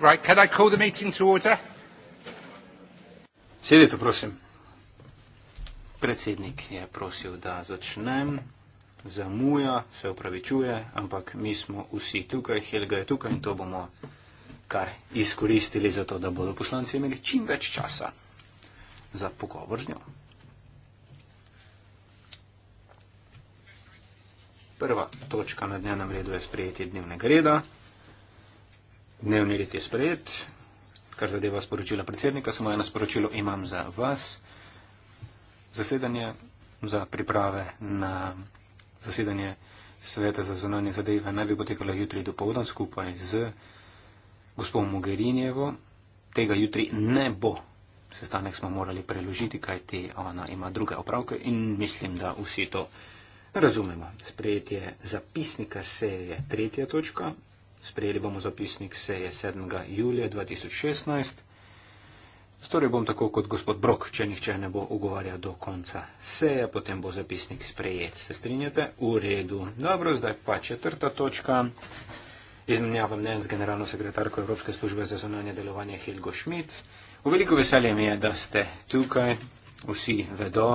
Right, can I call the meeting to order? Sedite, prosim. Predsednik je prosil, da začnem. Zamuja, se upravičuje, ampak mi smo vsi tukaj, Helga je tukaj in to bomo kar izkoristili za to, da bodo poslanci imeli čim več časa za pogovor z njo. Prva točka na dnevnem redu je sprejetje dnevnega reda dnevni red je sprejet, kar zadeva sporočila predsednika, samo eno sporočilo imam za vas. Zasedanje za priprave na zasedanje Sveta za zunanje zadeve naj bi potekalo jutri do povdan skupaj z gospod Mogherinjevo. Tega jutri ne bo. Sestanek smo morali preložiti, kajti ona ima druge opravke in mislim, da vsi to razumemo. Sprejetje zapisnika seje je tretja točka, Sprejeli bomo zapisnik seje 7. julija 2016. Storil bom tako kot gospod Brok, če nihče ne bo ugovarjal do konca seje, potem bo zapisnik sprejet. Se strinjate? V redu. Dobro, zdaj pa četrta točka. Izmenjava mnen z generalno sekretarko Evropske službe za zunanje delovanje Helgo Schmidt. V veliko veselje mi je, da ste tukaj. Vsi vedo,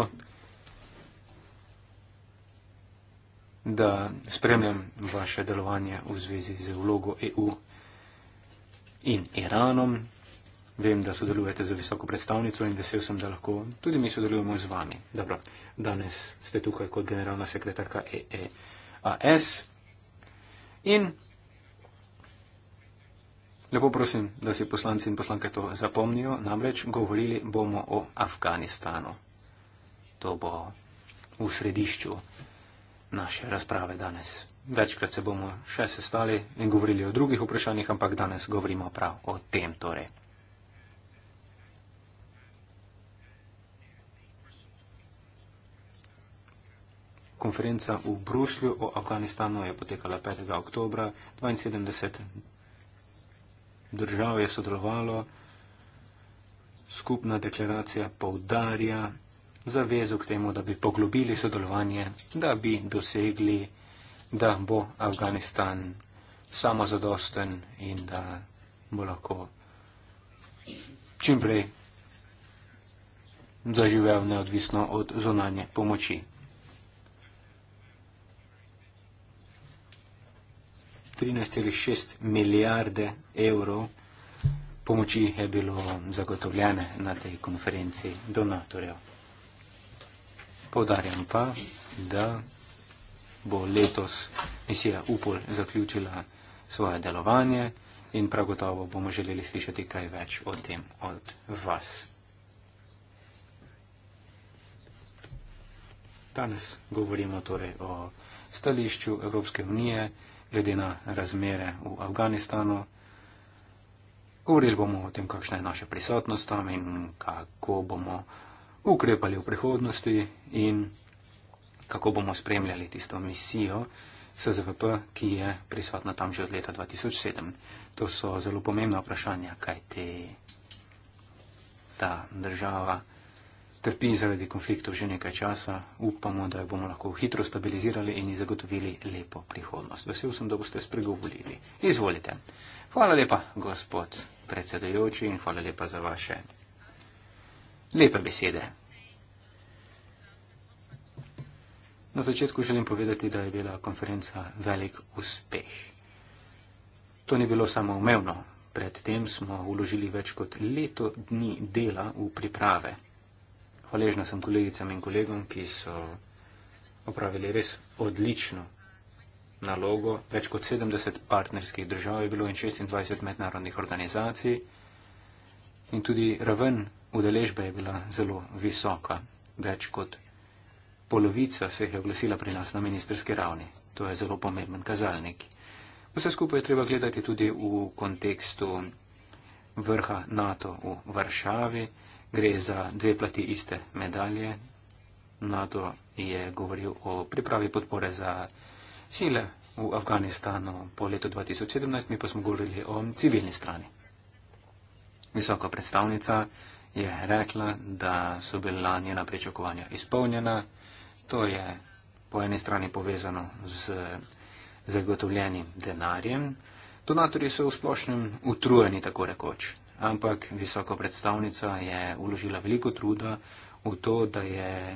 da spremljam vaše delovanje v zvezi z vlogo EU in Iranom. Vem, da sodelujete z visoko predstavnico in vesel sem, da lahko tudi mi sodelujemo z vami. Dobro, danes ste tukaj kot generalna sekretarka EEAS. In lepo prosim, da si poslanci in poslanke to zapomnijo. Namreč govorili bomo o Afganistanu. To bo v središču naše razprave danes. Večkrat se bomo še sestali in govorili o drugih vprašanjih, ampak danes govorimo prav o tem. Torej. Konferenca v Bruslju o Afganistanu je potekala 5. oktober 72. Držav je sodelovalo, skupna deklaracija poudarja zavezo k temu, da bi poglobili sodelovanje, da bi dosegli, da bo Afganistan samozadosten in da bo lahko čimprej zaživel neodvisno od zunanje pomoči. Trinajst šest milijarde evrov pomoči je bilo zagotovljene na tej konferenci donatorjev. Podarjam pa, da bo letos misija UPOL zaključila svoje delovanje in prav gotovo bomo želeli slišati kaj več o tem od vas. Danes govorimo torej o stališču Evropske unije glede na razmere v Afganistanu. Govorili bomo o tem, kakšna je naša prisotnost tam in kako bomo uh, ukrepali v prihodnosti in kako bomo spremljali tisto misijo SZVP, ki je prisotna tam že od leta 2007. To so zelo pomembna vprašanja, kaj te ta država trpi zaradi konfliktov že nekaj časa. Upamo, da jo bomo lahko hitro stabilizirali in ji zagotovili lepo prihodnost. Vesel sem, da boste spregovorili. Izvolite. Hvala lepa, gospod predsedujoči, in hvala lepa za vaše Lepe besede. Na začetku želim povedati, da je bila konferenca velik uspeh. To ni bilo samo umevno. Predtem smo uložili več kot leto dni dela v priprave. Hvaležna sem kolegicam in kolegom, ki so opravili res odlično nalogo. Več kot 70 partnerskih držav je bilo in 26 mednarodnih organizacij. In tudi raven udeležbe je bila zelo visoka. Več kot polovica se je oglasila pri nas na ministerski ravni. To je zelo pomemben kazalnik. Vse skupaj je treba gledati tudi v kontekstu vrha NATO v Varšavi. Gre za dve plati iste medalje. NATO je govoril o pripravi podpore za sile v Afganistanu po letu 2017, mi pa smo govorili o civilni strani. Visoka predstavnica je rekla, da so bila njena pričakovanja izpolnjena. To je po eni strani povezano z zagotovljenim denarjem. Donatorji so v splošnem utrujeni, tako rekoč. Ampak visoka predstavnica je uložila veliko truda v to, da je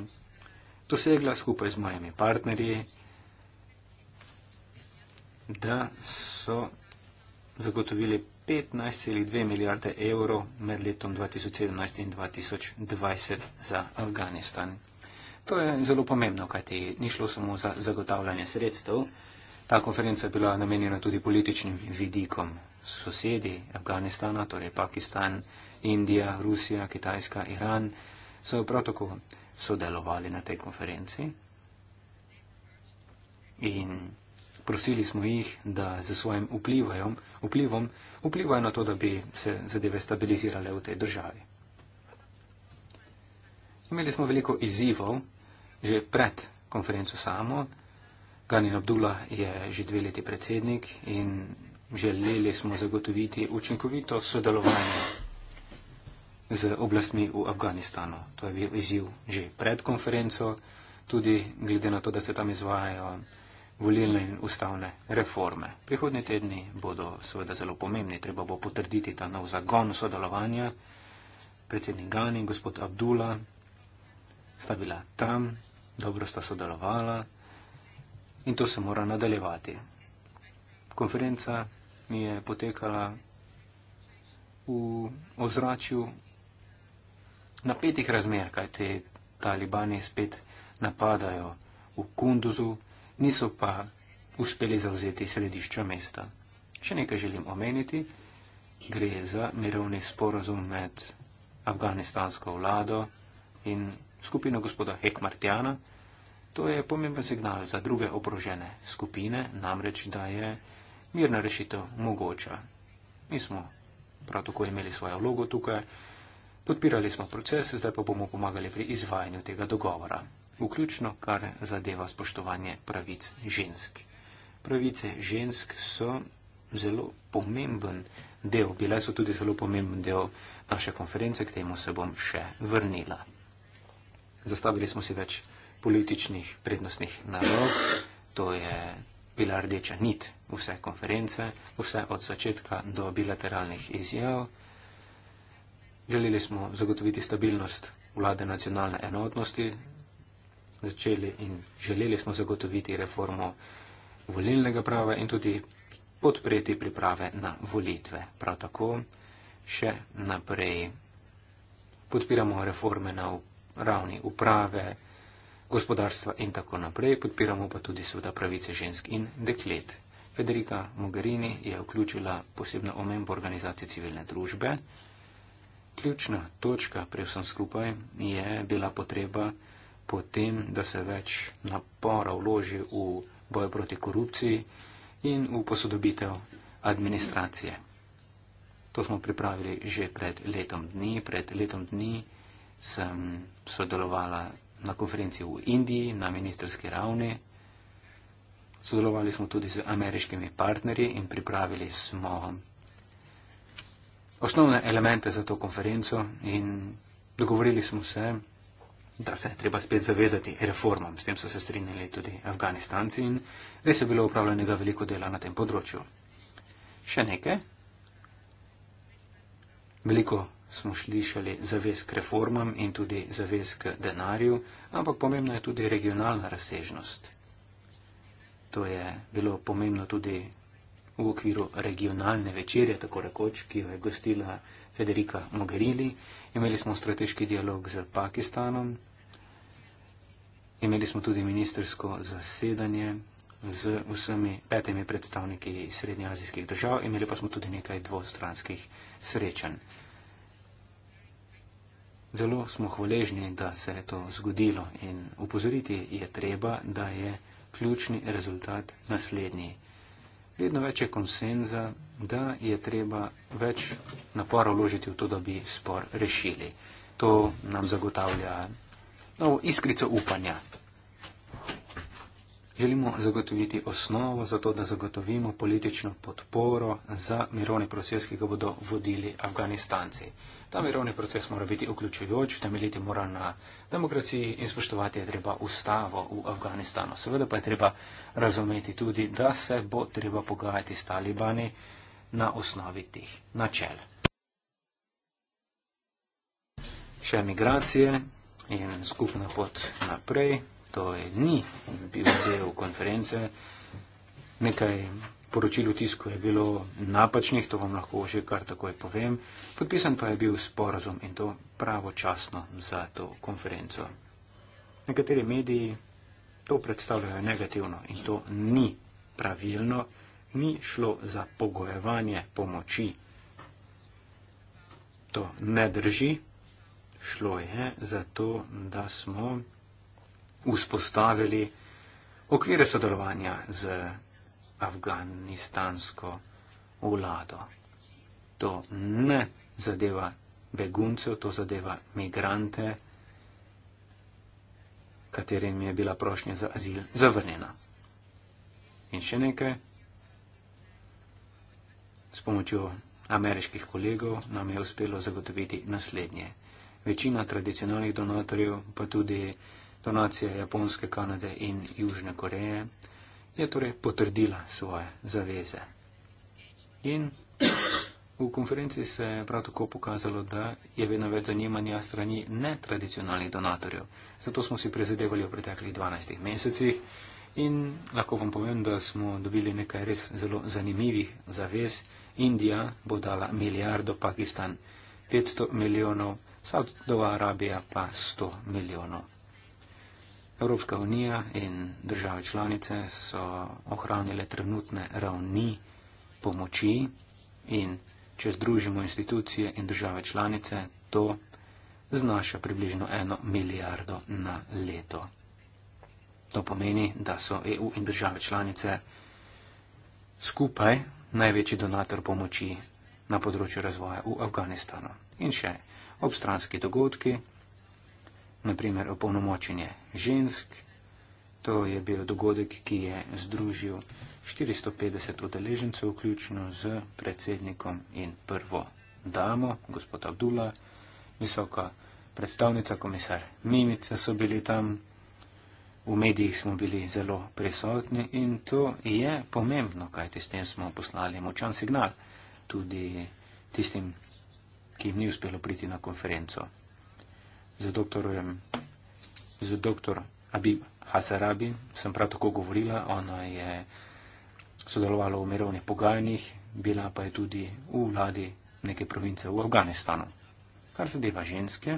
dosegla skupaj z mojimi partnerji, da so zagotovili 15,2 milijarde evrov med letom 2017 in 2020 za Afganistan. To je zelo pomembno, kajti ni šlo samo za zagotavljanje sredstev. Ta konferenca je bila namenjena tudi političnim vidikom. Sosedi Afganistana, torej Pakistan, Indija, Rusija, Kitajska, Iran, so prav tako sodelovali na tej konferenci. In prosili smo jih, da z svojim vplivom, vplivom vplivajo na to, da bi se zadeve stabilizirale v tej državi. Imeli smo veliko izzivov že pred konferenco samo. Ganin Abdullah je že dve leti predsednik in želeli smo zagotoviti učinkovito sodelovanje z oblastmi v Afganistanu. To je bil izziv že pred konferenco, tudi glede na to, da se tam izvajajo volilne in ustavne reforme. Prihodni tedni bodo seveda zelo pomembni, treba bo potrditi ta nov zagon sodelovanja. Predsednik Gani in gospod Abdula sta bila tam, dobro sta sodelovala in to se mora nadaljevati. Konferenca mi je potekala v ozračju napetih razmer, kajte talibani spet napadajo v Kunduzu, niso pa uspeli zauzeti središča mesta. Še nekaj želim omeniti. Gre za mirovni sporozum med afganistansko vlado in skupino gospoda Hekmartjana. To je pomemben signal za druge oprožene skupine, namreč, da je mirna rešitev mogoča. Mi smo prav tako imeli svojo vlogo tukaj, podpirali smo proces, zdaj pa bomo pomagali pri izvajanju tega dogovora vključno kar zadeva spoštovanje pravic žensk. Pravice žensk so zelo pomemben del, bile so tudi zelo pomemben del naše konference, k temu se bom še vrnila. Zastavili smo si več političnih prednostnih nalog, to je bila rdeča nit vse konference, vse od začetka do bilateralnih izjav. Želeli smo zagotoviti stabilnost vlade nacionalne enotnosti, začeli in želeli smo zagotoviti reformo volilnega prava in tudi podpreti priprave na volitve. Prav tako še naprej podpiramo reforme na ravni uprave, gospodarstva in tako naprej, podpiramo pa tudi seveda pravice žensk in deklet. Federica Mogherini je vključila posebno omembo organizacije civilne družbe. Ključna točka pri vsem skupaj je bila potreba potem, da se več napora vloži v boj proti korupciji in v posodobitev administracije. To smo pripravili že pred letom dni. Pred letom dni sem sodelovala na konferenci v Indiji na ministerski ravni. Sodelovali smo tudi z ameriškimi partnerji in pripravili smo osnovne elemente za to konferenco in dogovorili smo se, da se je treba spet zavezati reformam. S tem so se strinjali tudi Afganistanci in res je bilo upravljenega veliko dela na tem področju. Še nekaj. Veliko smo slišali zavez k reformam in tudi zavez k denarju, ampak pomembna je tudi regionalna razsežnost. To je bilo pomembno tudi v okviru regionalne večerje, tako rekoč, ki jo je gostila Federica Mogherini. Imeli smo strateški dialog z Pakistanom, Imeli smo tudi ministersko zasedanje z vsemi petimi predstavniki srednjeazijskih držav, imeli pa smo tudi nekaj dvostranskih srečanj. Zelo smo hvaležni, da se je to zgodilo in upozoriti je treba, da je ključni rezultat naslednji. Vedno več je konsenza, da je treba več napora vložiti v to, da bi spor rešili. To nam zagotavlja novo iskrico upanja. Želimo zagotoviti osnovo za to, da zagotovimo politično podporo za mirovni proces, ki ga bodo vodili Afganistanci. Ta mirovni proces mora biti vključujoč, temeljiti mora na demokraciji in spoštovati je treba ustavo v Afganistanu. Seveda pa je treba razumeti tudi, da se bo treba pogajati s talibani na osnovi teh načel. Še migracije in skupna pot naprej. To je ni bil del konference. Nekaj poročil v tisku je bilo napačnih, to vam lahko že kar takoj povem. Podpisan pa je bil sporazum in to pravočasno za to konferenco. Nekateri mediji to predstavljajo negativno in to ni pravilno, ni šlo za pogojevanje pomoči. To ne drži šlo je za to, da smo vzpostavili okvire sodelovanja z afganistansko vlado. To ne zadeva beguncev, to zadeva migrante, katerim je bila prošnja za azil zavrnjena. In še nekaj, s pomočjo ameriških kolegov nam je uspelo zagotoviti naslednje večina tradicionalnih donatorjev, pa tudi donacije Japonske, Kanade in Južne Koreje, je torej potrdila svoje zaveze. In v konferenci se je prav tako pokazalo, da je vedno več zanimanja strani netradicionalnih donatorjev. Zato smo si prizadevali v preteklih 12 mesecih in lahko vam povem, da smo dobili nekaj res zelo zanimivih zavez. Indija bo dala milijardo, Pakistan 500 milijonov. Saudova Arabija pa 100 milijonov. Evropska unija in države članice so ohranile trenutne ravni pomoči in če združimo institucije in države članice, to znaša približno eno milijardo na leto. To pomeni, da so EU in države članice skupaj največji donator pomoči na področju razvoja v Afganistanu. In še obstranski dogodki, naprimer opolnomočenje žensk. To je bil dogodek, ki je združil 450 udeležencev, vključno z predsednikom in prvo damo, gospod Abdullah, visoka predstavnica, komisar Mimica so bili tam, v medijih smo bili zelo prisotni in to je pomembno, kajti s tem smo poslali močan signal tudi tistim ki jim ni uspelo priti na konferenco. Z doktorem, z doktor Abib Hasarabi sem prav tako govorila, ona je sodelovala v mirovnih pogajanjih, bila pa je tudi v vladi neke province v Afganistanu. Kar se deva ženske,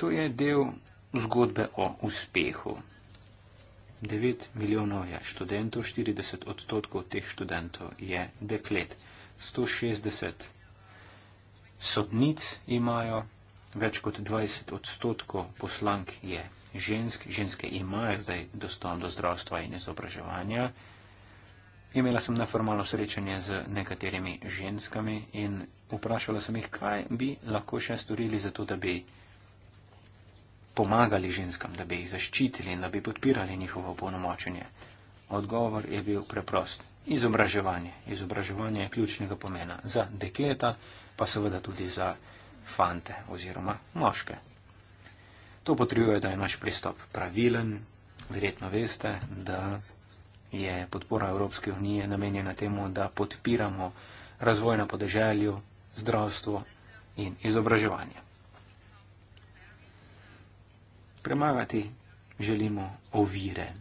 to je del zgodbe o uspehu. 9 milijonov je študentov, 40 odstotkov teh študentov je deklet. 160. Sodnic imajo več kot 20 odstotkov poslank je žensk, ženske imajo zdaj dostop do zdravstva in izobraževanja. Imela sem neformalno srečanje z nekaterimi ženskami in vprašala sem jih, kaj bi lahko še storili za to, da bi pomagali ženskam, da bi jih zaščitili in da bi podpirali njihovo polnomočenje. Odgovor je bil preprost izobraževanje. Izobraževanje je ključnega pomena za dekleta, pa seveda tudi za fante oziroma moške. To potrjuje, da je naš pristop pravilen. Verjetno veste, da je podpora Evropske unije namenjena temu, da podpiramo razvoj na podeželju, zdravstvo in izobraževanje. Premagati želimo ovire.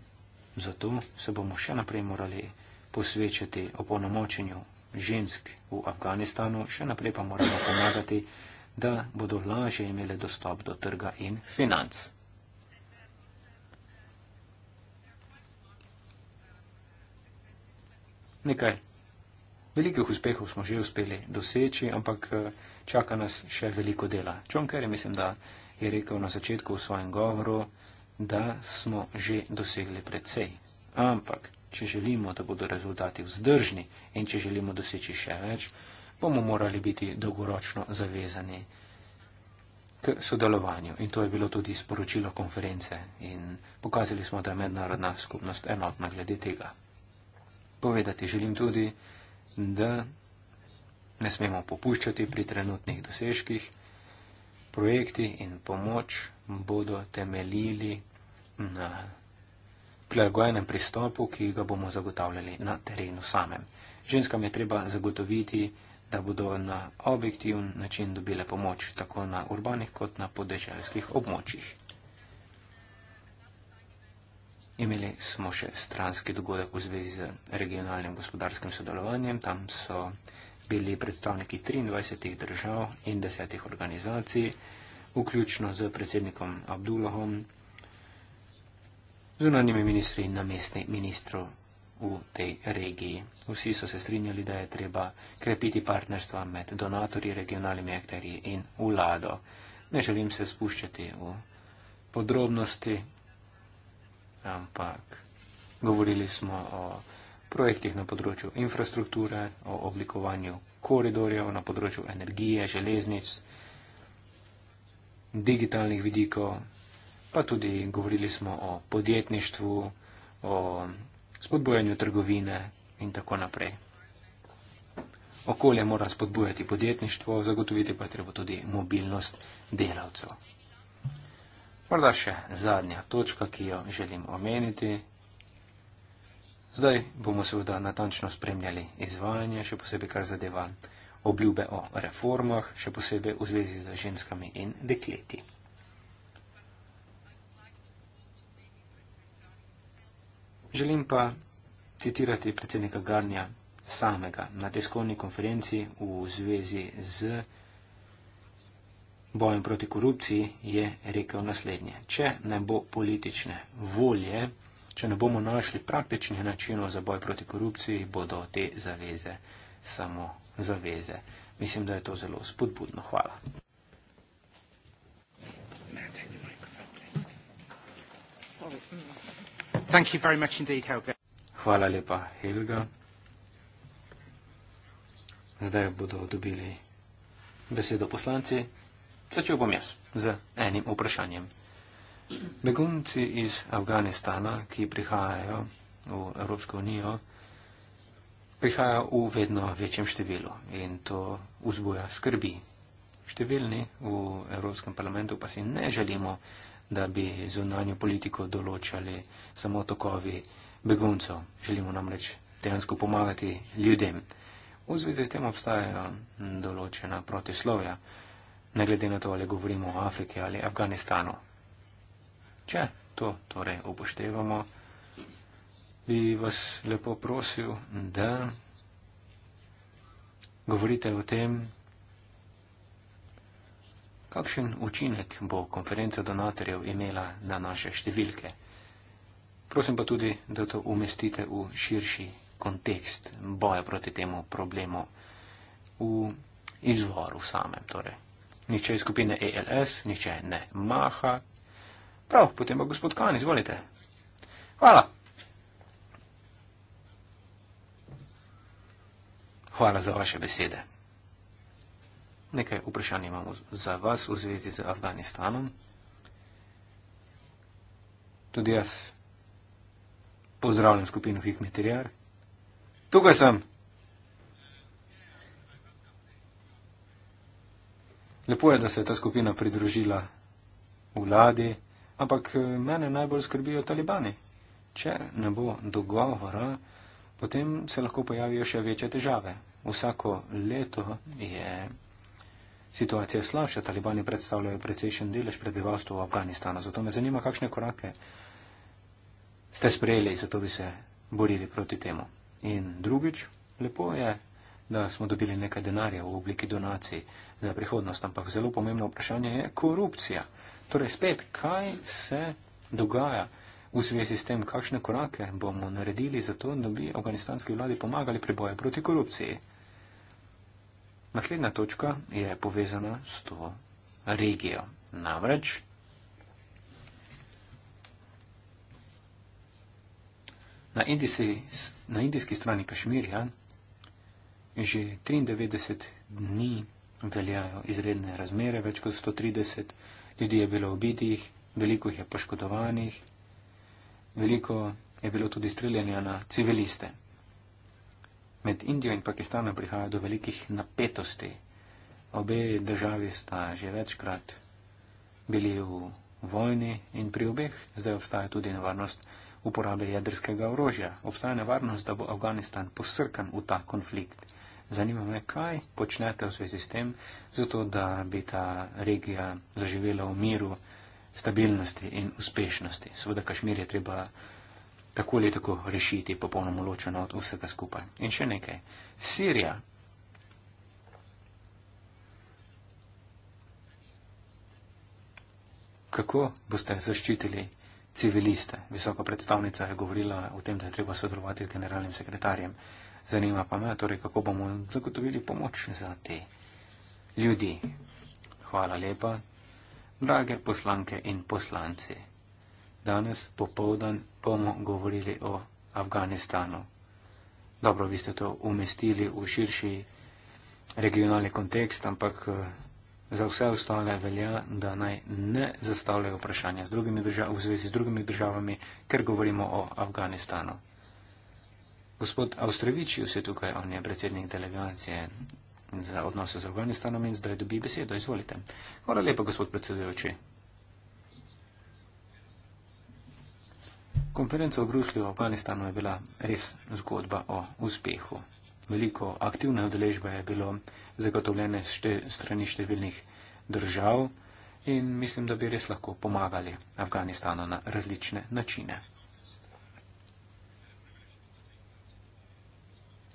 Zato se bomo še naprej morali posvečati oponomočenju žensk v Afganistanu, še naprej pa moramo pomagati, da bodo lažje imele dostop do trga in financ. Nekaj. Velikih uspehov smo že uspeli doseči, ampak eh, čaka nas še veliko dela. Čonker je, mislim, da je rekel na začetku v svojem govoru, da smo že dosegli precej. Ampak če želimo, da bodo rezultati vzdržni in če želimo doseči še več, bomo morali biti dolgoročno zavezani k sodelovanju. In to je bilo tudi sporočilo konference in pokazali smo, da je mednarodna skupnost enotna glede tega. Povedati želim tudi, da ne smemo popuščati pri trenutnih dosežkih. Projekti in pomoč bodo temeljili na prilagojenem pristopu, ki ga bomo zagotavljali na terenu samem. Ženskam je treba zagotoviti, da bodo na objektivn način dobile pomoč tako na urbanih kot na podeželskih območjih. Imeli smo še stranski dogodek v zvezi z regionalnim gospodarskim sodelovanjem. Tam so bili predstavniki 23 držav in 10 organizacij, vključno z predsednikom Abdullahom zunanjimi ministri in namestni ministrov v tej regiji. Vsi so se strinjali, da je treba krepiti partnerstva med donatorji, regionalnimi akterji in vlado. Ne želim se spuščati v podrobnosti, ampak govorili smo o projektih na področju infrastrukture, o oblikovanju koridorjev na področju energije, železnic, digitalnih vidikov, pa tudi govorili smo o podjetništvu, o spodbujanju trgovine in tako naprej. Okolje mora spodbujati podjetništvo, zagotoviti pa je treba tudi mobilnost delavcev. Morda še zadnja točka, ki jo želim omeniti. Zdaj bomo seveda natančno spremljali izvajanje, še posebej kar zadeva obljube o reformah, še posebej v zvezi z ženskami in dekleti. Želim pa citirati predsednika Garnja samega na tiskovni konferenci v zvezi z bojem proti korupciji je rekel naslednje. Če ne bo politične volje, če ne bomo našli praktičnih načinov za boj proti korupciji, bodo te zaveze samo zaveze. Mislim, da je to zelo spodbudno. Hvala. Sorry. Thank you very much indeed, Helga. Hvala lepa, Helga. Zdaj bodo dobili besedo poslanci. Začel bom jaz z enim vprašanjem. Begunci iz Afganistana, ki prihajajo v Evropsko unijo, prihajajo v vedno večjem številu in to vzbuja skrbi. Številni v Evropskem parlamentu pa si ne želimo, da bi zunanjo politiko določali samo tokovi beguncov. Želimo namreč dejansko pomagati ljudem. V zvezi s tem obstajajo določena protislovja, ne glede na to, ali govorimo o Afriki ali Afganistanu. Če to torej upoštevamo, bi vas lepo prosil, da govorite o tem, Kakšen učinek bo konferenca donatorjev imela na naše številke? Prosim pa tudi, da to umestite v širši kontekst boja proti temu problemu v izvoru samem. Torej. Nihče iz skupine ELS, nihče ne maha. Prav, potem pa gospod Kan, izvolite. Hvala. Hvala za vaše besede. Nekaj vprašanj imamo za vas v zvezi z Afganistanom. Tudi jaz pozdravljam skupino Hikmetirjar. Tukaj sem. Lepo je, da se je ta skupina pridružila vladi, ampak eh, mene najbolj skrbijo talibani. Če ne bo dogovora, potem se lahko pojavijo še večje težave. Vsako leto je situacija slabša, talibani predstavljajo precejšen delež prebivalstva v Afganistanu. Zato me zanima, kakšne korake ste sprejeli, zato bi se borili proti temu. In drugič, lepo je, da smo dobili nekaj denarja v obliki donacij za prihodnost, ampak zelo pomembno vprašanje je korupcija. Torej, spet, kaj se dogaja v zvezi s tem, kakšne korake bomo naredili za to, da bi afganistanski vladi pomagali pri boju proti korupciji? Naslednja točka je povezana s to regijo. Namreč na, Indisi, na indijski strani Kašmirja že 93 dni veljajo izredne razmere, več kot 130 ljudi je bilo ubitih, veliko jih je poškodovanih, veliko je bilo tudi streljanja na civiliste. Med Indijo in Pakistanom prihaja do velikih napetosti. Obe državi sta že večkrat bili v vojni in pri obeh zdaj obstaja tudi nevarnost uporabe jedrskega orožja. Obstaja nevarnost, da bo Afganistan posrkan v ta konflikt. Zanima me, kaj počnete v zvezi s tem, zato da bi ta regija zaživela v miru, stabilnosti in uspešnosti. Seveda, Kašmir je treba tako ali tako rešiti popolnoma ločeno od vsega skupaj. In še nekaj. Sirija. Kako boste zaščitili civiliste? Visoka predstavnica je govorila o tem, da je treba sodelovati z generalnim sekretarjem. Zanima pa me, torej, kako bomo zagotovili pomoč za te ljudi. Hvala lepa, drage poslanke in poslanci danes popovdan bomo govorili o Afganistanu. Dobro, vi ste to umestili v širši regionalni kontekst, ampak eh, za vse ostale velja, da naj ne zastavljajo vprašanja z držav, v zvezi z drugimi državami, ker govorimo o Afganistanu. Gospod Avstrevičiju se tukaj, on je predsednik delegacije za odnose z Afganistanom in zdaj dobi besedo. Izvolite. Hvala lepa, gospod predsedujoči. Konferenca v Bruslju v Afganistanu je bila res zgodba o uspehu. Veliko aktivne odeležbe je bilo zagotovljene šte, strani številnih držav in mislim, da bi res lahko pomagali Afganistanu na različne načine.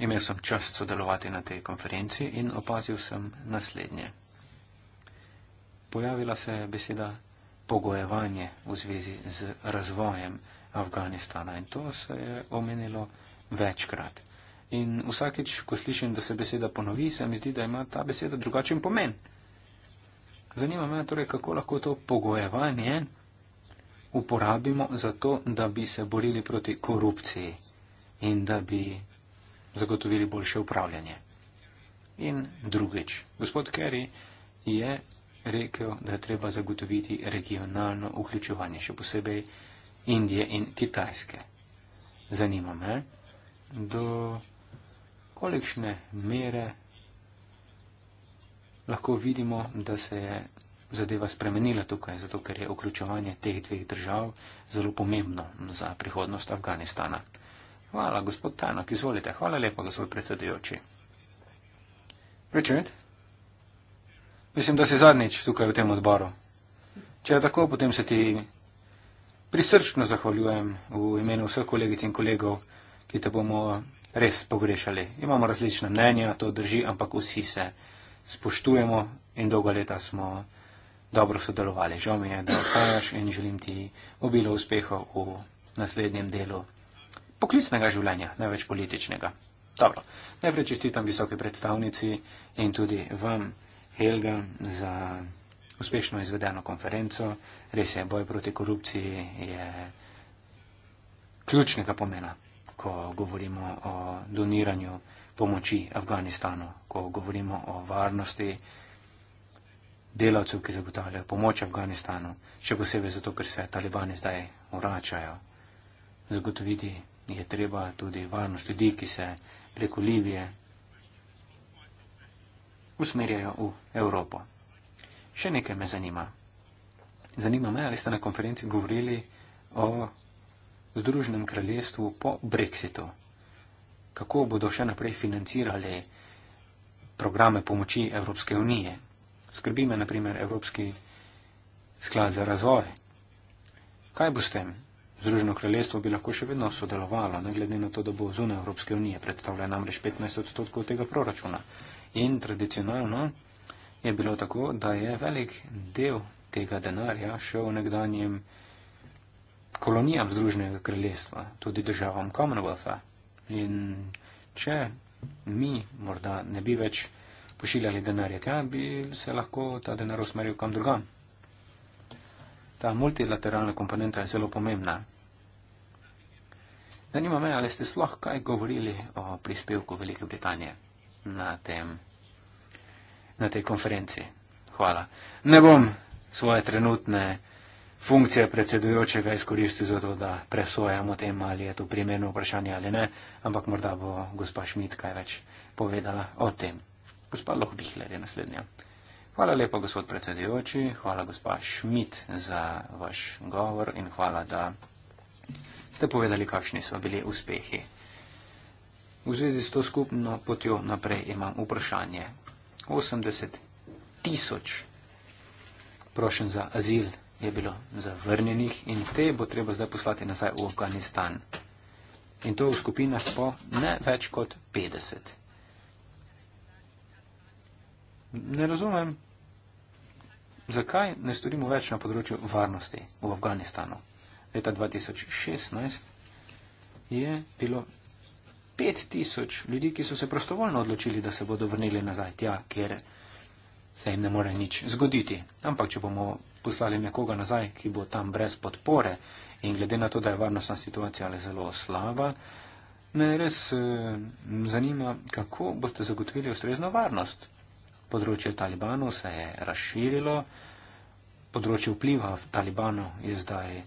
Imel sem čast sodelovati na tej konferenci in opazil sem naslednje. Pojavila se je beseda pogojevanje v zvezi z razvojem. Afganistana in to se je omenilo večkrat. In vsakeč, ko slišim, da se beseda ponovi, se mi zdi, da ima ta beseda drugačen pomen. Zanima me torej, kako lahko to pogojevanje uporabimo za to, da bi se borili proti korupciji in da bi zagotovili boljše upravljanje. In drugič, gospod Kerry je rekel, da je treba zagotoviti regionalno vključevanje, še posebej Indije in Kitajske. Zanima me, do kolikšne mere lahko vidimo, da se je zadeva spremenila tukaj, zato ker je vključevanje teh dveh držav zelo pomembno za prihodnost Afganistana. Hvala, gospod Tanok, izvolite. Hvala lepa, gospod predsedujoči. Richard? Mislim, da si zadnjič tukaj v tem odboru. Če je tako, potem se ti prisrčno zahvaljujem v imenu vseh kolegic in kolegov, ki te bomo res pogrešali. Imamo različna mnenja, to drži, ampak vsi se spoštujemo in dolga leta smo dobro sodelovali. Žal mi je, da odhajaš in želim ti obilo uspeha v naslednjem delu poklicnega življenja, ne več političnega. Dobro, najprej čestitam visoke predstavnici in tudi vam, Helga, za uspešno izvedeno konferenco. Res je, boj proti korupciji je ključnega pomena, ko govorimo o doniranju pomoči Afganistanu, ko govorimo o varnosti delavcev, ki zagotavljajo pomoč Afganistanu, še posebej zato, ker se talibani zdaj vračajo. Zagotoviti je treba tudi varnost ljudi, ki se preko Libije usmerjajo v Evropo. Še nekaj me zanima. Zanima me, ali ste na konferenci govorili o Združenem kraljestvu po Brexitu. Kako bodo še naprej financirali programe pomoči Evropske unije? Skrbi me, naprimer, Evropski sklad za razvoj. Kaj bo s tem? Združeno kraljestvo bi lahko še vedno sodelovalo, ne glede na to, da bo zunaj Evropske unije predstavlja namreč 15 odstotkov tega proračuna. In tradicionalno je bilo tako, da je velik del tega denarja šel nekdanjem kolonijam Združenega kraljestva, tudi državam Commonwealtha. In če mi morda ne bi več pošiljali denarja tja, bi se lahko ta denar usmeril kam drugam. Ta multilateralna komponenta je zelo pomembna. Zanima me, ali ste sploh kaj govorili o prispevku Velike Britanije na tem na tej konferenci. Hvala. Ne bom svoje trenutne funkcije predsedujočega izkoristil za to, da presojam o tem, ali je to primerno vprašanje ali ne, ampak morda bo gospa Šmit kaj več povedala o tem. Gospa Lohbihler je naslednja. Hvala lepa, gospod predsedujoči, hvala gospa Šmit za vaš govor in hvala, da ste povedali, kakšni so bili uspehi. V zvezi s to skupno potjo naprej imam vprašanje. 80 tisoč prošen za azil je bilo zavrnjenih in te bo treba zdaj poslati nazaj v Afganistan. In to v skupinah po ne več kot 50. Ne razumem, zakaj ne storimo več na področju varnosti v Afganistanu. Leta 2016 je bilo pet tisoč ljudi, ki so se prostovoljno odločili, da se bodo vrnili nazaj tja, kjer se jim ne more nič zgoditi. Ampak, če bomo poslali nekoga nazaj, ki bo tam brez podpore in glede na to, da je varnostna situacija ali zelo slaba, me res eh, zanima, kako boste zagotovili ustrezno varnost. Področje talibanov se je razširilo, področje vpliva v talibanu je zdaj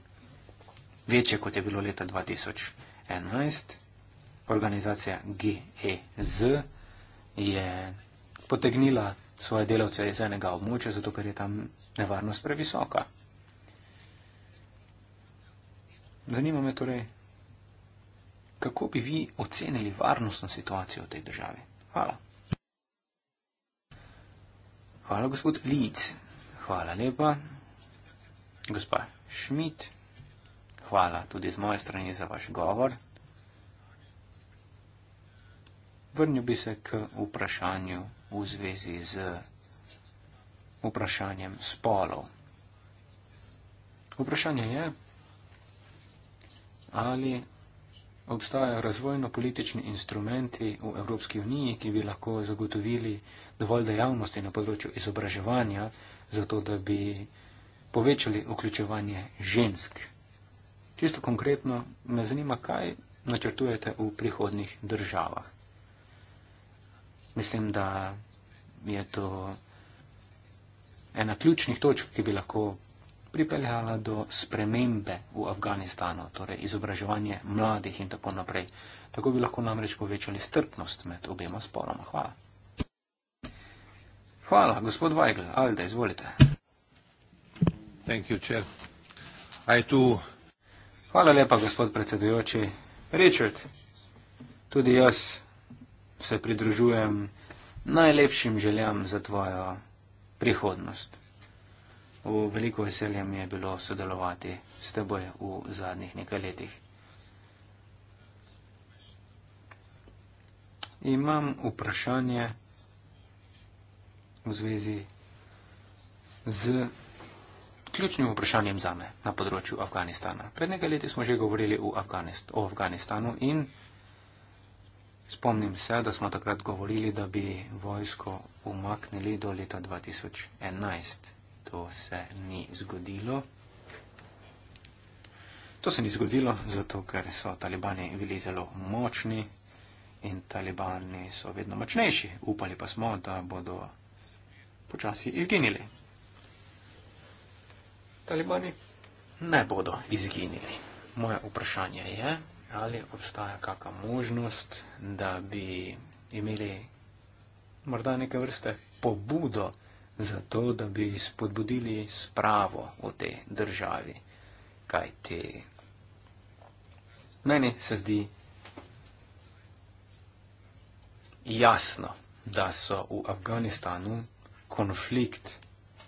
večje, kot je bilo leta 2011 organizacija GEZ je potegnila svoje delavce iz enega območja, zato ker je tam nevarnost previsoka. Zanima me torej, kako bi vi ocenili varnostno situacijo v tej državi? Hvala. Hvala, gospod Lidz. Hvala lepa. Gospa Šmit, hvala tudi z moje strani za vaš govor. Vrnil bi se k vprašanju v zvezi z vprašanjem spolov. Vprašanje je, ali obstajajo razvojno-politični instrumenti v Evropski uniji, ki bi lahko zagotovili dovolj dejavnosti na področju izobraževanja, zato da bi povečali vključevanje žensk. Čisto konkretno me zanima, kaj načrtujete v prihodnih državah. Mislim, da je to ena ključnih točk, ki bi lahko pripeljala do spremembe v Afganistanu, torej izobraževanje mladih in tako naprej. Tako bi lahko namreč povečali strpnost med obema spoloma. Hvala. Hvala, gospod Weigl. Alde, izvolite. Hvala lepa, gospod predsedujoči. Richard, tudi jaz se pridružujem najlepšim željam za tvojo prihodnost. V veliko veselje mi je bilo sodelovati s teboj v zadnjih nekaj letih. Imam vprašanje v zvezi z ključnim vprašanjem za me na področju Afganistana. Pred nekaj leti smo že govorili Afganist, o Afganistanu in Spomnim se, da smo takrat govorili, da bi vojsko umaknili do leta 2011. To se ni zgodilo. To se ni zgodilo, zato ker so talibani bili zelo močni in talibani so vedno močnejši. Upali pa smo, da bodo počasi izginili. Talibani ne bodo izginili. Moje vprašanje je, ali obstaja kakšna možnost, da bi imeli morda neke vrste pobudo za to, da bi spodbudili spravo v tej državi. Kaj ti? Meni se zdi jasno, da so v Afganistanu konflikt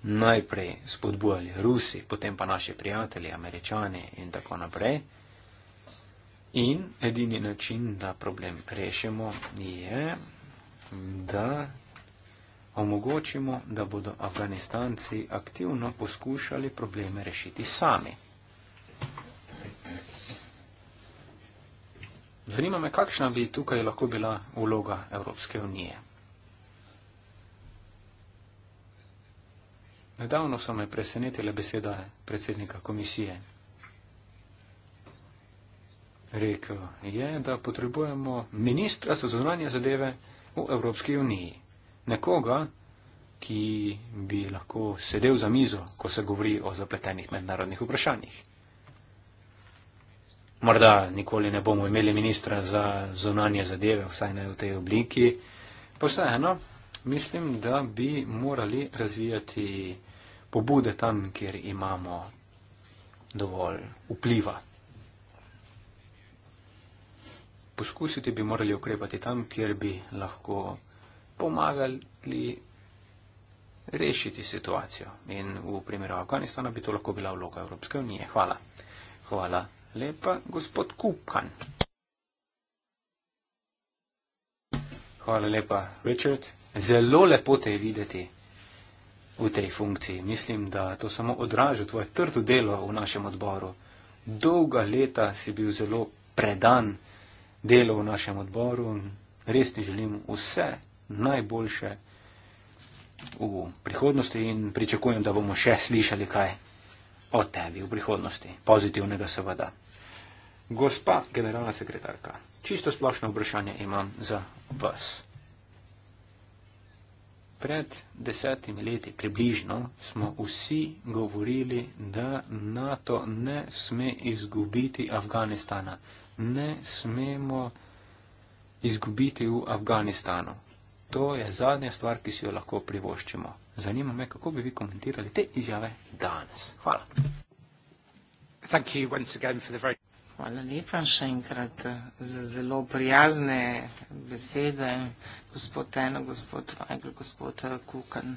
najprej spodbujali Rusi, potem pa naši prijatelji, američani in tako naprej. In edini način, da problem rešimo, je, da omogočimo, da bodo Afganistanci aktivno poskušali probleme rešiti sami. Zanima me, kakšna bi tukaj lahko bila vloga Evropske unije. Nedavno so me presenetile besede predsednika komisije rekel, je, da potrebujemo ministra za zunanje zadeve v Evropski uniji. Nekoga, ki bi lahko sedel za mizo, ko se govori o zapletenih mednarodnih vprašanjih. Morda nikoli ne bomo imeli ministra za zunanje zadeve, vsaj ne v tej obliki. Posebno mislim, da bi morali razvijati pobude tam, kjer imamo dovolj vpliva. poskusiti bi morali ukrepati tam, kjer bi lahko pomagali rešiti situacijo. In v primeru Afganistana bi to lahko bila vloga Evropske unije. Hvala. Hvala lepa, gospod Kupkan. Hvala lepa, Richard. Zelo lepo te je videti v tej funkciji. Mislim, da to samo odraža tvoje trdo delo v našem odboru. Dolga leta si bil zelo predan delo v našem odboru. Res ti želim vse najboljše v prihodnosti in pričakujem, da bomo še slišali kaj o tebi v prihodnosti. Pozitivnega seveda. Gospa generalna sekretarka, čisto splošno vprašanje imam za vas. Pred desetimi leti približno smo vsi govorili, da NATO ne sme izgubiti Afganistana ne smemo izgubiti v Afganistanu. To je zadnja stvar, ki si jo lahko privoščimo. Zanima me, kako bi vi komentirali te izjave danes. Hvala. Very... Hvala lepa še enkrat eh, za zelo prijazne besede, gospod Eno, gospod Vajgl, gospod eh, Kukan.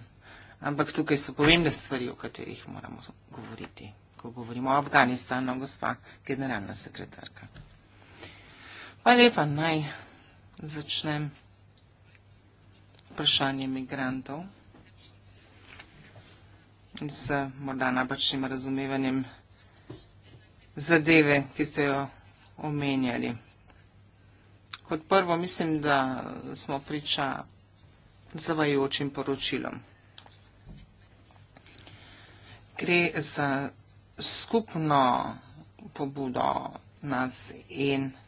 Ampak tukaj so pomembne stvari, o katerih moramo govoriti, ko govorimo o Afganistanu, gospa generalna sekretarka. Hvala lepa, naj začnem vprašanje migrantov z morda napačnim razumevanjem zadeve, ki ste jo omenjali. Kot prvo mislim, da smo priča zavajočim poročilom. Gre za skupno pobudo nas in vsega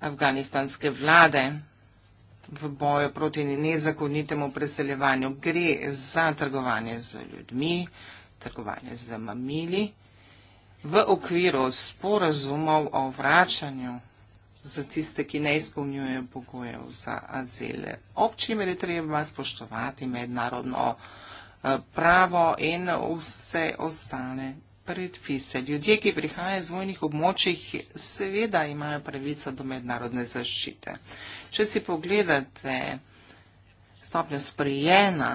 afganistanske vlade v boju proti nezakonitemu preseljevanju. Gre za trgovanje z ljudmi, trgovanje z mamili v okviru sporazumov o vračanju za tiste, ki ne izpolnjujejo pogojev za azile. Ob čemer je treba spoštovati mednarodno eh, pravo in vse ostale predpise. Ljudje, ki prihajajo iz vojnih območjih, seveda imajo pravico do mednarodne zaščite. Če si pogledate stopnjo sprijena,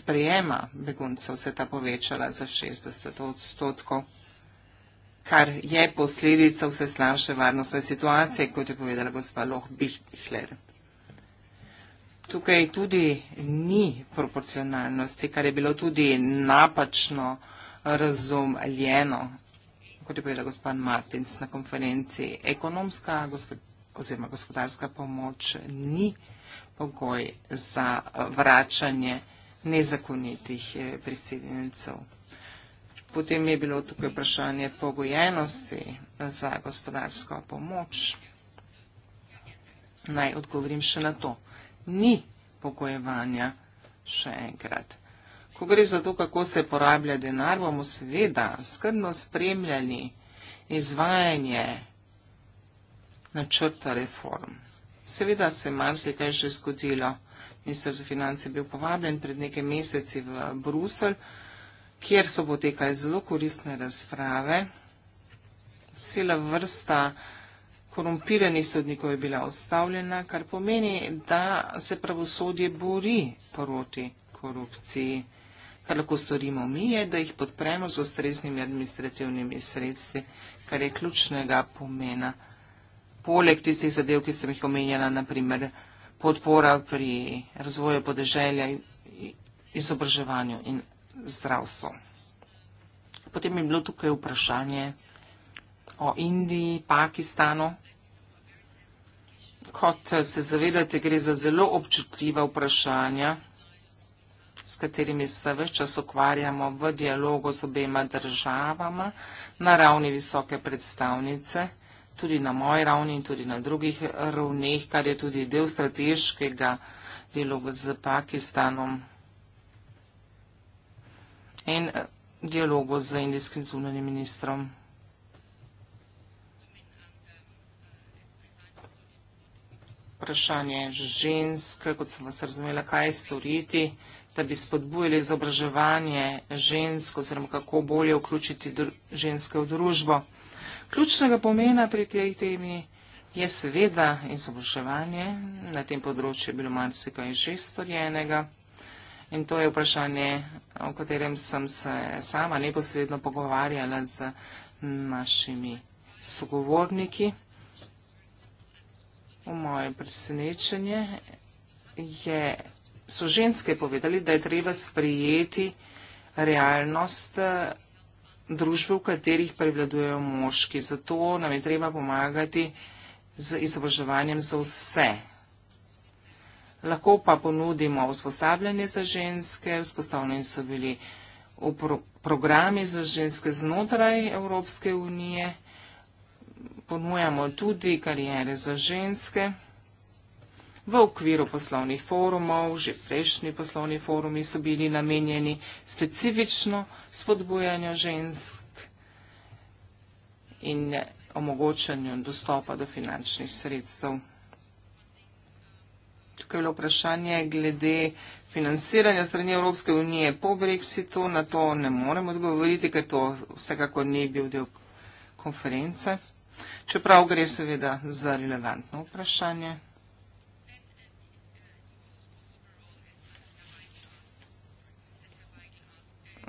sprijema beguncev, se je ta povečala za 60 odstotkov, kar je posledica vse slabše varnostne situacije, kot je povedala gospa Loh Bihtihler. Tukaj tudi ni proporcionalnosti, kar je bilo tudi napačno razumljeno, kot je povedal gospod Martins na konferenci, ekonomska oziroma gospodarska pomoč ni pogoj za vračanje nezakonitih eh, priseljencev. Potem je bilo tukaj vprašanje pogojenosti za gospodarsko pomoč. Naj odgovorim še na to. Ni pogojevanja še enkrat. Ko gre za to, kako se porablja denar, bomo seveda skrbno spremljali izvajanje načrta reform. Seveda se je marsikaj že zgodilo. Ministr za finance je bil povabljen pred nekaj meseci v Brusel, kjer so potekali zelo koristne razprave. Cela vrsta korumpiranih sodnikov je bila ostavljena, kar pomeni, da se pravosodje bori proti korupciji. Kar lahko storimo mi je, da jih podpremo z ustreznimi administrativnimi sredstvi, kar je ključnega pomena. Poleg tistih zadev, ki sem jih omenjala, naprimer podpora pri razvoju podeželja, izobraževanju in zdravstvu. Potem je bilo tukaj vprašanje o Indiji, Pakistanu. Kot se zavedate, gre za zelo občutljiva vprašanja s katerimi se vse čas ukvarjamo v dialogu z obema državama na ravni visoke predstavnice, tudi na moji ravni in tudi na drugih ravneh, kar je tudi del strateškega dialoga z Pakistanom in eh, dialogu z indijskim zunanim ministrom. Vprašanje žensk, kot sem vas razumela, kaj storiti da bi spodbujali izobraževanje žensk oziroma kako bolje vključiti ženske v družbo. Ključnega pomena pri tej temi je seveda izobraževanje. Na tem področju je bilo marsikaj že storjenega. In to je vprašanje, o katerem sem se sama neposredno pogovarjala z našimi sogovorniki. V moje presenečenje je so ženske povedali, da je treba sprijeti realnost eh, družbe, v katerih prevladujejo moški. Zato nam je treba pomagati z izobraževanjem za vse. Lahko pa ponudimo usposabljanje za ženske, vzpostavljeni so bili v pro programi za ženske znotraj Evropske unije, ponujamo tudi karijere za ženske v okviru poslovnih forumov, že prejšnji poslovni forumi so bili namenjeni specifično spodbujanju žensk in omogočanju dostopa do finančnih sredstev. Tukaj je bilo vprašanje glede financiranja strani Evropske unije po Brexitu. Na to ne morem odgovoriti, ker to vsekako ni bil del konference. Čeprav gre seveda za relevantno vprašanje.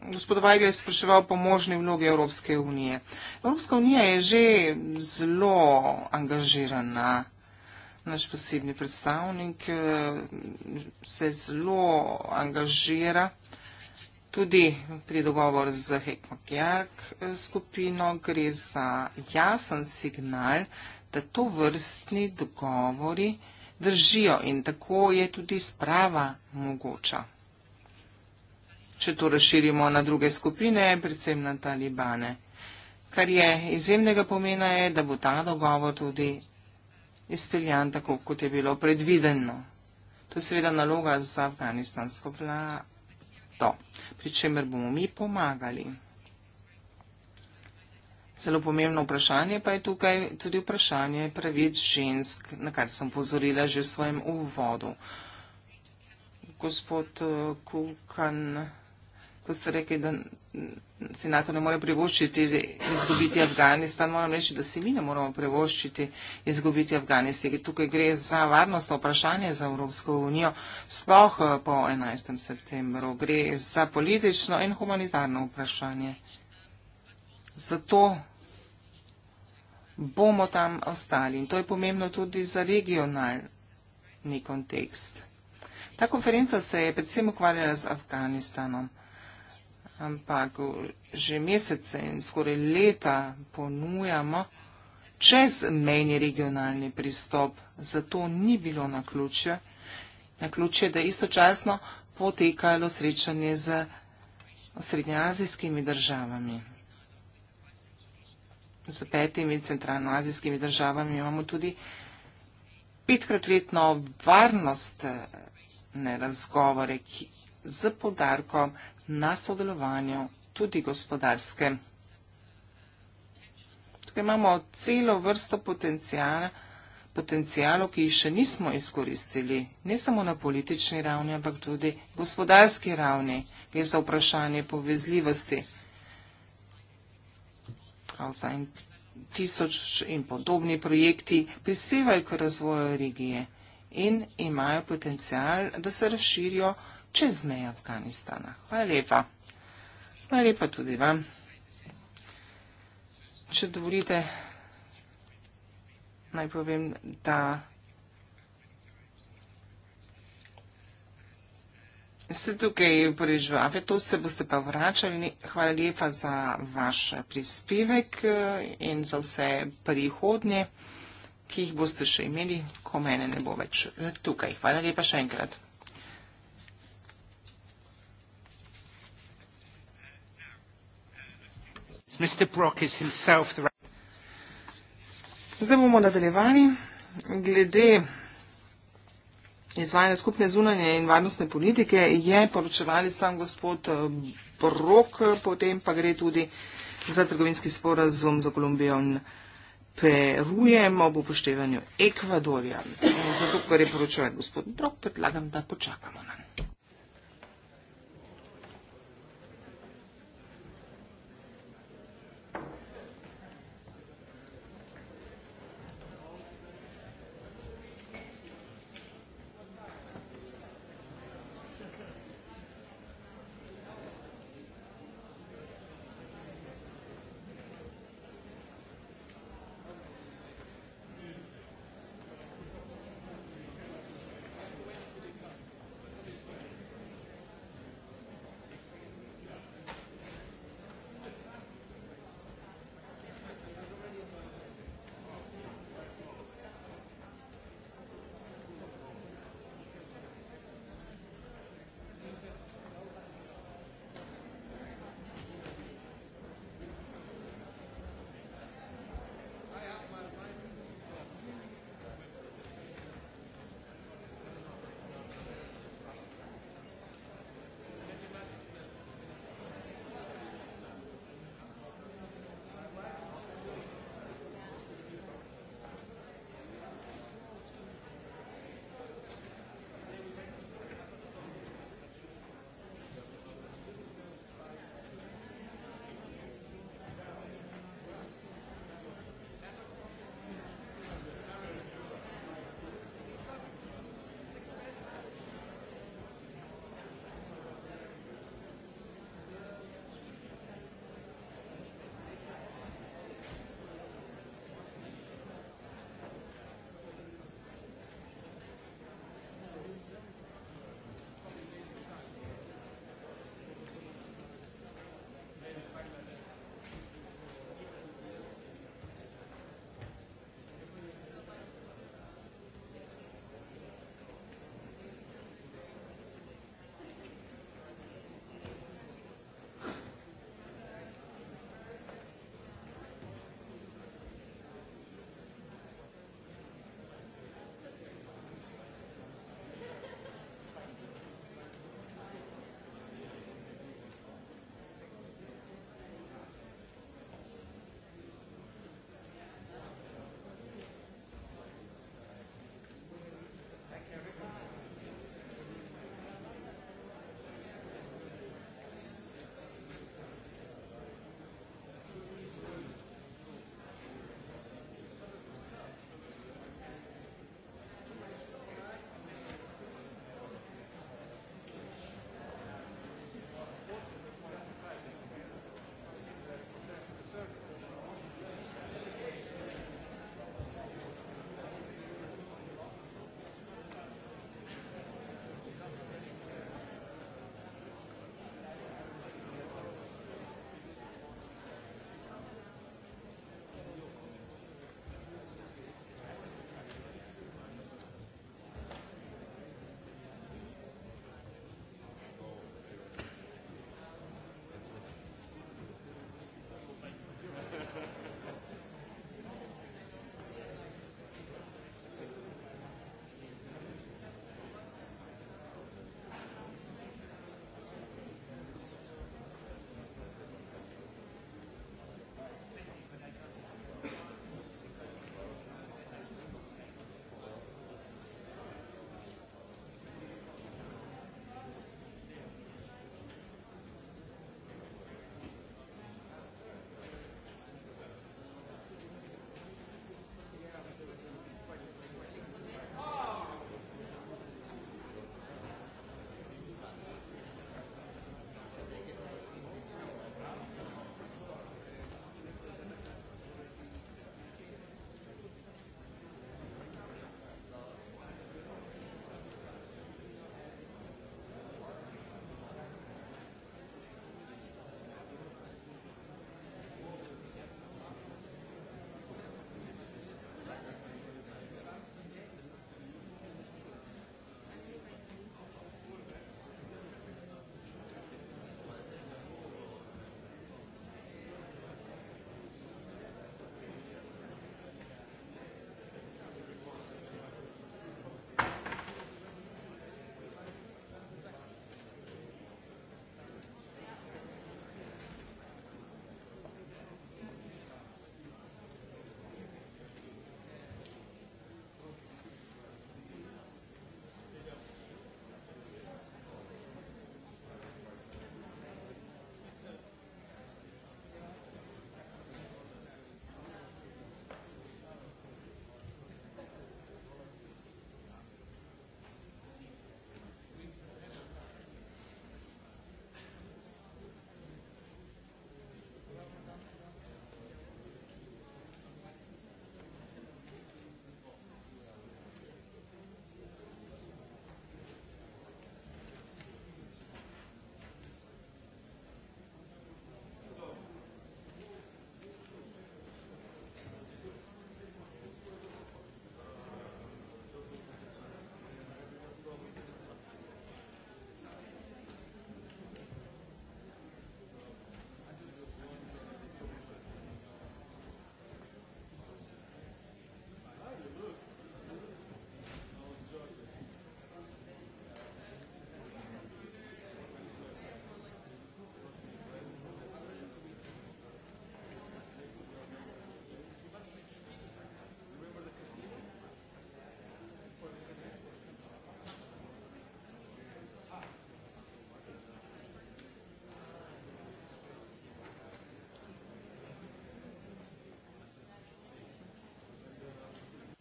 gospod Vajgel je spraševal po možni vlogi Evropske unije. Evropska unija je že zelo angažirana. Naš posebni predstavnik eh, se zelo angažira tudi pri dogovor z Hekmakjark eh, skupino. Gre za jasen signal, da to vrstni dogovori držijo in tako je tudi sprava mogoča če to razširimo na druge skupine, predvsem na talibane. Kar je izjemnega pomena je, da bo ta dogovor tudi izpeljan tako, kot je bilo predvideno. To je seveda naloga za afganistansko vlado, pri čemer bomo mi pomagali. Zelo pomembno vprašanje pa je tukaj tudi vprašanje pravic žensk, na kar sem pozorila že v svojem uvodu. Gospod eh, Kukan. Uh, ko ste rekli, da si NATO ne more privoščiti izgubiti Afganistan, moram reči, da si mi ne moramo privoščiti izgubiti Afganistan. Tukaj gre za varnostno vprašanje za Evropsko unijo, sploh eh, po 11. septembru. Gre za politično in humanitarno vprašanje. Zato bomo tam ostali. In to je pomembno tudi za regionalni kontekst. Ta konferenca se je predvsem ukvarjala z Afganistanom ampak že mesece in skoraj leta ponujamo čezmejni regionalni pristop. Zato ni bilo na ključje, na ključje, da istočasno potekalo srečanje z srednjeazijskimi državami. Z petimi centralnoazijskimi državami imamo tudi petkrat letno varnostne razgovore z podarkom na sodelovanju, tudi gospodarske. Tukaj imamo celo vrsto potencijalov, ki jih še nismo izkoristili, ne samo na politični ravni, ampak tudi gospodarski ravni, gre za vprašanje povezljivosti. Pravzaprav in tisoč in podobni projekti prispevajo k razvoju regije in imajo potencijal, da se razširijo čez meje Afganistana. Hvala lepa. Hvala lepa tudi vam. Če dovolite, naj povem, da ste tukaj prvič v Apetu, se boste pa vračali. Hvala lepa za vaš prispevek eh, in za vse prihodnje, ki jih boste še imeli, ko mene ne bo več eh, tukaj. Hvala lepa še enkrat. Zdaj bomo nadaljevali. Glede izvajanja skupne zunanje in varnostne politike je poročevali sam gospod eh, Brok, potem pa gre tudi za trgovinski sporazum za Kolumbijo in Perujem ob upoštevanju Ekvadorja. Zato, ker je torej poročeval gospod Brok, predlagam, da počakamo na.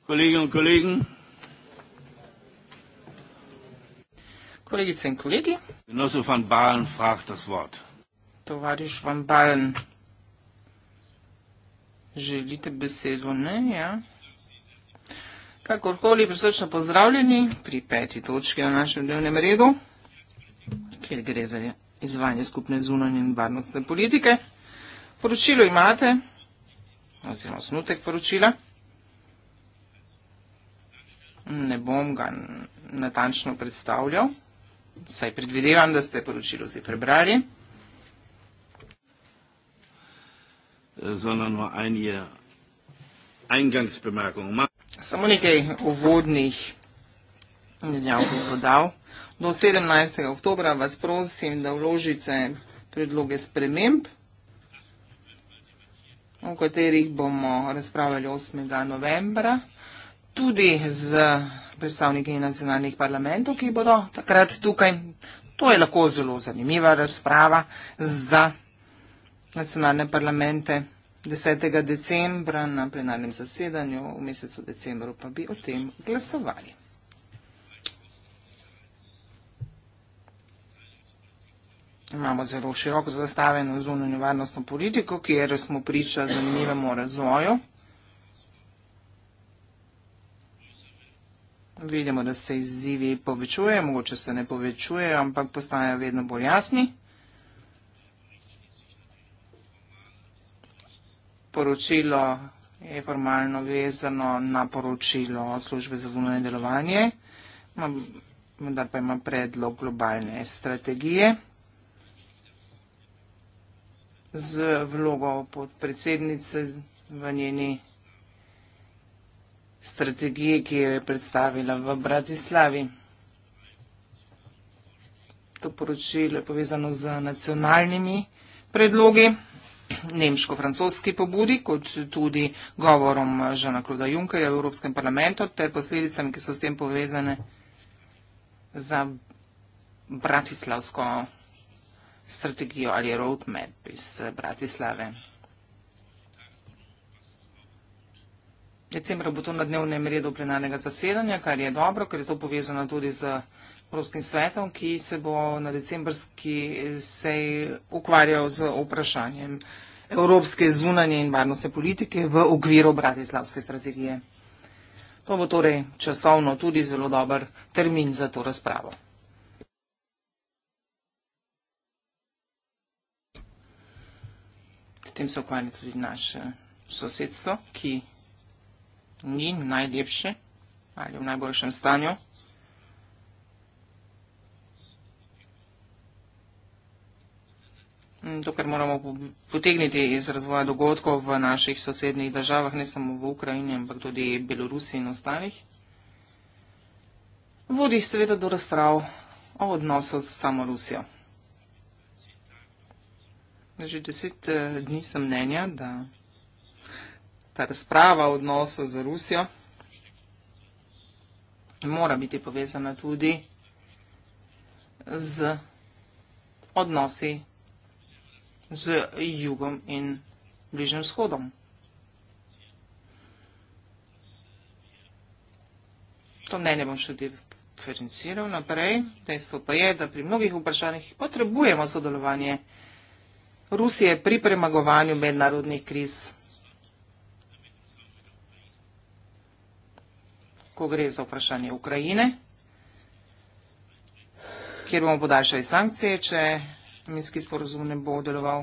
Kolegen und Kollegen. Kolegice in kolegi. Genosse van Balen fragt das Wort. Tovariš van Balen. Želite besedo, ne? Ja. Kakorkoli, prisrčno pozdravljeni pri peti točki na našem dnevnem redu, kjer gre za izvajanje skupne zunanje in varnostne politike. Poročilo imate, oziroma snutek poročila. natančno predstavljal. Saj predvidevam, da ste poročilo že prebrali. Samo nekaj uvodnih izjav bi podal. Do 17. oktober vas prosim, da vložite predloge sprememb, o katerih bomo razpravljali 8. novembra tudi z predstavniki nacionalnih parlamentov, ki bodo takrat tukaj. To je lahko zelo zanimiva razprava za nacionalne parlamente. 10. decembra na plenarnem zasedanju, v mesecu decembru pa bi o tem glasovali. Imamo zelo široko zastavljeno zunanjo varnostno politiko, kjer smo priča zanimivemu razvoju. vidimo, da se izzivi povečujejo, mogoče se ne povečujejo, ampak postajajo vedno bolj jasni. Poročilo je formalno vezano na poročilo službe za zunanje delovanje, da pa ima predlog globalne strategije z vlogo podpredsednice v njeni strategije, ki jo je predstavila v Bratislavi. To poročilo je povezano z nacionalnimi predlogi, nemško-francoski pobudi, kot tudi govorom Žana Kluda Junkerja v Evropskem parlamentu, ter posledicami, ki so s tem povezane za bratislavsko strategijo ali roadmap iz Bratislave. decembra bo to na dnevnem redu plenarnega zasedanja, kar je dobro, ker je to povezano tudi z Evropskim svetom, ki se bo na decembrski sej ukvarjal z vprašanjem evropske zunanje in varnostne politike v okviru Bratislavske strategije. To bo torej časovno tudi zelo dober termin za to razpravo. S tem se ukvarja tudi naše sosedstvo, ki ni najlepši ali v najboljšem stanju. To, kar moramo potegniti iz razvoja dogodkov v naših sosednjih državah, ne samo v Ukrajini, ampak tudi v Belorusiji in ostalih, vodi seveda do razprav o odnosu z samo Rusijo. Že deset eh, dni sem mnenja, da ta razprava o odnosu z Rusijo mora biti povezana tudi z odnosi z jugom in bližnjim vzhodom. To mnenje bom še diferenciral naprej. Dejstvo pa je, da pri mnogih vprašanjih potrebujemo sodelovanje Rusije pri premagovanju mednarodnih kriz. ko gre za vprašanje Ukrajine, kjer bomo podaljšali sankcije, če minski sporozum ne bo deloval.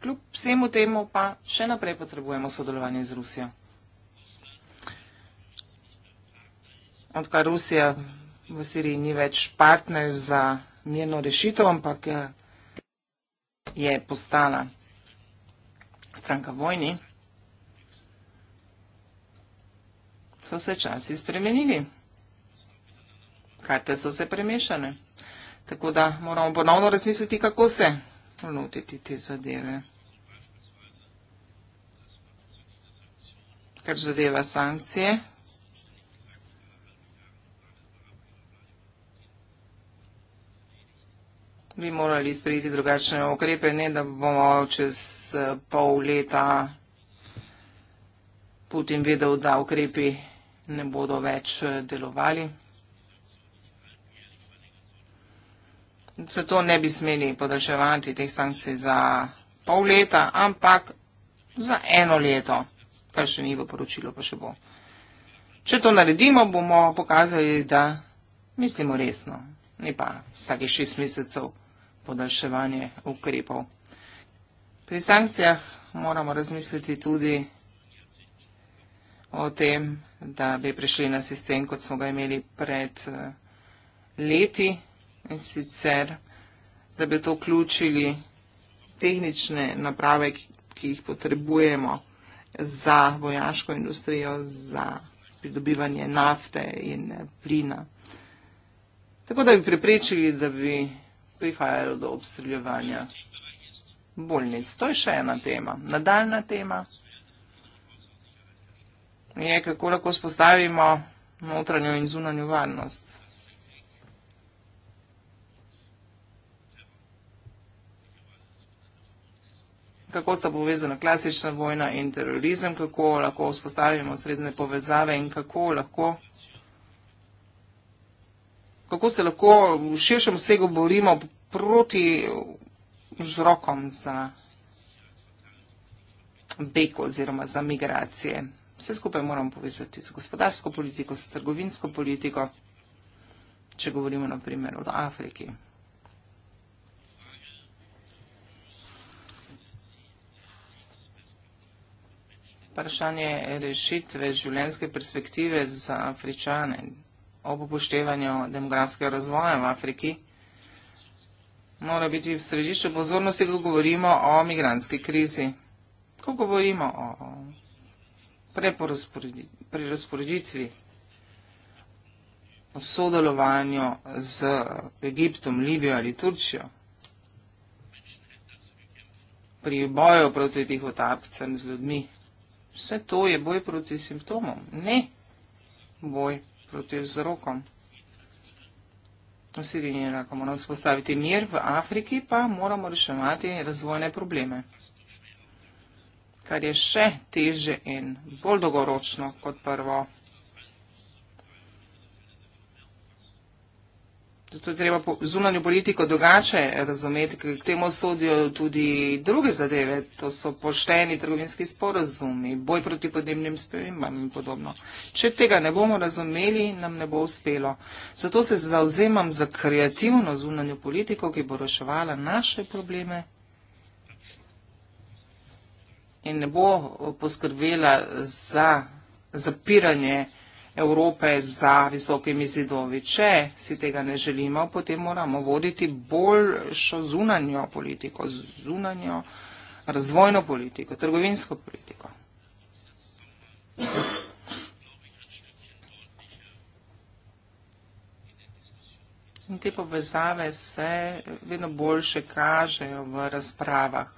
Kljub vsemu temu pa še naprej potrebujemo sodelovanje z Rusijo. Odkar Rusija v Siriji ni več partner za mirno rešitev, ampak eh, je postala stranka vojni. so se časi spremenili. Karte so se premešane. Tako da moramo ponovno razmisliti, kako se lotiti te zadeve. Kar zadeva sankcije. Bi morali sprejeti drugačne okrepe, ne da bomo čez eh, pol leta Putin vedel, da ukrepi ne bodo več eh, delovali. Zato ne bi smeli podaljševati teh sankcij za pol leta, ampak za eno leto, kar še ni v poročilu, pa še bo. Če to naredimo, bomo pokazali, da mislimo resno, ni pa vsake šest mesecev podaljševanje ukrepov. Pri sankcijah moramo razmisliti tudi o tem, da bi prišli na sistem, kot smo ga imeli pred eh, leti in sicer, da bi to vključili tehnične naprave, ki jih potrebujemo za vojaško industrijo, za pridobivanje nafte in eh, plina. Tako da bi preprečili, da bi prihajalo do obstreljevanja bolnic. To je še ena tema. Nadaljna tema je, kako lahko spostavimo notranjo in zunanjo varnost. kako sta povezana klasična vojna in terorizem, kako lahko vzpostavimo srednje povezave in kako lahko, kako se lahko v širšem vsegu borimo proti vzrokom za beko oziroma za migracije vse skupaj moramo povezati z gospodarsko politiko, s trgovinsko politiko, če govorimo naprimer od Afriki. Vprašanje rešitve življenjske perspektive za Afričane ob upoštevanju demografskega razvoja v Afriki mora biti v središču pozornosti, ko govorimo o migranski krizi. Ko govorimo o pri razporeditvi, o sodelovanju z Egiptom, Libijo ali Turčijo, pri boju proti tih otapcem z ljudmi. Vse to je boj proti simptomom, ne boj proti vzrokom. V Siriji moramo vzpostaviti mir, v Afriki pa moramo reševati razvojne probleme kar je še teže in bolj dolgoročno kot prvo. Zato je treba zunanjo politiko drugače razumeti, ker k temu sodijo tudi druge zadeve, to so pošteni trgovinski sporozumi, boj proti podnebnim spremembam in podobno. Če tega ne bomo razumeli, nam ne bo uspelo. Zato se zauzemam za kreativno zunanjo politiko, ki bo reševala naše probleme in ne bo eh, poskrbela za zapiranje Evrope za visokimi zidovi. Če si tega ne želimo, potem moramo voditi boljšo zunanjo politiko, zunanjo razvojno politiko, trgovinsko politiko. In te povezave se vedno boljše kažejo v razpravah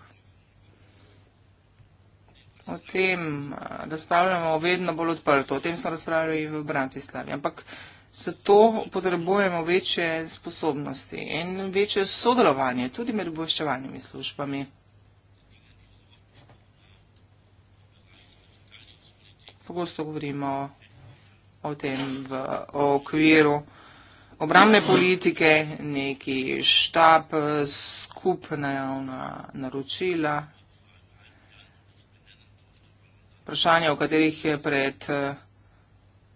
o tem eh, razpravljamo vedno bolj odprto. O tem smo razpravljali v Bratislavi. Ampak za to potrebujemo večje sposobnosti in večje sodelovanje tudi med obveščevalnimi službami. Pogosto govorimo o tem v o okviru obramne politike, neki štab, skupna javna naročila, vprašanja, o katerih pred eh,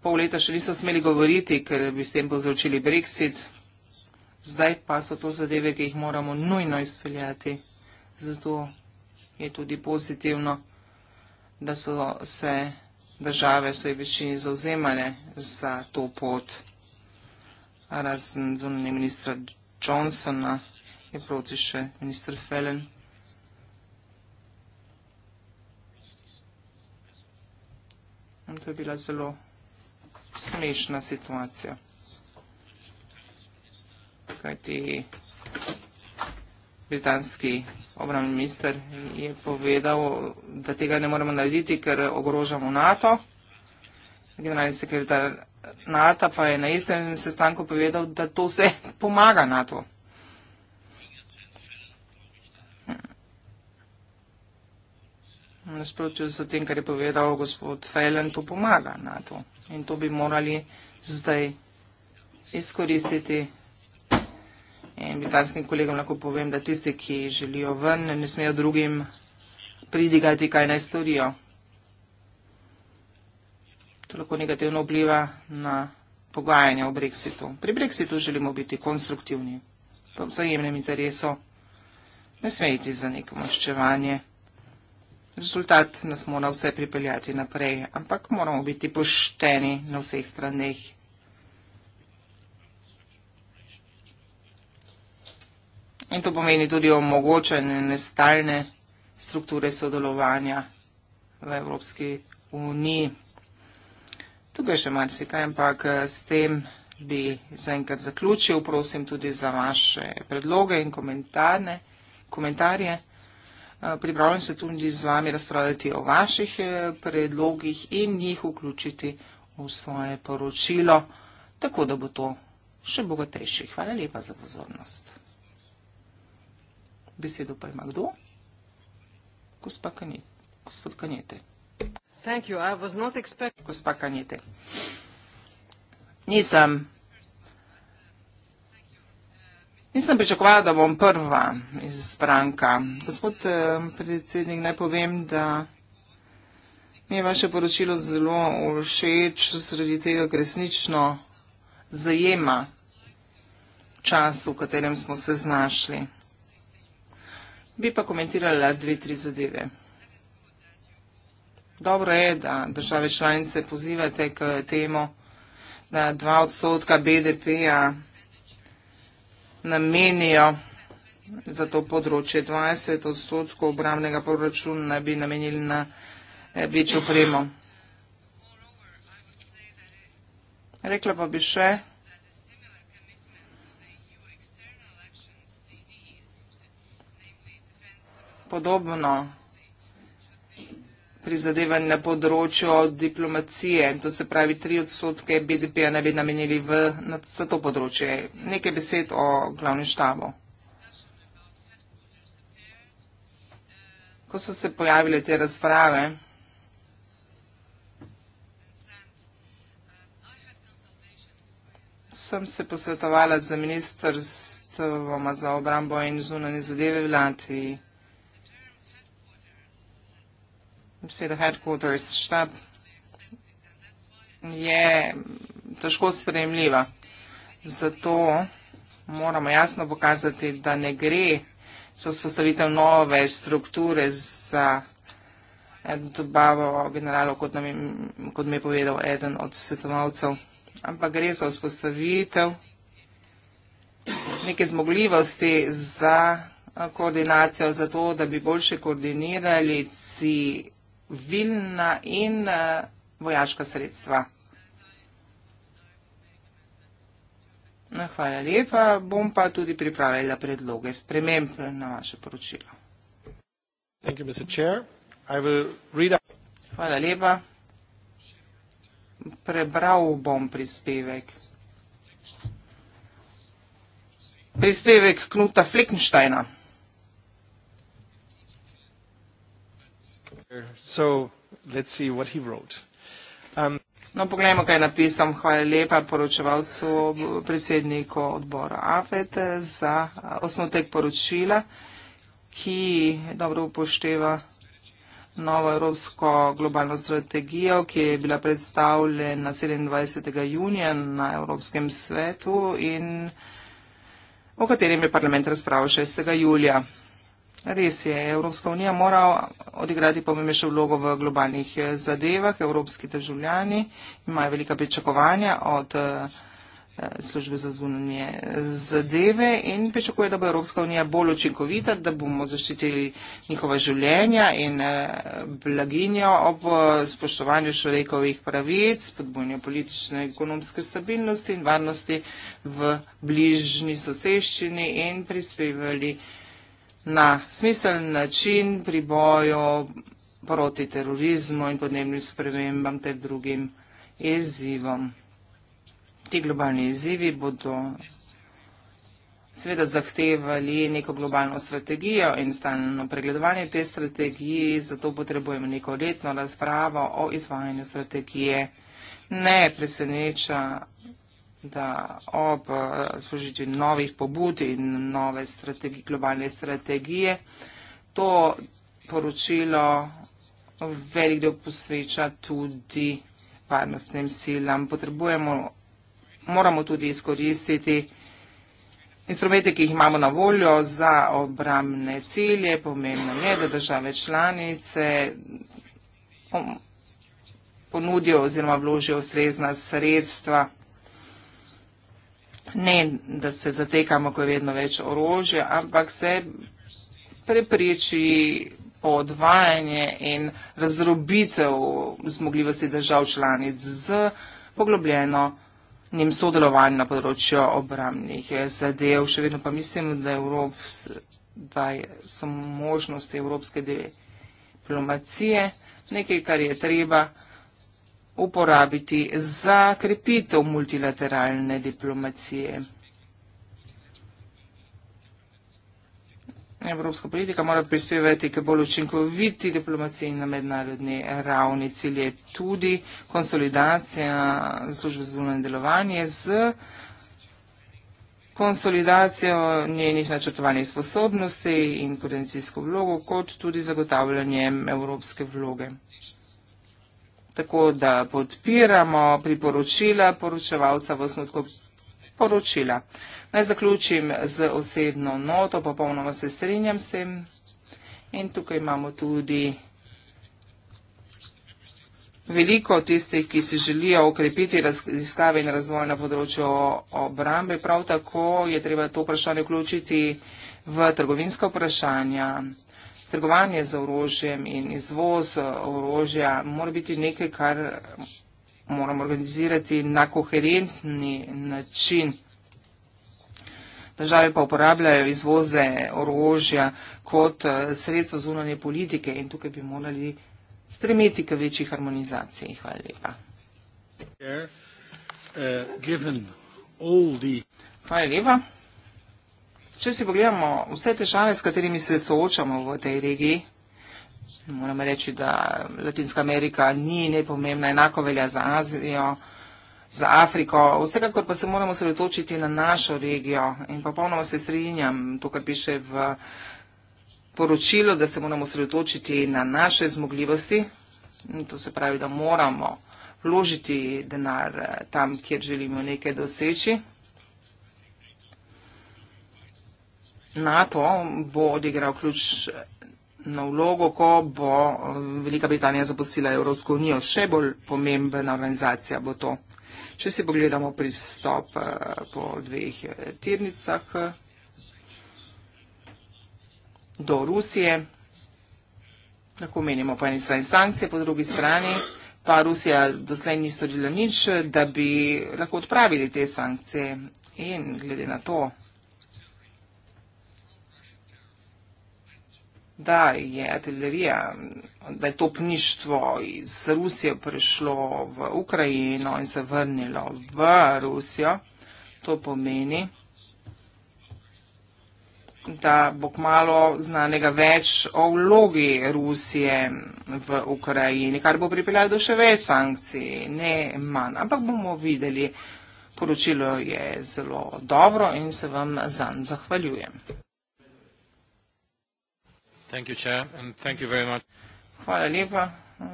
pol leta še niso smeli govoriti, ker bi s tem povzročili Brexit. Zdaj pa so to zadeve, ki jih moramo nujno izpeljati. Zato je tudi pozitivno, da so se države v svoji večini zauzemale za to pot. Razen zunanje ministra Johnsona je proti še minister Felen. In to je bila zelo smešna situacija. Kajti britanski obramni minister je povedal, da tega ne moremo narediti, ker ogrožamo NATO. Generalni sekretar NATO pa je na istem sestanku povedal, da to vse pomaga NATO. nasprotju z tem, kar je povedal gospod Fejlen, to pomaga na to. In to bi morali zdaj izkoristiti. In britanskim kolegom lahko povem, da tisti, ki želijo ven, ne smejo drugim pridigati, kaj naj storijo. To lahko negativno vpliva na pogajanja o Brexitu. Pri Brexitu želimo biti konstruktivni, v vzajemnem interesu, ne smejiti za neko maščevanje rezultat nas mora vse pripeljati naprej, ampak moramo biti pošteni na vseh straneh. In to pomeni tudi omogočene nestalne strukture sodelovanja v Evropski uniji. Tukaj še marsikaj, ampak eh, s tem bi zaenkrat zaključil. Prosim tudi za vaše predloge in komentarje. Eh, pripravljam se tudi z vami razpravljati o vaših eh, predlogih in jih vključiti v svoje poročilo, tako da bo to še bogatejši. Hvala lepa za pozornost. Besedo pa ima kdo? Gospa Kanjete. Gospod Kanjete. Thank you, I was not expecting... Gospa Kanjete. Nisem. Nisem pričakovala, da bom prva iz stranka. Gospod eh, predsednik, naj povem, da mi je vaše poročilo zelo všeč, sredi tega, ker resnično zajema čas, v katerem smo se znašli. Bi pa komentirala dve, tri zadeve. Dobro je, da države članice pozivate k temu, da dva odstotka BDP-ja namenijo za to področje. 20 odstotkov obramnega proračuna naj bi namenili na eh, večjo opremo. Rekla pa bi še, podobno prizadevanj na področju diplomacije, to se pravi tri odstotke BDP-ja naj bi namenili v, na, za to področje. Nekaj besed o glavnem štabu. Ko so se pojavile te razprave, sem se posvetovala z ministrstvoma za obrambo in zunanje zadeve v Latviji. vse the headquarters štab je težko sprejemljiva. Zato moramo jasno pokazati, da ne gre za vzpostavitev nove strukture za dobavo generalov, kot nam je, kot mi je povedal eden od svetovalcev, ampak gre za vzpostavitev neke zmogljivosti za koordinacijo, za to, da bi boljše koordinirali cilje vilna in eh, vojaška sredstva. No, hvala lepa. Bom pa tudi pripravila predloge sprememb na vaše poročilo. Hvala lepa. Prebral bom prispevek. Prispevek Knuta Fleckensteina. So, let's see what he wrote. Um, no, poglejmo, kaj je napisal. Hvala lepa poročevalcu, predsedniku odbora AFET za uh, osnotek poročila, ki dobro upošteva novo evropsko globalno strategijo, ki je bila predstavljena 27. junija na Evropskem svetu in o katerem je parlament razpravljal 6. julija. Res je, Evropska unija mora odigrati pomembnejšo vlogo v globalnih eh, zadevah. Evropski državljani imajo velika pričakovanja od eh, službe za zunanje eh, zadeve in pričakuje, da bo Evropska unija bolj učinkovita, da bomo zaščitili njihova življenja in blaginjo ob spoštovanju človekovih pravic, spodbujanju politične in ekonomske stabilnosti in varnosti v bližnji soseščini in prispevali na smiseln način pri boju proti terorizmu in podnebnim spremembam ter drugim izzivom. Ti globalni izzivi bodo seveda zahtevali neko globalno strategijo in stalno pregledovanje te strategiji, zato potrebujemo neko letno razpravo o izvajanju strategije. Ne preseneča da ob služitvi eh, novih pobud in nove strategije, globalne strategije, to poročilo velik del posveča tudi varnostnim silam. Potrebujemo, moramo tudi izkoristiti instrumente, ki jih imamo na voljo za obramne cilje. Pomembno je, da države članice ponudijo oziroma vložijo ustrezna sredstva ne da se zatekamo, ko je vedno več orožja, ampak se prepriči podvajanje in razdrobitev zmogljivosti držav članic z poglobljeno njim sodelovanje na področju obramnih zadev. Še vedno pa mislim, da, Evrops, da je, so možnosti evropske diplomacije nekaj, kar je treba uporabiti za krepitev multilateralne diplomacije. Evropska politika mora prispevati k bolj učinkoviti diplomaciji na mednarodni ravni. Cilj je tudi konsolidacija službe za zunanje delovanje z konsolidacijo njenih načrtovanih sposobnosti in kodencijsko vlogo, kot tudi zagotavljanjem evropske vloge. Tako da podpiramo priporočila poročevalca v osnutku poročila. Naj zaključim z osebno noto, popolnoma se strinjam s tem. In tukaj imamo tudi veliko tistih, ki si želijo ukrepiti raziskave in razvoj na področju obrambe. Prav tako je treba to vprašanje vključiti v trgovinska vprašanja trgovanje z orožjem in izvoz orožja mora biti nekaj, kar moramo organizirati na koherentni način. Države pa uporabljajo izvoze orožja kot eh, sredstvo zunanje politike in tukaj bi morali stremeti k večji harmonizaciji. Hvala lepa. Eh, Hvala lepa. Če si pogledamo vse težave, s katerimi se soočamo v tej regiji, moramo reči, da Latinska Amerika ni nepomembna, enako velja za Azijo, za Afriko, vsekakor pa se moramo sredotočiti na našo regijo in pa ponovno se strinjam to, kar piše v poročilu, da se moramo sredotočiti na naše zmogljivosti, to se pravi, da moramo vložiti denar eh, tam, kjer želimo nekaj doseči. NATO bo odigral ključno vlogo, ko bo eh, Velika Britanija zapustila Evropsko unijo. Še bolj pomembna organizacija bo to. Če si pogledamo pristop eh, po dveh eh, tirnicah do Rusije, lahko menimo po eni strani sankcije, po drugi strani pa Rusija doslej ni storila nič, da bi lahko odpravili te sankcije. In glede na to, da je artilerija, da je topništvo iz Rusije prišlo v Ukrajino in se vrnilo v Rusijo, to pomeni, da bo kmalo znanega več o vlogi Rusije v Ukrajini, kar bo pripeljalo do še več sankcij, ne manj. Ampak bomo videli, poročilo je zelo dobro in se vam zanj zahvaljujem. Hvala lepa,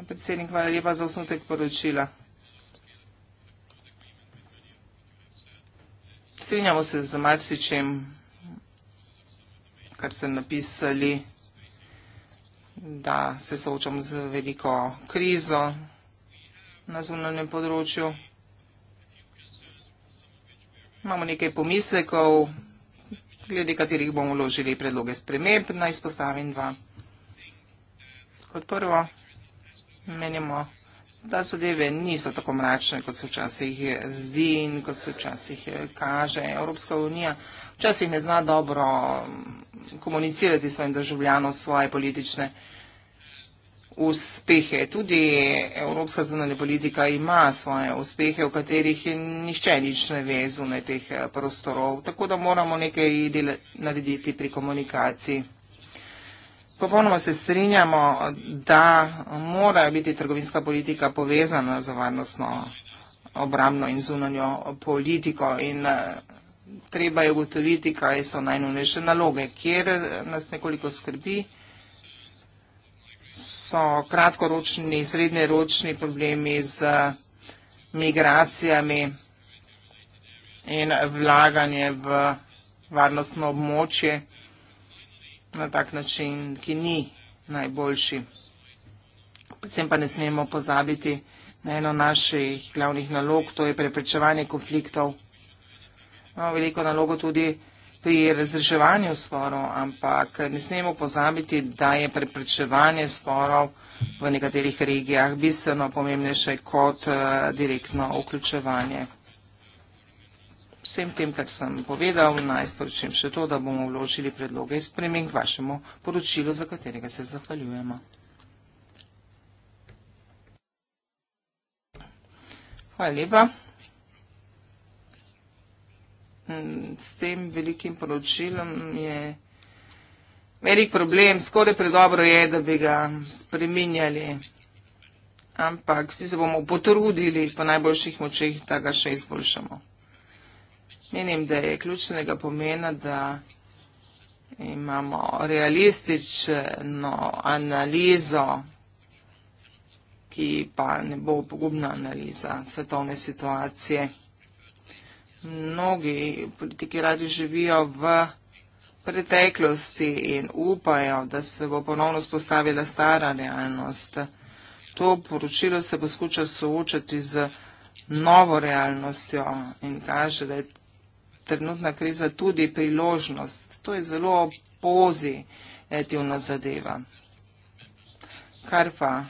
predsednik, hvala lepa za osnotek poročila. Strinjamo se z Marsičem, kar ste napisali, da se soočamo z veliko krizo na zunanjem področju. Imamo nekaj pomislekov, glede katerih bomo vložili predloge sprememb. Naj izpostavim dva. Kot prvo, menimo, da zadeve niso tako mračne, kot se včasih zdi in kot se včasih kaže. Evropska unija včasih ne zna dobro mm, komunicirati svojim državljanom svoje politične vprašanje uspehe. Tudi evropska zunanja politika ima svoje uspehe, o katerih nišče nič ne ve zunaj teh eh, prostorov. Tako da moramo nekaj narediti pri komunikaciji. Popolnoma se strinjamo, da mora biti trgovinska politika povezana z varnostno obramno in zunanjo politiko in eh, treba je ugotoviti, kaj so najnovnejše naloge, kjer nas nekoliko skrbi so kratkoročni, srednjeročni problemi z migracijami in vlaganje v varnostno območje na tak način, ki ni najboljši. Predvsem pa ne smemo pozabiti na eno naših glavnih nalog, to je preprečevanje konfliktov. No, veliko nalogo tudi vsega, pri razreševanju sporov, ampak ne smemo pozabiti, da je preprečevanje sporov v nekaterih regijah bistveno pomembnejše kot eh, direktno vključevanje. Vsem tem, kar sem povedal, naj sporočim še to, da bomo vložili predloge iz premeng vašemu poročilu, za katerega se zahvaljujemo. Hvala lepa s tem velikim poročilom je velik problem, skoraj predobro je, da bi ga spreminjali. Ampak vsi se bomo potrudili po najboljših močeh, da ga še izboljšamo. Menim, da je ključnega pomena, da imamo realistično analizo, ki pa ne bo pogubna analiza svetovne situacije mnogi politiki radi živijo v preteklosti in upajo, da se bo ponovno spostavila stara realnost. To poročilo se poskuša soočati z novo realnostjo in kaže, da je trenutna kriza tudi priložnost. To je zelo pozitivna zadeva. Kar pa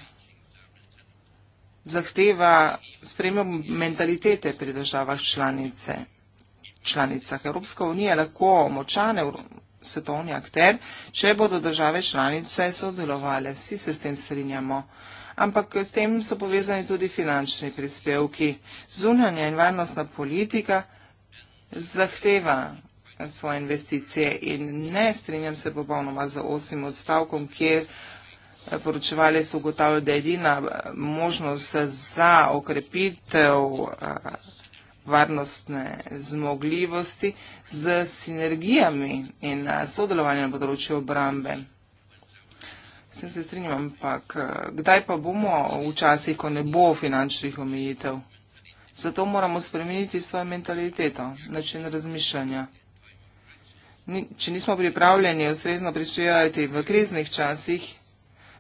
zahteva sprejemo mentalitete pri državah članice, članicah. Evropska unija je lahko močan svetovni akter, če bodo države članice sodelovale. Vsi se s tem strinjamo. Ampak s tem so povezani tudi finančni prispevki. Zunanja in varnostna politika zahteva svoje investicije in ne strinjam se popolnoma za osim odstavkom, kjer poročevali so ugotavljali, da je edina eh, možnost za okrepitev eh, varnostne zmogljivosti z sinergijami in eh, sodelovanjem na področju obrambe. Vsem se strinjam, ampak kdaj pa bomo v časih, ko ne bo finančnih omejitev? Zato moramo spremeniti svojo mentaliteto, način razmišljanja. Ni, če nismo pripravljeni ustrezno prispevati v kriznih časih,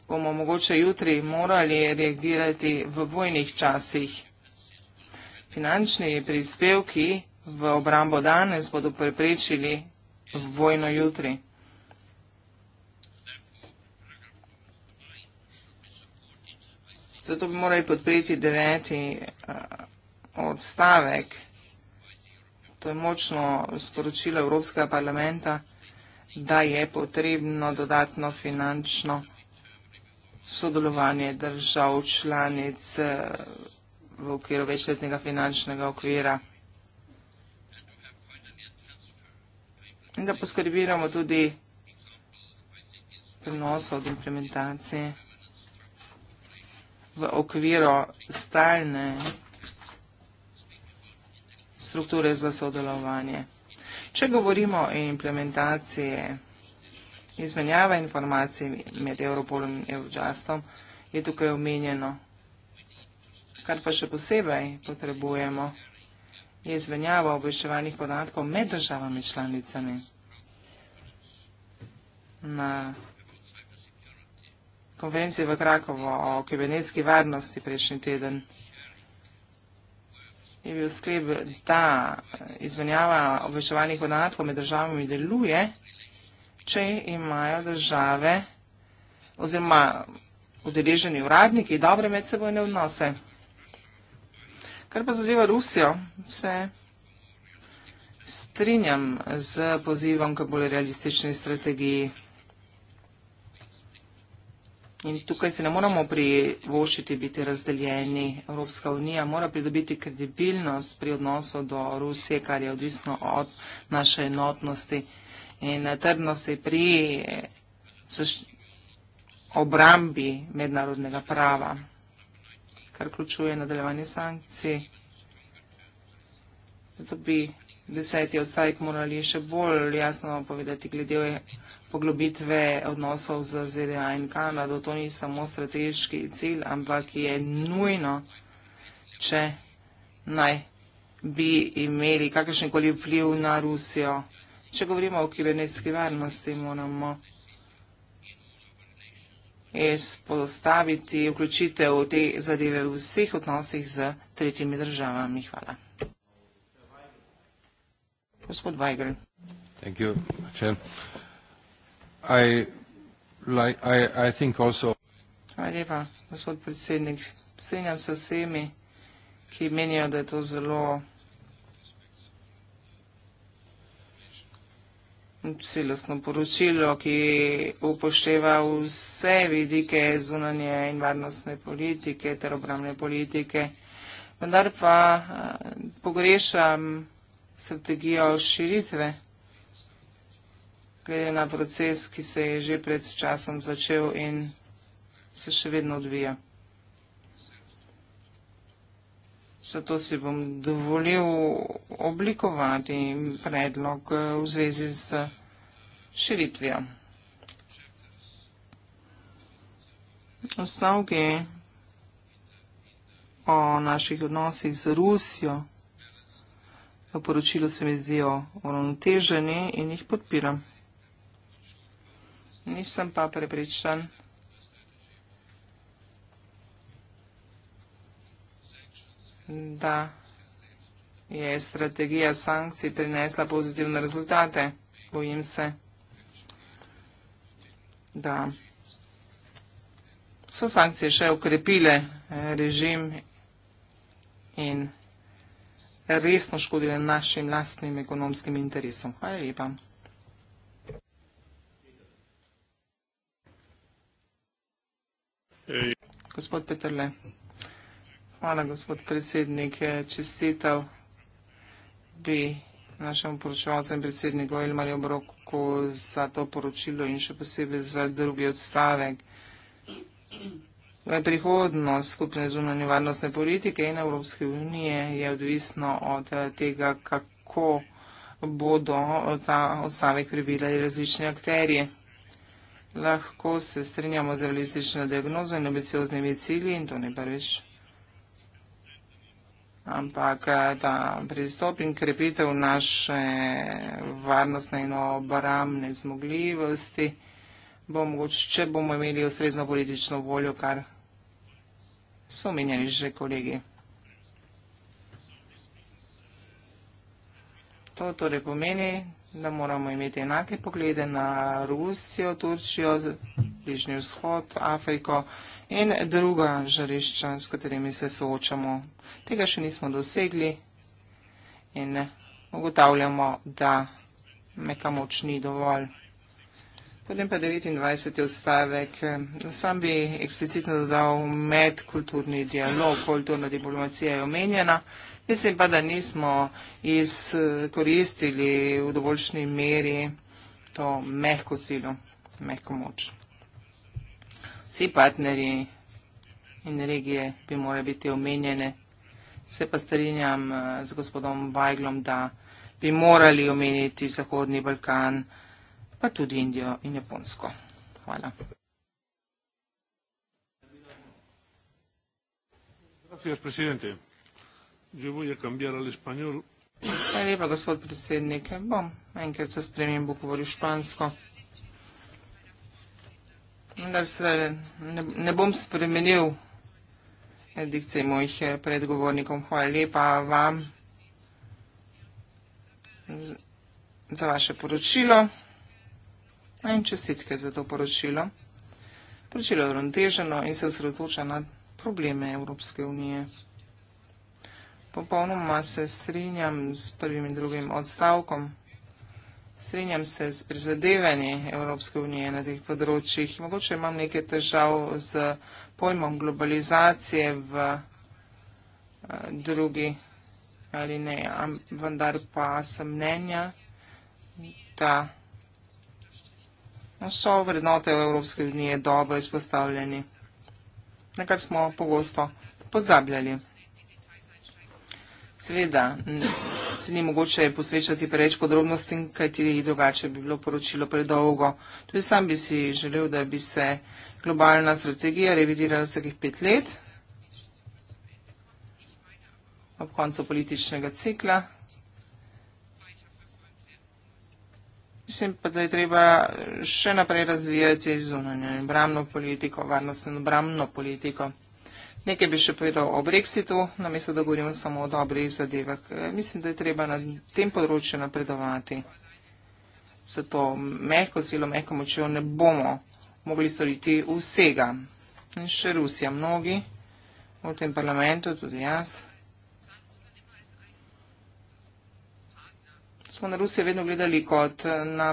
bomo mogoče jutri morali reagirati v vojnih časih. Finančni prispevki v obrambo danes bodo preprečili v vojno jutri. Zato bi morali podpreti deveti eh, odstavek. To je močno sporočilo Evropskega parlamenta, da je potrebno dodatno finančno vprašanje sodelovanje držav članic eh, v okviru večletnega finančnega okvira. In da poskrbiramo tudi prenosa od implementacije v okviru stalne strukture za sodelovanje. Če govorimo o implementacije, izmenjava informacij med Europolom in Evjastom je tukaj omenjeno. Kar pa še posebej potrebujemo, je izmenjava obveščevalnih podatkov med državami članicami. Na konvenciji v Krakovo o kibernetski varnosti prejšnji teden je bil sklep, da izmenjava obveščevalnih podatkov med državami deluje, če imajo države oziroma udeleženi uradniki dobre medsebojne odnose. Kar pa zadeva Rusijo, se strinjam z pozivom k bolj realistični strategiji. In tukaj si ne moramo privošiti biti razdeljeni. Evropska unija mora pridobiti kredibilnost pri odnosu do Rusije, kar je odvisno od naše enotnosti in trdnosti pri obrambi mednarodnega prava, kar vključuje nadaljevanje sankcij. Zato bi deseti odstavek morali še bolj jasno povedati glede poglobitve odnosov z ZDA in Kanado. To ni samo strateški cilj, ampak je nujno, če naj bi imeli kakršenkoli vpliv na Rusijo. Če govorimo o kibernetski varnosti, moramo izpostaviti vključitev te zadeve v vseh odnosih z tretjimi državami. Hvala. Gospod Weigl. Thank you, Chair. I like, I, I think also. Hvala lepa, gospod predsednik. Strenjam se vsemi, ki menijo, da je to zelo celostno poročilo, ki upošteva vse vidike zunanje in varnostne politike ter obramne politike. Vendar pa eh, pogrešam strategijo širitve, glede na proces, ki se je že pred časom začel in se še vedno odvija. Zato si bom dovolil oblikovati predlog eh, v zvezi z širitvijo. Osnovke o naših odnosih z Rusijo v poročilu se mi zdijo uravnoteženi in jih podpiram. Nisem pa prepričan, da je strategija sankcij prinesla pozitivne rezultate. Bojim se da so sankcije še ukrepile eh, režim in resno škodile našim lastnim ekonomskim interesom. Hvala lepa. Gospod Petrle, hvala gospod predsednik, eh, čestitev bi našemu poročevalcu in predsedniku Elmarju Broku za to poročilo in še posebej za drugi odstavek. V prihodnost skupne zunanje varnostne politike in Evropske unije je odvisno od tega, kako bodo ta odstavek pribirali različni akterji. Lahko se strinjamo z realistično diagnozo in ambicioznimi cilji in to ne prvič ampak da eh, pristop in krepitev naše varnostne in obramne zmogljivosti bo mogoče, če bomo imeli ustrezno politično voljo, kar so omenjali že kolegi. To torej pomeni, da moramo imeti enake poglede na Rusijo, Turčijo, Bližnji vzhod, Afriko in druga žarišča, s katerimi se soočamo. Tega še nismo dosegli in ugotavljamo, da meka moč ni dovolj. Potem pa 29. odstavek. Sam bi eksplicitno dodal medkulturni dialog, kulturna diplomacija je omenjena. Mislim pa, da nismo izkoristili v dovoljšni meri to mehko silo, mehko moč vsi partnerji in regije bi morali biti omenjene. Se pa strinjam eh, z gospodom Vajglom, da bi morali omeniti Zahodni Balkan, pa tudi Indijo in Japonsko. Hvala. Gracias, presidente. Yo voy a cambiar al español. Hvala lepa, gospod predsednik. Bom enkrat se spremem, bo govoril špansko vendar se ne, ne bom spremenil edikcij mojih eh, predgovornikov. Hvala lepa vam za vaše poročilo in čestitke za to poročilo. Poročilo je uravnoteženo in se osredotoča na probleme Evropske unije. Popolnoma se strinjam s prvim in drugim odstavkom. Strenjam se z prizadevanji Evropske unije na teh področjih. Mogoče imam nekaj težav z pojmom globalizacije v eh, drugi ali ne, vendar pa sem mnenja, da so vrednote Evropske unije dobro izpostavljeni, na kar smo pogosto pozabljali. Sveda, se ni mogoče posvečati preveč podrobnostim, kajti drugače bi bilo poročilo predolgo. Tudi sam bi si želel, da bi se globalna strategija revidirala vsakih pet let ob koncu političnega cikla. Mislim pa, da je treba še naprej razvijati zunanje in obramno politiko, varnostno in obramno politiko. Nekaj bi še povedal o brexitu, namesto da govorim samo o dobrih zadevah. E, mislim, da je treba na tem področju napredovati. Zato mehko silo, mehko močjo ne bomo mogli storiti vsega. In še Rusija, mnogi v tem parlamentu, tudi jaz. Smo na Rusijo vedno gledali kot na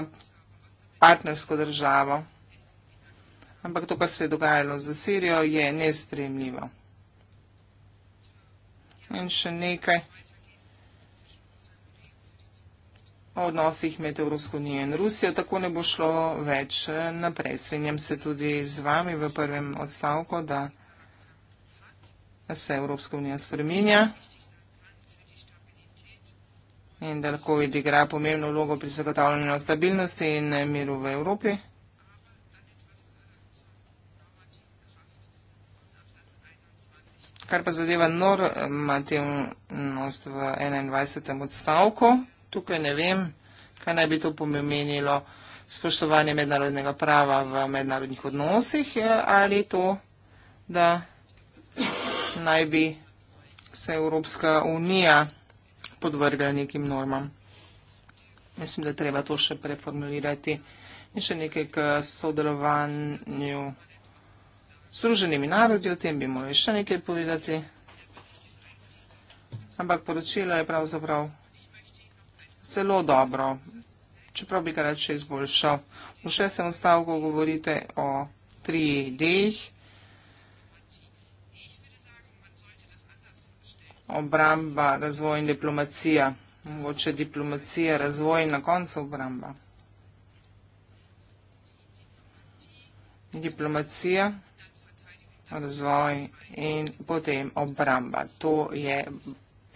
partnersko državo. Ampak to, kar se je dogajalo za Sirijo, je nespremljivo in še nekaj o odnosih med Evropsko unijo in Rusijo, tako ne bo šlo več naprej. Srenjam se tudi z vami v prvem odstavku, da se Evropska unija spreminja in da lahko vidi igra pomembno vlogo pri zagotavljanju stabilnosti in miru v Evropi. Kar pa zadeva normativnost v 21. odstavku, tukaj ne vem, kaj naj bi to pomenilo spoštovanje mednarodnega prava v mednarodnih odnosih eh, ali to, da naj bi se Evropska unija podvrgla nekim normam. Mislim, da treba to še preformulirati in še nekaj k sodelovanju. Združenimi narodi, o tem bi morali še nekaj povedati, ampak poročilo je pravzaprav zelo dobro, čeprav bi ga rad še izboljšal. V šestem stavku govorite o trih idejih, obramba, razvoj in diplomacija, mogoče diplomacija, razvoj in na koncu obramba. Diplomacija, razvoj in potem obramba. To je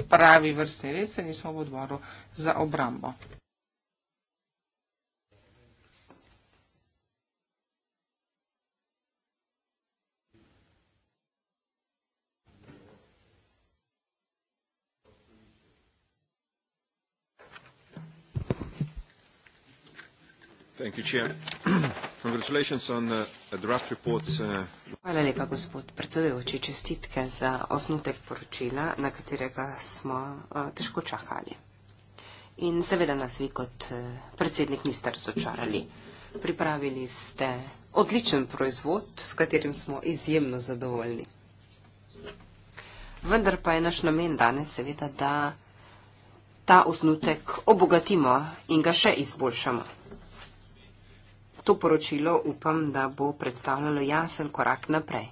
pravi vrstni red, se nismo v odboru za obrambo. Thank you, Chair. Uh, uh. Hvala lepa, gospod predsedujoči. Čestitke za osnutek poročila, na katerega smo uh, težko čakali. In seveda nas vi kot predsednik niste razočarali. Pripravili ste odličen proizvod, s katerim smo izjemno zadovoljni. Vendar pa je naš namen danes seveda, da ta osnutek obogatimo in ga še izboljšamo. To poročilo upam, da bo predstavljalo jasen korak naprej.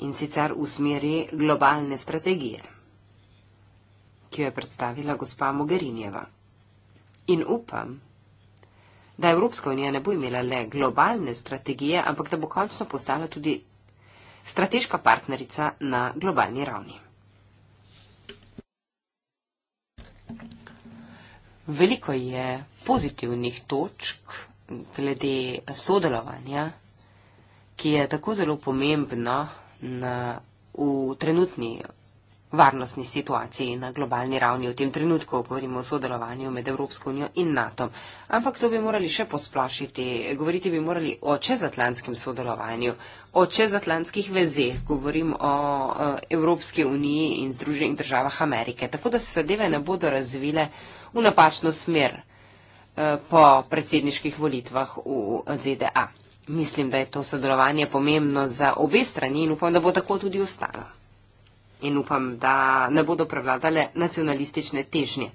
In sicer v smeri globalne strategije, ki jo je predstavila gospa Mogherinjeva. In upam, da Evropska unija ne bo imela le globalne strategije, ampak da bo končno postala tudi strateška partnerica na globalni ravni. Veliko je pozitivnih točk glede sodelovanja, ki je tako zelo pomembno na, v trenutni varnostni situaciji na globalni ravni. V tem trenutku govorimo o sodelovanju med Evropsko unijo in NATO. Ampak to bi morali še posplašiti. Govoriti bi morali o čezatlantskem sodelovanju, o čezatlantskih vezeh. Govorim o eh, Evropski uniji in Združenih državah Amerike. Tako da se zadeve ne bodo razvile v napačno smer eh, po predsedniških volitvah v ZDA. Mislim, da je to sodelovanje pomembno za obe strani in upam, da bo tako tudi ostalo. In upam, da ne bodo prevladale nacionalistične težnje.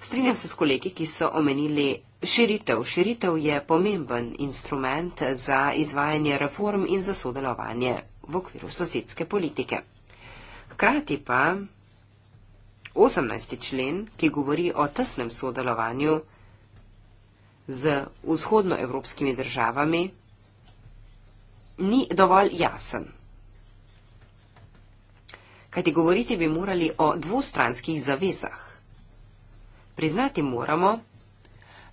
Strinjam se s kolegi, ki so omenili širitev. Širitev je pomemben instrument za izvajanje reform in za sodelovanje v okviru sosedske politike. Hkrati pa 18. člen, ki govori o tesnem sodelovanju z vzhodnoevropskimi državami, ni dovolj jasen. Kajti govoriti bi morali o dvostranskih zavezah. Priznati moramo,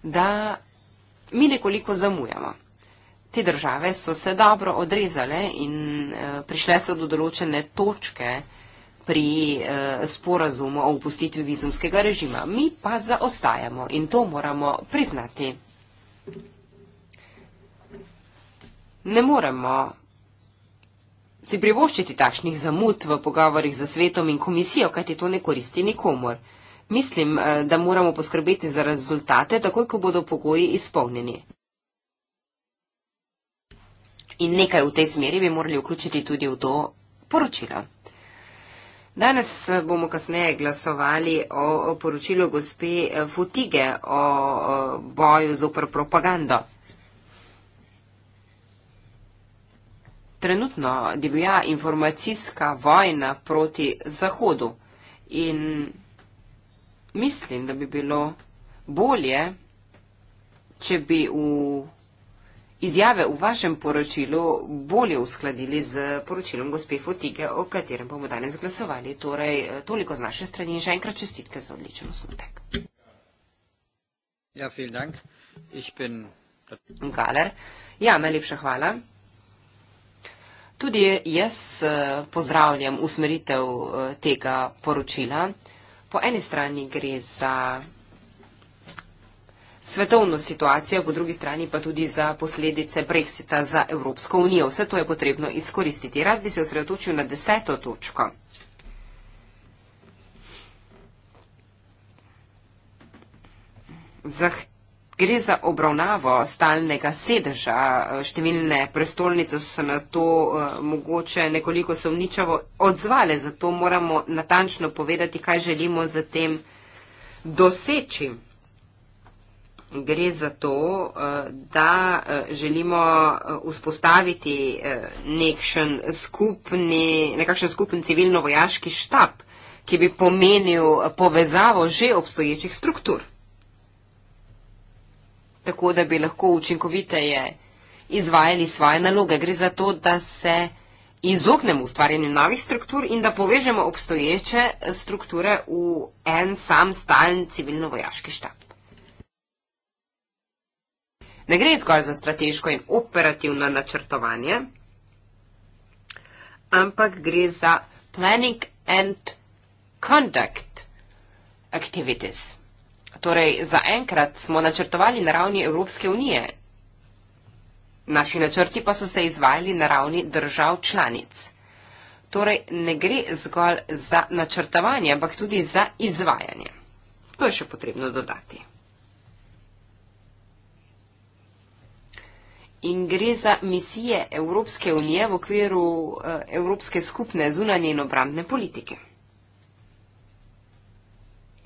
da mi nekoliko zamujamo. Te države so se dobro odrezale in eh, prišle so do določene točke, pri eh, sporazumu o upustitvi vizumskega režima. Mi pa zaostajamo in to moramo priznati. Ne moremo si privoščiti takšnih zamud v pogovorih za svetom in komisijo, kajti to ne koristi nikomor. Mislim, eh, da moramo poskrbeti za rezultate, takoj ko bodo pogoji izpolnjeni. In nekaj v tej smeri bi morali vključiti tudi v to poročilo. Danes eh, bomo kasneje glasovali o poročilu gospe eh, Futige o boju z opr propagando. Trenutno divja informacijska vojna proti Zahodu in mislim, da bi bilo bolje, če bi v izjave v vašem poročilu bolje uskladili z poročilom gospe Fotige, o katerem bomo danes glasovali. Torej, eh, toliko z naše strani in še enkrat čestitke za odličen osnutek. Ja, vielen Dank. Ich bin... Galer. Ja, najlepša hvala. Tudi jaz eh, pozdravljam usmeritev eh, tega poročila. Po eni strani gre za svetovno situacijo, po drugi strani pa tudi za posledice brexita za Evropsko unijo. Vse to je potrebno izkoristiti. Rad bi se osredotočil na deseto točko. Zah Gre za obravnavo stalnega sedeža. Številne prestolnice so na to eh, mogoče nekoliko sovničavo odzvale, zato moramo natančno povedati, kaj želimo z tem doseči gre za to, eh, da eh, želimo eh, vzpostaviti nekšen skupni, nekakšen skupni civilno-vojaški štab, ki bi pomenil povezavo že obstoječih struktur. Tako da bi lahko učinkoviteje izvajali svoje naloge. Gre za to, da se izognemo ustvarjanju novih struktur in da povežemo obstoječe strukture v en sam stalen civilno-vojaški štab. Ne gre zgolj za strateško in operativno načrtovanje, ampak gre za planning and conduct activities. Torej, za enkrat smo načrtovali na ravni Evropske unije. Naši načrti pa so se izvajali na ravni držav članic. Torej, ne gre zgolj za načrtovanje, ampak tudi za izvajanje. To je še potrebno dodati. in gre za misije Evropske unije v okviru eh, Evropske skupne zunanje in obrambne politike.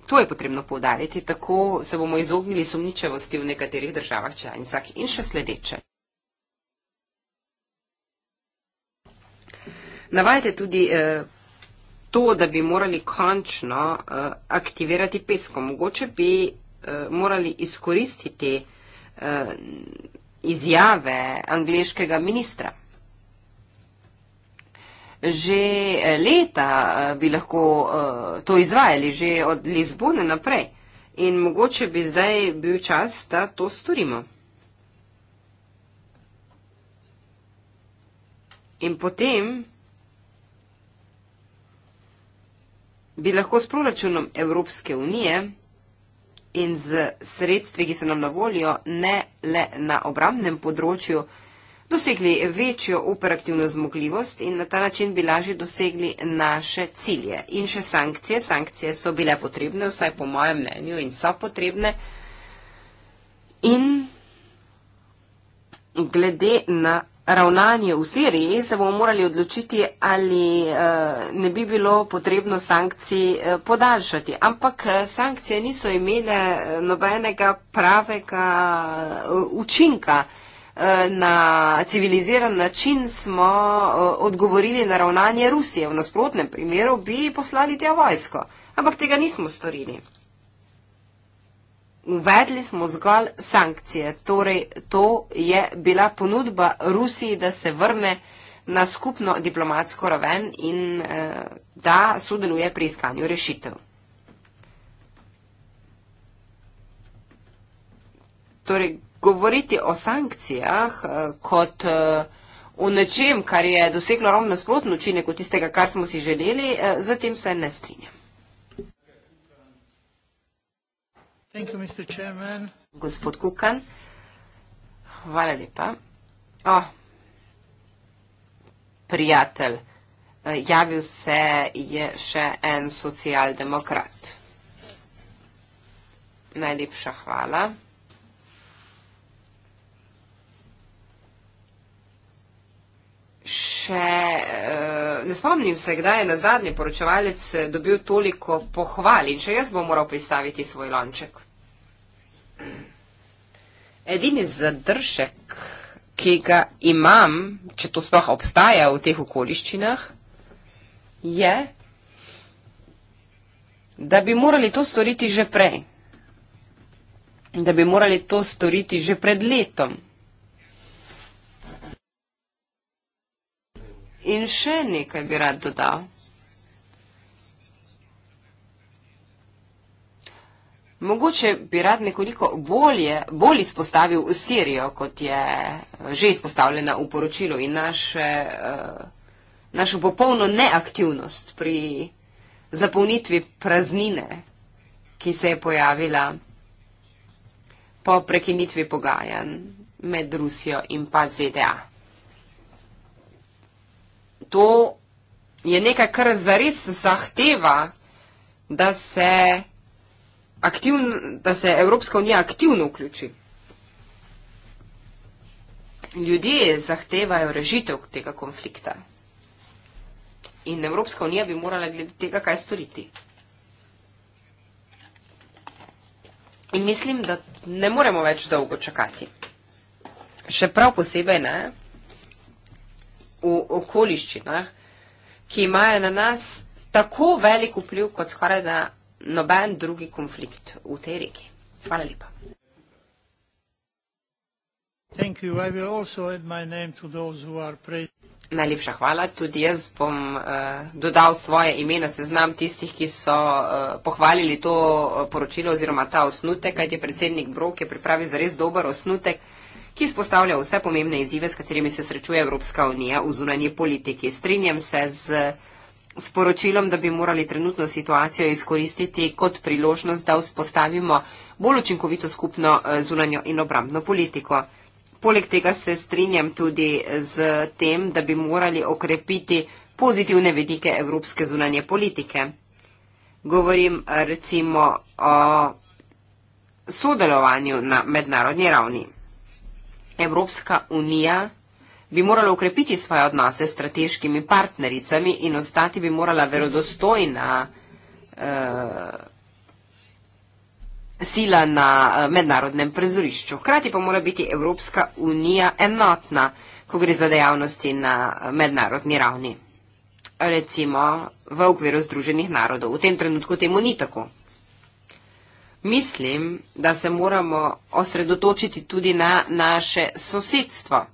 To je potrebno povdariti, tako se bomo izognili sumničevosti v nekaterih državah članicah in še sledeče. Navajate tudi eh, to, da bi morali končno eh, aktivirati pesko. Mogoče bi eh, morali izkoristiti eh, izjave angliškega ministra. Že eh, leta eh, bi lahko eh, to izvajali, že od Lizbone naprej. In mogoče bi zdaj bil čas, da to storimo. In potem bi lahko s proračunom Evropske unije in z sredstvi, ki so nam na voljo, ne le na obramnem področju, dosegli večjo operativno zmogljivost in na ta način bi lažje dosegli naše cilje. In še sankcije. Sankcije so bile potrebne, vsaj po mojem mnenju, in so potrebne. In glede na ravnanje v Siriji, se bomo morali odločiti, ali eh, ne bi bilo potrebno sankcij eh, podaljšati. Ampak eh, sankcije niso imele nobenega pravega učinka. Na civiliziran način smo odgovorili na ravnanje Rusije. V nasprotnem primeru bi poslali tja vojsko. Ampak tega nismo storili uvedli smo zgolj sankcije. Torej, to je bila ponudba Rusiji, da se vrne na skupno diplomatsko raven in eh, da sodeluje pri iskanju rešitev. Torej, govoriti o sankcijah eh, kot eh, o nečem, kar je doseglo ravno nasprotno učinek od tistega, kar smo si želeli, eh, zatem se ne strinjam. Gospod Kukan, hvala lepa. O, prijatelj, e, javil se je še en socialdemokrat. Najlepša hvala. še, eh, ne spomnim se, kdaj je na zadnji poročevalec eh, dobil toliko pohval in še jaz bom moral pristaviti svoj lonček. Edini zadržek, ki ga imam, če to sploh obstaja v teh okoliščinah, je, da bi morali to storiti že prej. Da bi morali to storiti že pred letom. In še nekaj bi rad dodal. Mogoče bi rad nekoliko bolje, bolj izpostavil Sirijo, kot je eh, že izpostavljena v poročilu in naše, eh, našo popolno neaktivnost pri zapolnitvi praznine, ki se je pojavila po prekinitvi pogajanj med Rusijo in pa ZDA to je nekaj, kar zares zahteva, da se, aktivn, da se Evropska unija aktivno vključi. Ljudje zahtevajo rešitev tega konflikta. In Evropska unija bi morala glede tega kaj storiti. In mislim, da ne moremo več dolgo čakati. Še prav posebej ne, v okoliščinah, ki imajo na nas tako velik vpliv kot skoraj na noben drugi konflikt v tej regiji. Hvala lepa. Najlepša hvala. Tudi jaz bom uh, dodal svoje ime na seznam tistih, ki so uh, pohvalili to eh, poročilo oziroma ta osnutek, kajti predsednik Brok je pripravil za res dober osnutek ki izpostavlja vse pomembne izzive, s katerimi se srečuje Evropska unija v zunanji politiki. Strinjam se z sporočilom, da bi morali trenutno situacijo izkoristiti kot priložnost, da vzpostavimo bolj učinkovito skupno eh, zunanjo in obrambno politiko. Poleg tega se strinjam tudi z tem, da bi morali okrepiti pozitivne vedike evropske zunanje politike. Govorim eh, recimo o sodelovanju na mednarodni ravni. Evropska unija bi morala ukrepiti svoje odnose s strateškimi partnericami in ostati bi morala verodostojna uh, sila na uh, mednarodnem prizorišču. Hkrati pa mora biti Evropska unija enotna, ko gre za dejavnosti na eh, mednarodni ravni, recimo v okviru Združenih narodov. V tem trenutku temu ni tako. Mislim, da se moramo osredotočiti tudi na naše sosedstvo,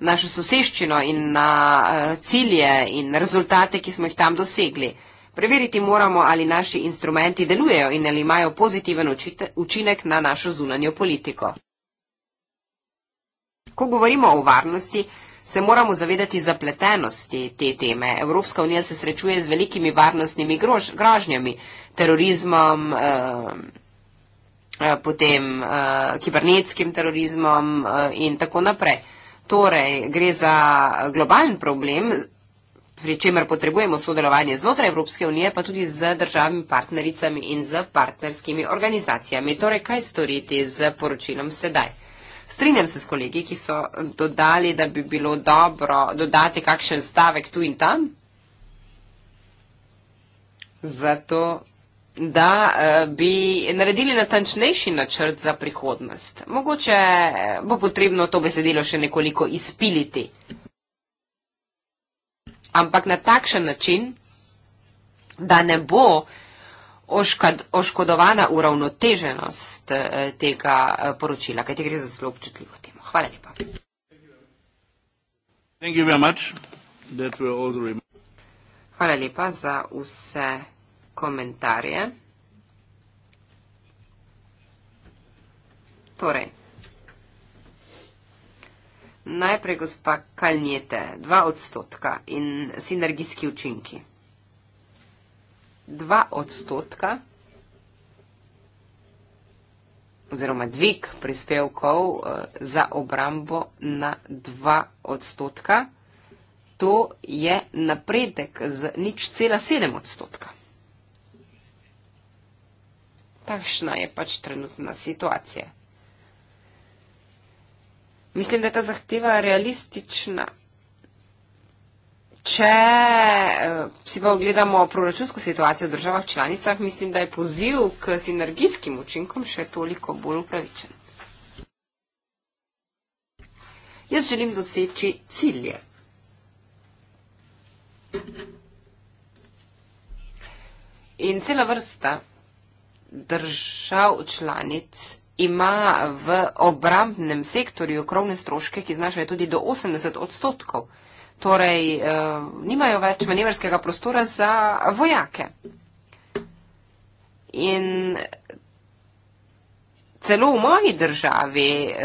našo soseščino in na eh, cilje in rezultate, ki smo jih tam dosegli. Preveriti moramo, ali naši instrumenti delujejo in ali imajo pozitiven učinek na našo zunanjo politiko. Ko govorimo o varnosti, se moramo zavedati zapletenosti te teme. Evropska unija se srečuje z velikimi varnostnimi grož, grožnjami, terorizmom, eh, eh, potem eh, kibernetskim terorizmom eh, in tako naprej. Torej, gre za globalen problem, pri čemer potrebujemo sodelovanje znotraj Evropske unije, pa tudi z državami partnericami in z partnerskimi organizacijami. Torej, kaj storiti z poročilom sedaj? Strinjam se s kolegi, ki so eh, dodali, da bi bilo dobro dodati kakšen stavek tu in tam, zato da eh, bi naredili natančnejši načrt za prihodnost. Mogoče eh, bo potrebno to besedilo še nekoliko izpiliti. Ampak na takšen način, da ne bo oškad, oškodovana uravnoteženost eh, tega eh, poročila, kaj te gre za zelo občutljivo temo. Hvala lepa. Hvala lepa za vse komentarje. Torej, najprej gospa Kalnjete, dva odstotka in sinergijski učinki dva odstotka oziroma dvig prispevkov eh, za obrambo na dva odstotka. To je napredek z nič cela sedem odstotka. Takšna je pač trenutna situacija. Mislim, da je ta zahteva realistična. Če eh, si pa ogledamo proračunsko situacijo v državah članicah, mislim, da je poziv k sinergijskim učinkom še toliko bolj upravičen. Jaz želim doseči cilje. In cela vrsta držav članic ima v obrambnem sektorju krovne stroške, ki znašajo tudi do 80 odstotkov torej uh, nimajo več manevrskega prostora za vojake. In celo v moji državi uh,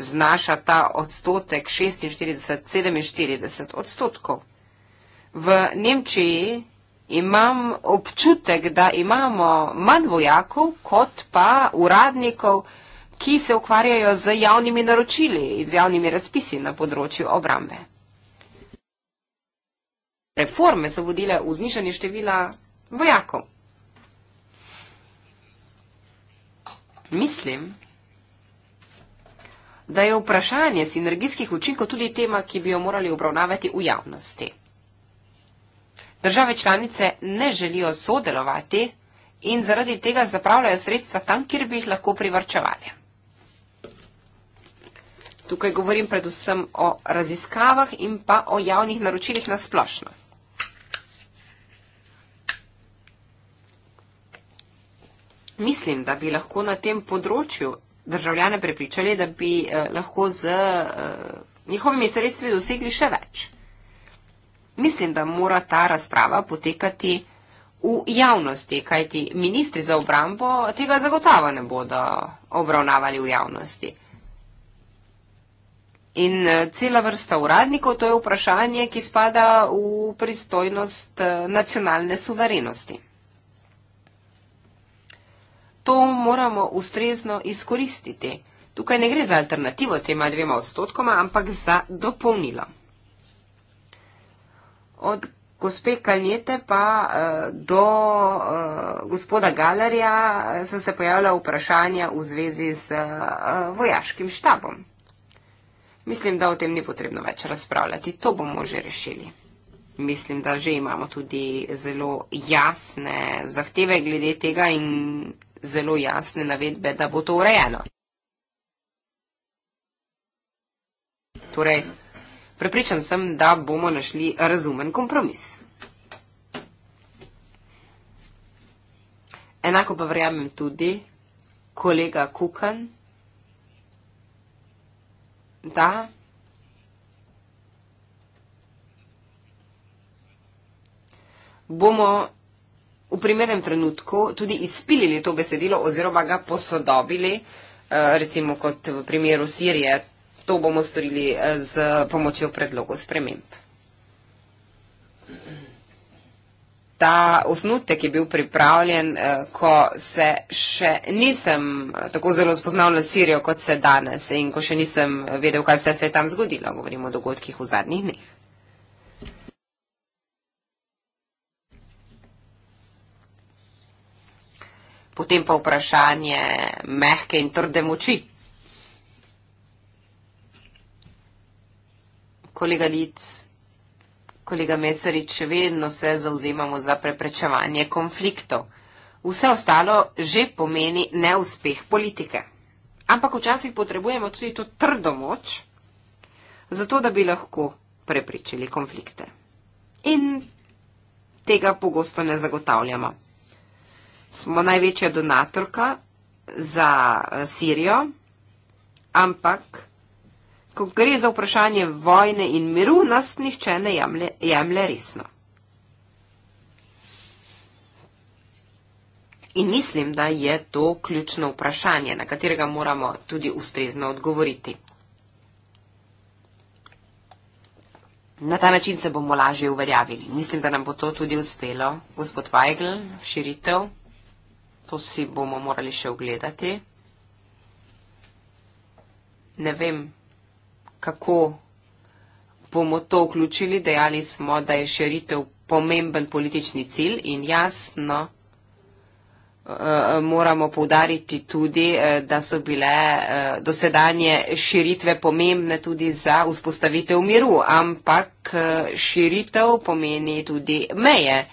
znaša ta odstotek 46-47 odstotkov. V Nemčiji imam občutek, da imamo manj vojakov kot pa uradnikov, ki se ukvarjajo z javnimi naročili in z javnimi razpisi na področju obrambe. Reforme so vodile v znižanje števila vojakov. Mislim, da je vprašanje sinergijskih učinkov tudi tema, ki bi jo morali obravnavati v javnosti. Države članice ne želijo sodelovati in zaradi tega zapravljajo sredstva tam, kjer bi jih lahko privrčevali. Tukaj govorim predvsem o raziskavah in pa o javnih naročilih na splošno. Mislim, da bi lahko na tem področju državljane prepričali, da bi eh, lahko z eh, njihovimi sredstvi dosegli še več. Mislim, da mora ta razprava potekati v javnosti, kajti ministri za obrambo tega zagotava ne bodo obravnavali v javnosti. In eh, cela vrsta uradnikov, to je vprašanje, ki spada v pristojnost eh, nacionalne suverenosti. To moramo ustrezno izkoristiti. Tukaj ne gre za alternativo tema dvema odstotkoma, ampak za dopolnilo. Od gospe Kaljete pa eh, do eh, gospoda Galerja eh, so se pojavila vprašanja v zvezi z vojaškim štabom. Mislim, da o tem ni potrebno več razpravljati, to bomo že rešili. Mislim, da že imamo tudi zelo jasne zahteve glede tega in zelo jasne navedbe, da bo to urejeno. Torej, prepričan sem, da bomo našli razumen kompromis. Enako pa verjamem tudi kolega Kukan, da bomo v primernem trenutku tudi izpilili to besedilo oziroma ga posodobili, eh, recimo kot v primeru Sirije. To bomo storili eh, z pomočjo predlogov sprememb. Ta osnutek je bil pripravljen, eh, ko se še nisem tako zelo spoznal nad Sirijo, kot se danes in ko še nisem vedel, kaj vse se je tam zgodilo. Govorimo o dogodkih v zadnjih dneh. potem pa vprašanje mehke in trde moči. Kolega Lic, kolega Mesarič, še vedno se zauzemamo za preprečevanje konfliktov. Vse ostalo že pomeni neuspeh politike. Ampak včasih potrebujemo tudi to trdo moč, zato da bi lahko prepričali konflikte. In tega pogosto ne zagotavljamo smo največja donatorka za eh, Sirijo, ampak ko gre za vprašanje vojne in miru, nas nihče ne jemlje, jemlje resno. In mislim, da je to ključno vprašanje, na katerega moramo tudi ustrezno odgovoriti. Na ta način se bomo lažje uveljavili. Mislim, da nam bo to tudi uspelo, gospod Weigl, širitev. To si bomo morali še ogledati. Ne vem, kako bomo to vključili. Dejali smo, da je širitev pomemben politični cilj in jasno eh, moramo povdariti tudi, eh, da so bile eh, dosedanje širitve pomembne tudi za vzpostavitev miru, ampak širitev pomeni tudi meje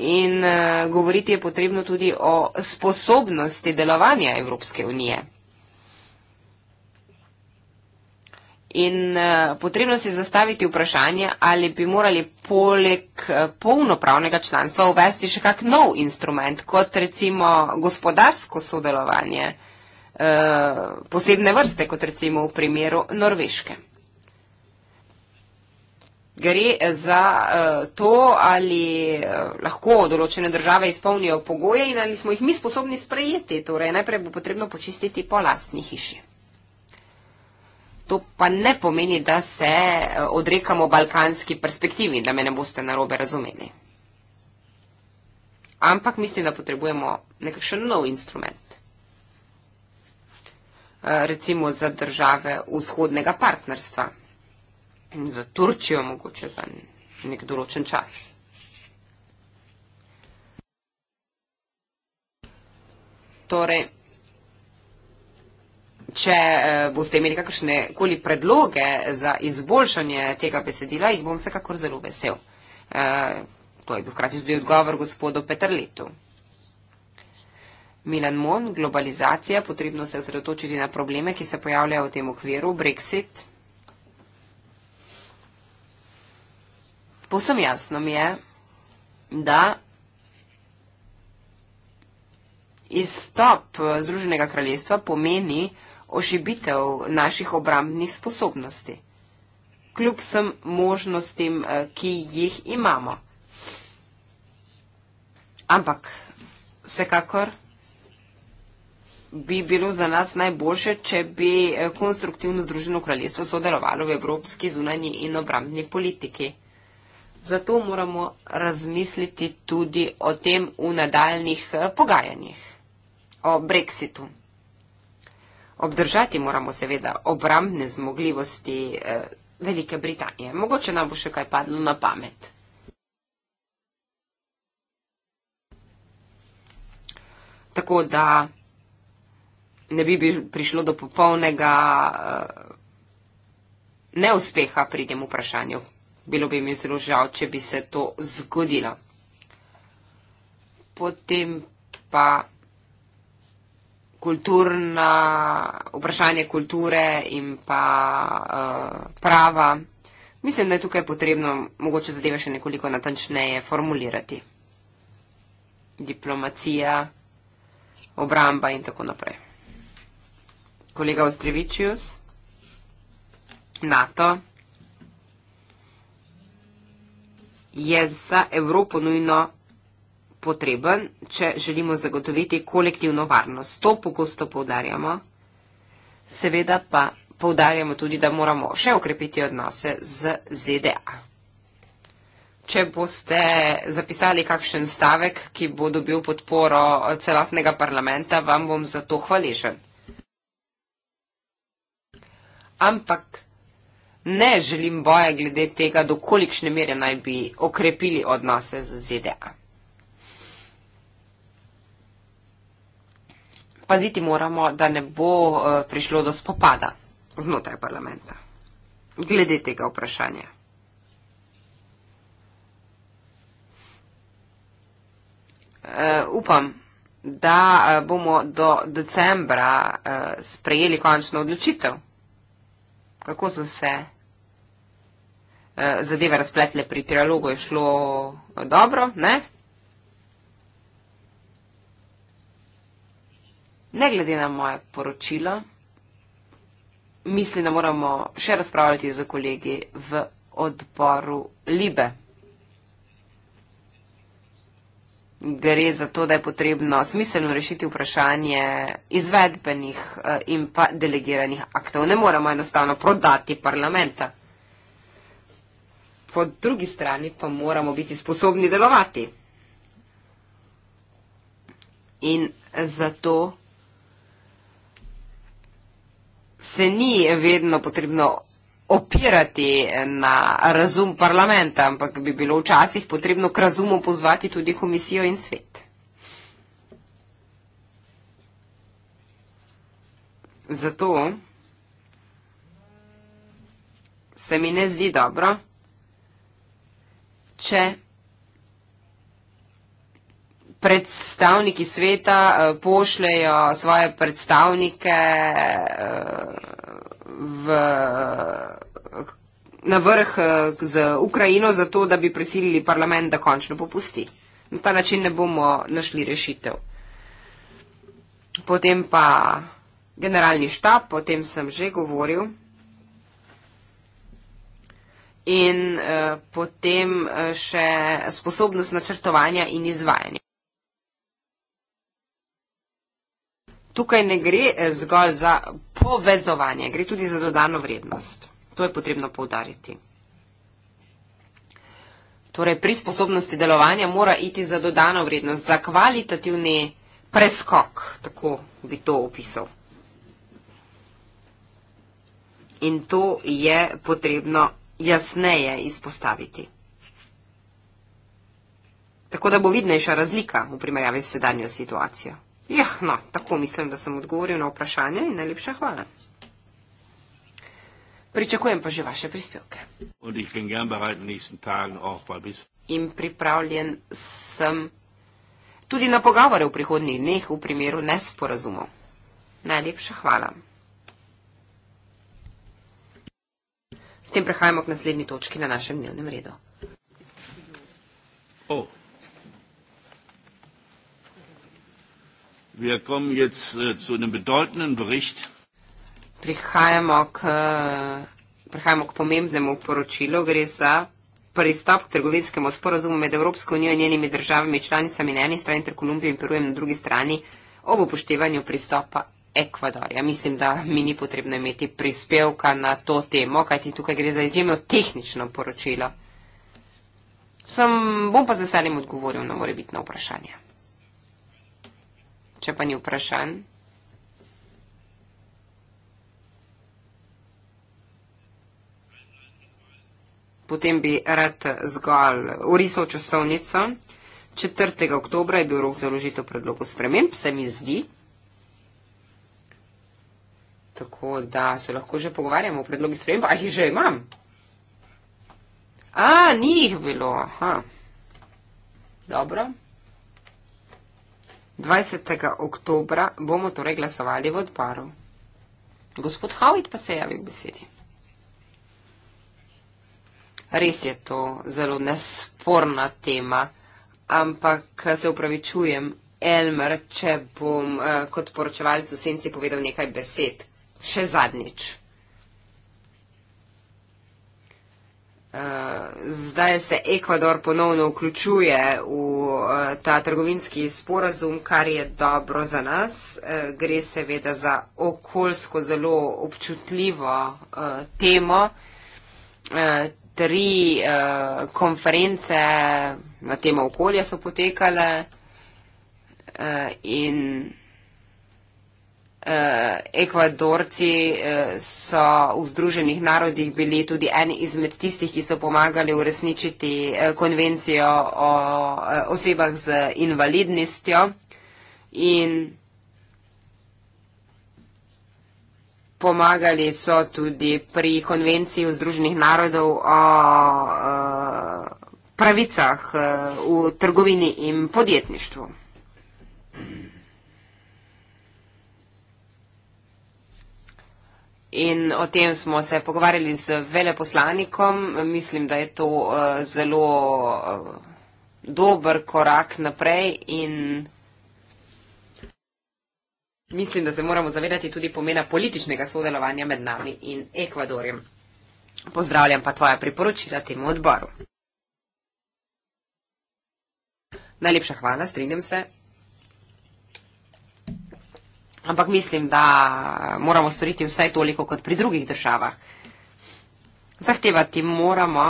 in uh, govoriti je potrebno tudi o sposobnosti delovanja Evropske unije. In uh, potrebno se zastaviti vprašanje, ali bi morali poleg uh, polnopravnega članstva uvesti še kak nov instrument, kot recimo gospodarsko sodelovanje uh, posebne vrste, kot recimo v primeru Norveške gre za uh, to, ali uh, lahko določene države izpolnijo pogoje in ali smo jih mi sposobni sprejeti. Torej, najprej bo potrebno počistiti po lastni hiši. To pa ne pomeni, da se eh, odrekamo balkanski perspektivi, da me ne boste narobe razumeli. Ampak mislim, da potrebujemo nekakšen nov instrument. Recimo za države vzhodnega partnerstva za Turčijo mogoče za nek določen čas. Torej, če eh, boste imeli kakršne koli predloge za izboljšanje tega besedila, jih bom vsekakor zelo vesel. E, to je bil hkrati tudi odgovor gospodu Petrletu. Milan Mon, globalizacija, potrebno se osredotočiti na probleme, ki se pojavljajo v tem okviru, Brexit. Povsem jasno mi je, da izstop Združenega kraljestva pomeni ošibitev naših obrambnih sposobnosti, kljub vsem možnostim, eh, ki jih imamo. Ampak vsekakor bi bilo za nas najboljše, če bi eh, konstruktivno Združeno kraljestvo sodelovalo v evropski zunanji in obrambni politiki. Zato moramo razmisliti tudi o tem v nadaljnih eh, pogajanjih, o brexitu. Obdržati moramo seveda obrambne zmogljivosti eh, Velike Britanije. Mogoče nam bo še kaj padlo na pamet. Tako da ne bi prišlo do popolnega eh, neuspeha pri tem vprašanju, Bilo bi mi zelo žal, če bi se to zgodilo. Potem pa kulturna, vprašanje kulture in pa uh, prava. Mislim, da je tukaj potrebno mogoče zadeve še nekoliko natančneje formulirati. Diplomacija, obramba in tako naprej. Kolega Ostrevičius, NATO. je za Evropo nujno potreben, če želimo zagotoviti kolektivno varnost. To pogosto poudarjamo. Seveda pa poudarjamo tudi, da moramo še okrepiti odnose z ZDA. Če boste zapisali kakšen stavek, ki bo dobil podporo celotnega parlamenta, vam bom za to hvaležen. Ampak ne želim boja glede tega, dokolikšne mere naj bi okrepili odnose z ZDA. Paziti moramo, da ne bo eh, prišlo do spopada znotraj parlamenta glede tega vprašanja. Uh, upam, da uh, bomo do decembra uh, sprejeli končno odločitev kako so se uh, zadeve razpletle pri trialogu, je šlo eh, dobro, ne? Ne glede na moje poročilo, mislim, da moramo še razpravljati z kolegi v odboru Libe. gre za to, da je potrebno smiselno rešiti vprašanje izvedbenih eh, in pa delegiranih aktov. Ne moramo enostavno prodati parlamenta. Po drugi strani pa moramo biti sposobni delovati. In zato se ni vedno potrebno opirati na razum parlamenta, ampak bi bilo včasih potrebno k razumu pozvati tudi komisijo in svet. Zato se mi ne zdi dobro, če predstavniki sveta eh, pošljajo svoje predstavnike eh, v, na vrh eh, z Ukrajino, zato da bi prisilili parlament, da končno popusti. Na ta način ne bomo našli rešitev. Potem pa generalni štab, o tem sem že govoril. In eh, potem eh, še sposobnost načrtovanja in izvajanja. tukaj ne gre eh, zgolj za povezovanje, gre tudi za dodano vrednost. To je potrebno povdariti. Torej, pri sposobnosti delovanja mora iti za dodano vrednost, za kvalitativni preskok, tako bi to opisal. In to je potrebno jasneje izpostaviti. Tako da bo vidnejša razlika v primerjavi s sedanjo situacijo. Jah, no, tako mislim, da sem odgovoril na vprašanje in najlepša hvala. Pričakujem pa že vaše prispevke. In pripravljen sem tudi na pogovore v prihodnjih dneh v primeru nesporazumov. Najlepša hvala. S tem prehajamo k naslednji točki na našem dnevnem redu. Oh. Äh, prihajamo k, prihajamo k pomembnemu poročilu. Gre za pristop k trgovinskemu sporazumu med Evropsko unijo in njenimi državami članicami na eni strani ter Kolumbijo in Perujem na drugi strani ob upoštevanju pristopa Ekvadorja. Mislim, da mi ni potrebno imeti prispevka na to temo, kajti tukaj gre za izjemno tehnično poročilo. Sem, bom pa z veseljem odgovoril na morebitno vprašanje. Če pa ni vprašanj. Potem bi rad zgolj urisal časovnico. 4. oktobra je bil rok za ložitev predlogov sprememb, se mi zdi. Tako da se lahko že pogovarjamo o predlogi sprememb. A jih že imam? A, ni jih bilo. Aha. Dobro. 20. oktobra bomo torej glasovali v odboru. Gospod Havit pa se javi v besedi. Res je to zelo nesporna tema, ampak se upravičujem, Elmer, če bom eh, kot poročevalcu senci povedal nekaj besed. Še zadnjič. zdaj se Ekvador ponovno vključuje v eh, ta trgovinski sporazum, kar je dobro za nas. Eh, gre seveda za okoljsko zelo občutljivo eh, temo. Tri konference na temo okolja so potekale in Eh, Ekvadorci eh, so v Združenih narodih bili tudi eni izmed tistih, ki so pomagali uresničiti eh, konvencijo o osebah z invalidnostjo in pomagali so tudi pri konvenciji v Združenih narodov o pravicah v trgovini in podjetništvu. In o tem smo se pogovarjali z veleposlanikom. Mislim, da je to uh, zelo uh, dober korak naprej in mislim, da se moramo zavedati tudi pomena političnega sodelovanja med nami in Ekvadorjem. Pozdravljam pa tvoja priporočila temu odboru. Najlepša hvala, strinjam se. Ampak mislim, da moramo storiti vsaj toliko kot pri drugih državah. Zahtevati moramo,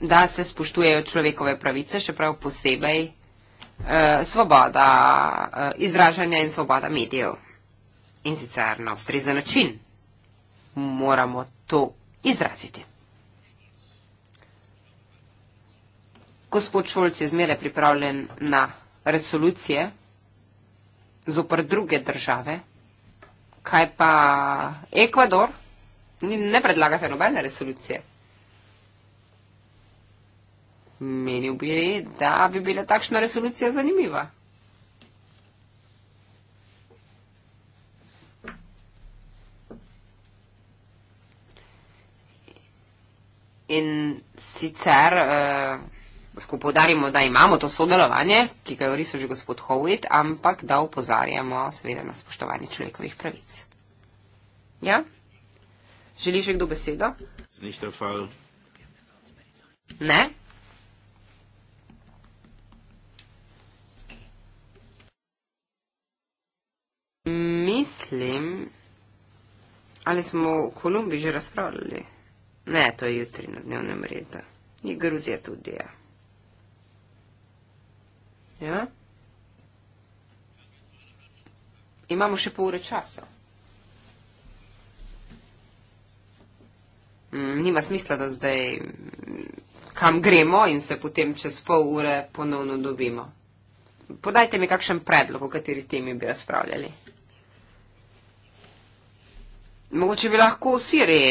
da se spoštujejo človekove pravice, še prav posebej eh, svoboda eh, izražanja in svoboda medijev. In sicer na ustrezen način moramo to izraziti. Gospod Šolc je zmeraj pripravljen na resolucije zoper druge države. Kaj pa Ekvador? Ne predlagate nobene resolucije. Menil bi, da bi bila takšna resolucija zanimiva. In sicer. Uh, lahko podarimo, da imamo to sodelovanje, ki ga je orisal že gospod Howitt, ampak da upozarjamo seveda na spoštovanje človekovih pravic. Ja? Želi še kdo besedo? Ne? Mislim, ali smo v Kolumbiji že razpravljali? Ne, to je jutri na dnevnem redu. In Gruzija tudi je. Ja. Ja? Imamo še pol ure časa. Mm, nima smisla, da zdaj mm, kam gremo in se potem čez pol ure ponovno dobimo. Podajte mi kakšen predlog, o kateri temi bi razpravljali. Mogoče bi lahko v Siriji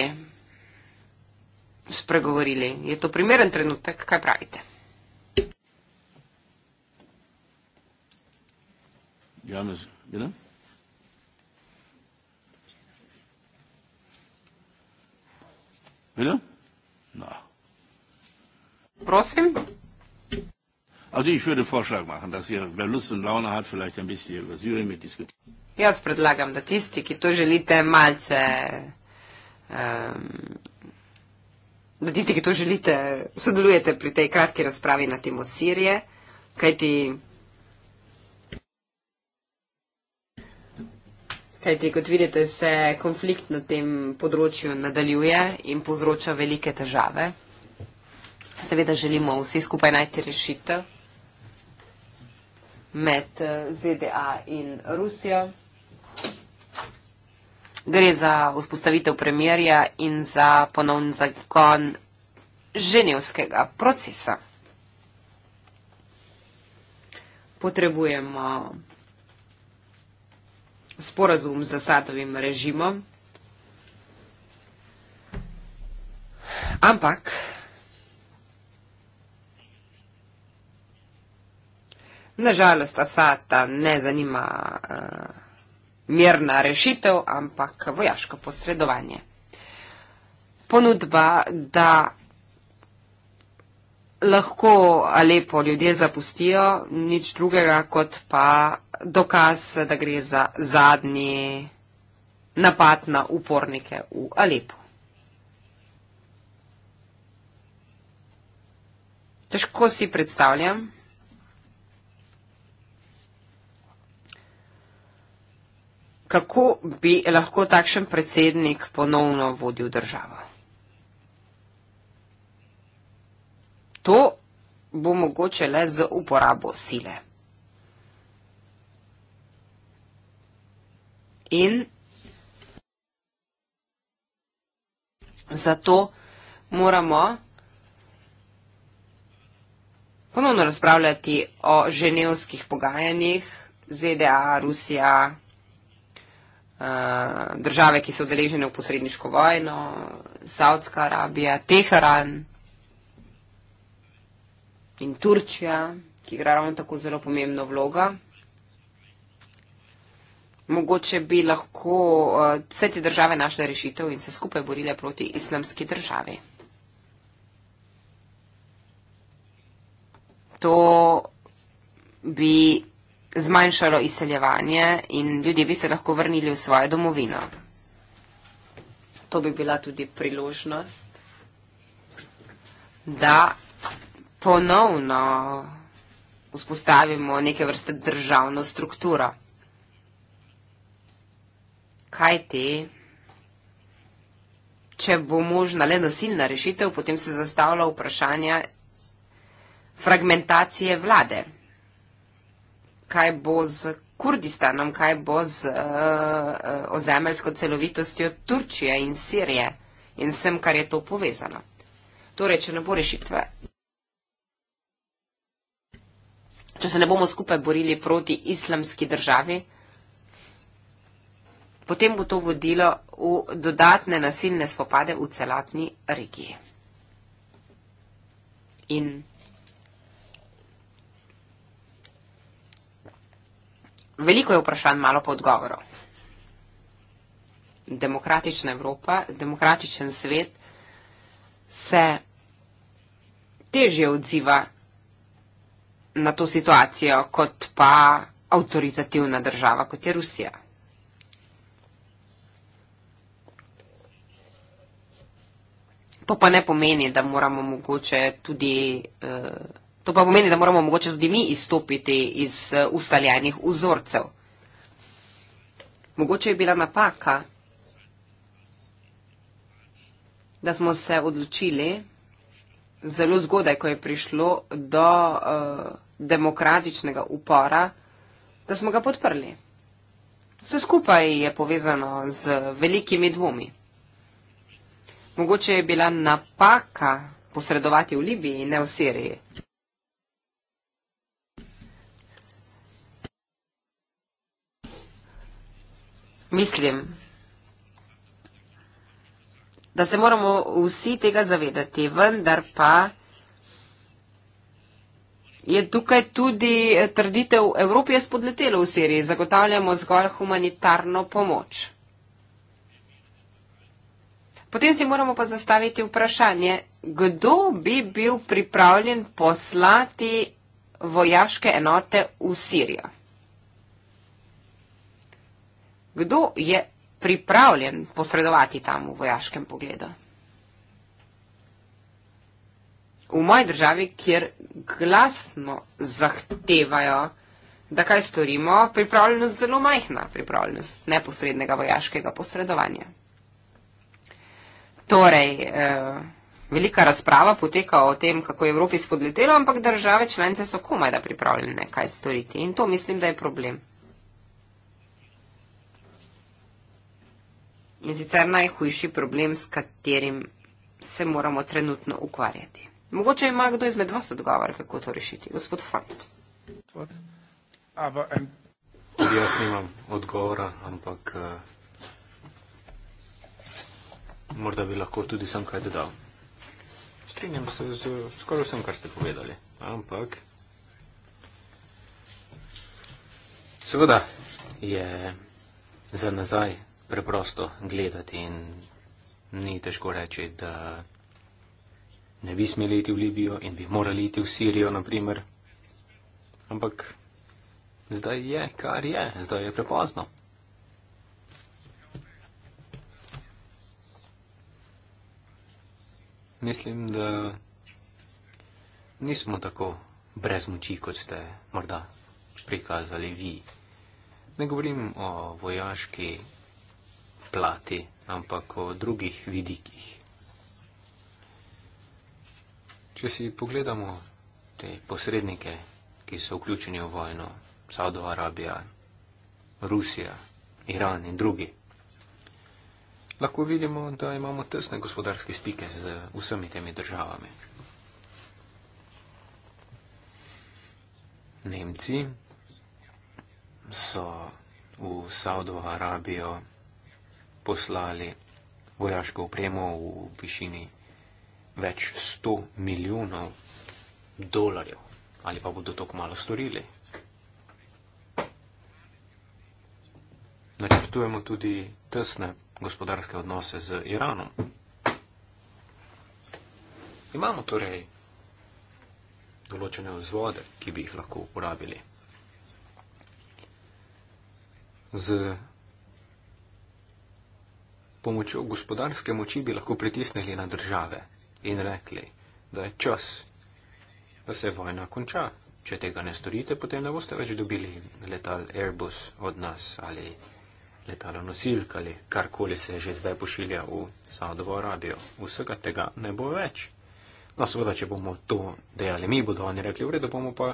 spregovorili. Je to primeren trenutek, kaj pravite? Janez, bitte. Bitte? Na. Prosim. Also ich würde Vorschlag machen, dass ihr, wer Lust und Laune hat, vielleicht ein bisschen über Syrien mit diskutiert. Jaz predlagam, da tisti, ki to želite, malce, um, da tisti, ki to želite, sodelujete pri tej kratki razpravi na temo Sirije, kajti Kajti, kot vidite, se konflikt na tem področju nadaljuje in povzroča velike težave. Seveda želimo vsi skupaj najti rešitev med eh, ZDA in Rusijo. Gre za vzpostavitev premjerja in za ponovn zagon ženevskega procesa. Potrebujemo sporazum za Satovim režimom. Ampak nažalost Asata ne zanima uh, mirna rešitev, ampak vojaško posredovanje. Ponudba, da lahko Alepo ljudje zapustijo, nič drugega kot pa dokaz, da gre za zadnji napad na upornike v Alepu. Težko si predstavljam, kako bi lahko takšen predsednik ponovno vodil državo. To bo mogoče le z uporabo sile. in zato moramo ponovno razpravljati o ženevskih pogajanjih ZDA, Rusija, eh, države, ki so odeležene v posredniško vojno, Saudska Arabija, Teheran in Turčija, ki igra ravno tako zelo pomembno vlogo mogoče bi lahko eh, vse te države našle rešitev in se skupaj borile proti islamski državi. To bi zmanjšalo izseljevanje in ljudje bi se lahko vrnili v svojo domovino. To bi bila tudi priložnost, da ponovno vzpostavimo neke vrste državno strukturo kaj ti, če bo možna le nasilna rešitev, potem se zastavlja vprašanje fragmentacije vlade. Kaj bo z Kurdistanom, kaj bo z uh, ozemeljsko celovitostjo Turčije in Sirije in vsem, kar je to povezano. Torej, če ne bo rešitve. Če se ne bomo skupaj borili proti islamski državi, potem bo to vodilo v dodatne nasilne spopade v celotni regiji. In veliko je vprašanj, malo pa odgovorov. Demokratična Evropa, demokratičen svet se težje odziva na to situacijo kot pa avtoritativna država, kot je Rusija. to pa ne pomeni, da moramo mogoče tudi. Uh, To pa pomeni, da moramo mogoče tudi mi izstopiti iz eh, ustaljenih vzorcev. Mogoče je bila napaka, da smo se odločili zelo zgodaj, ko je prišlo do uh, demokratičnega upora, da smo ga podprli. Vse skupaj je povezano z velikimi dvomi. Mogoče je bila napaka posredovati v Libiji in ne v Siriji. Mislim, da se moramo vsi tega zavedati, vendar pa je tukaj tudi trditev, Evropi je spodletelo v Siriji, zagotavljamo zgolj humanitarno pomoč. Potem si moramo pa zastaviti vprašanje, kdo bi bil pripravljen poslati vojaške enote v Sirijo. Kdo je pripravljen posredovati tam v vojaškem pogledu? V moji državi, kjer glasno zahtevajo, da kaj storimo, pripravljenost zelo majhna, pripravljenost neposrednega vojaškega posredovanja. Torej, eh, velika razprava poteka o tem, kako je Evropi spodletelo, ampak države članice so komaj da pripravljene kaj storiti in to mislim, da je problem. In sicer najhujši problem, s katerim se moramo trenutno ukvarjati. Mogoče ima kdo izmed vas odgovor, kako to rešiti. Gospod Fant. Tudi jaz nimam odgovora, ampak. Uh morda bi lahko tudi sam kaj dodal. Strinjam se z skoraj vsem, kar ste povedali. Ampak. Seveda je za nazaj preprosto gledati in ni težko reči, da ne bi smeli iti v Libijo in bi morali iti v Sirijo, naprimer. Ampak zdaj je, kar je, zdaj je prepozno. mislim, da nismo tako brez moči, kot ste morda prikazali vi. Ne govorim o vojaški plati, ampak o drugih vidikih. Če si pogledamo te posrednike, ki so vključeni v vojno, Saudo Arabija, Rusija, Iran in drugi lahko vidimo, da imamo tesne gospodarske stike z vsemi temi državami. Nemci so v Saudovo Arabijo poslali vojaško opremo v višini več sto milijonov dolarjev. Ali pa bodo to kmalo storili? Načrtujemo tudi tesne gospodarske odnose z Iranom. Imamo torej določene vzvode, ki bi jih lahko uporabili. Z pomočjo gospodarske moči bi lahko pritisnili na države in rekli, da je čas, da se vojna konča. Če tega ne storite, potem ne boste več dobili letal Airbus od nas ali letalo nosilk ali karkoli se že zdaj pošilja v Saudovo Arabijo. Vsega tega ne bo več. No, seveda, če bomo to dejali mi, bodo oni rekli, v redu, bomo pa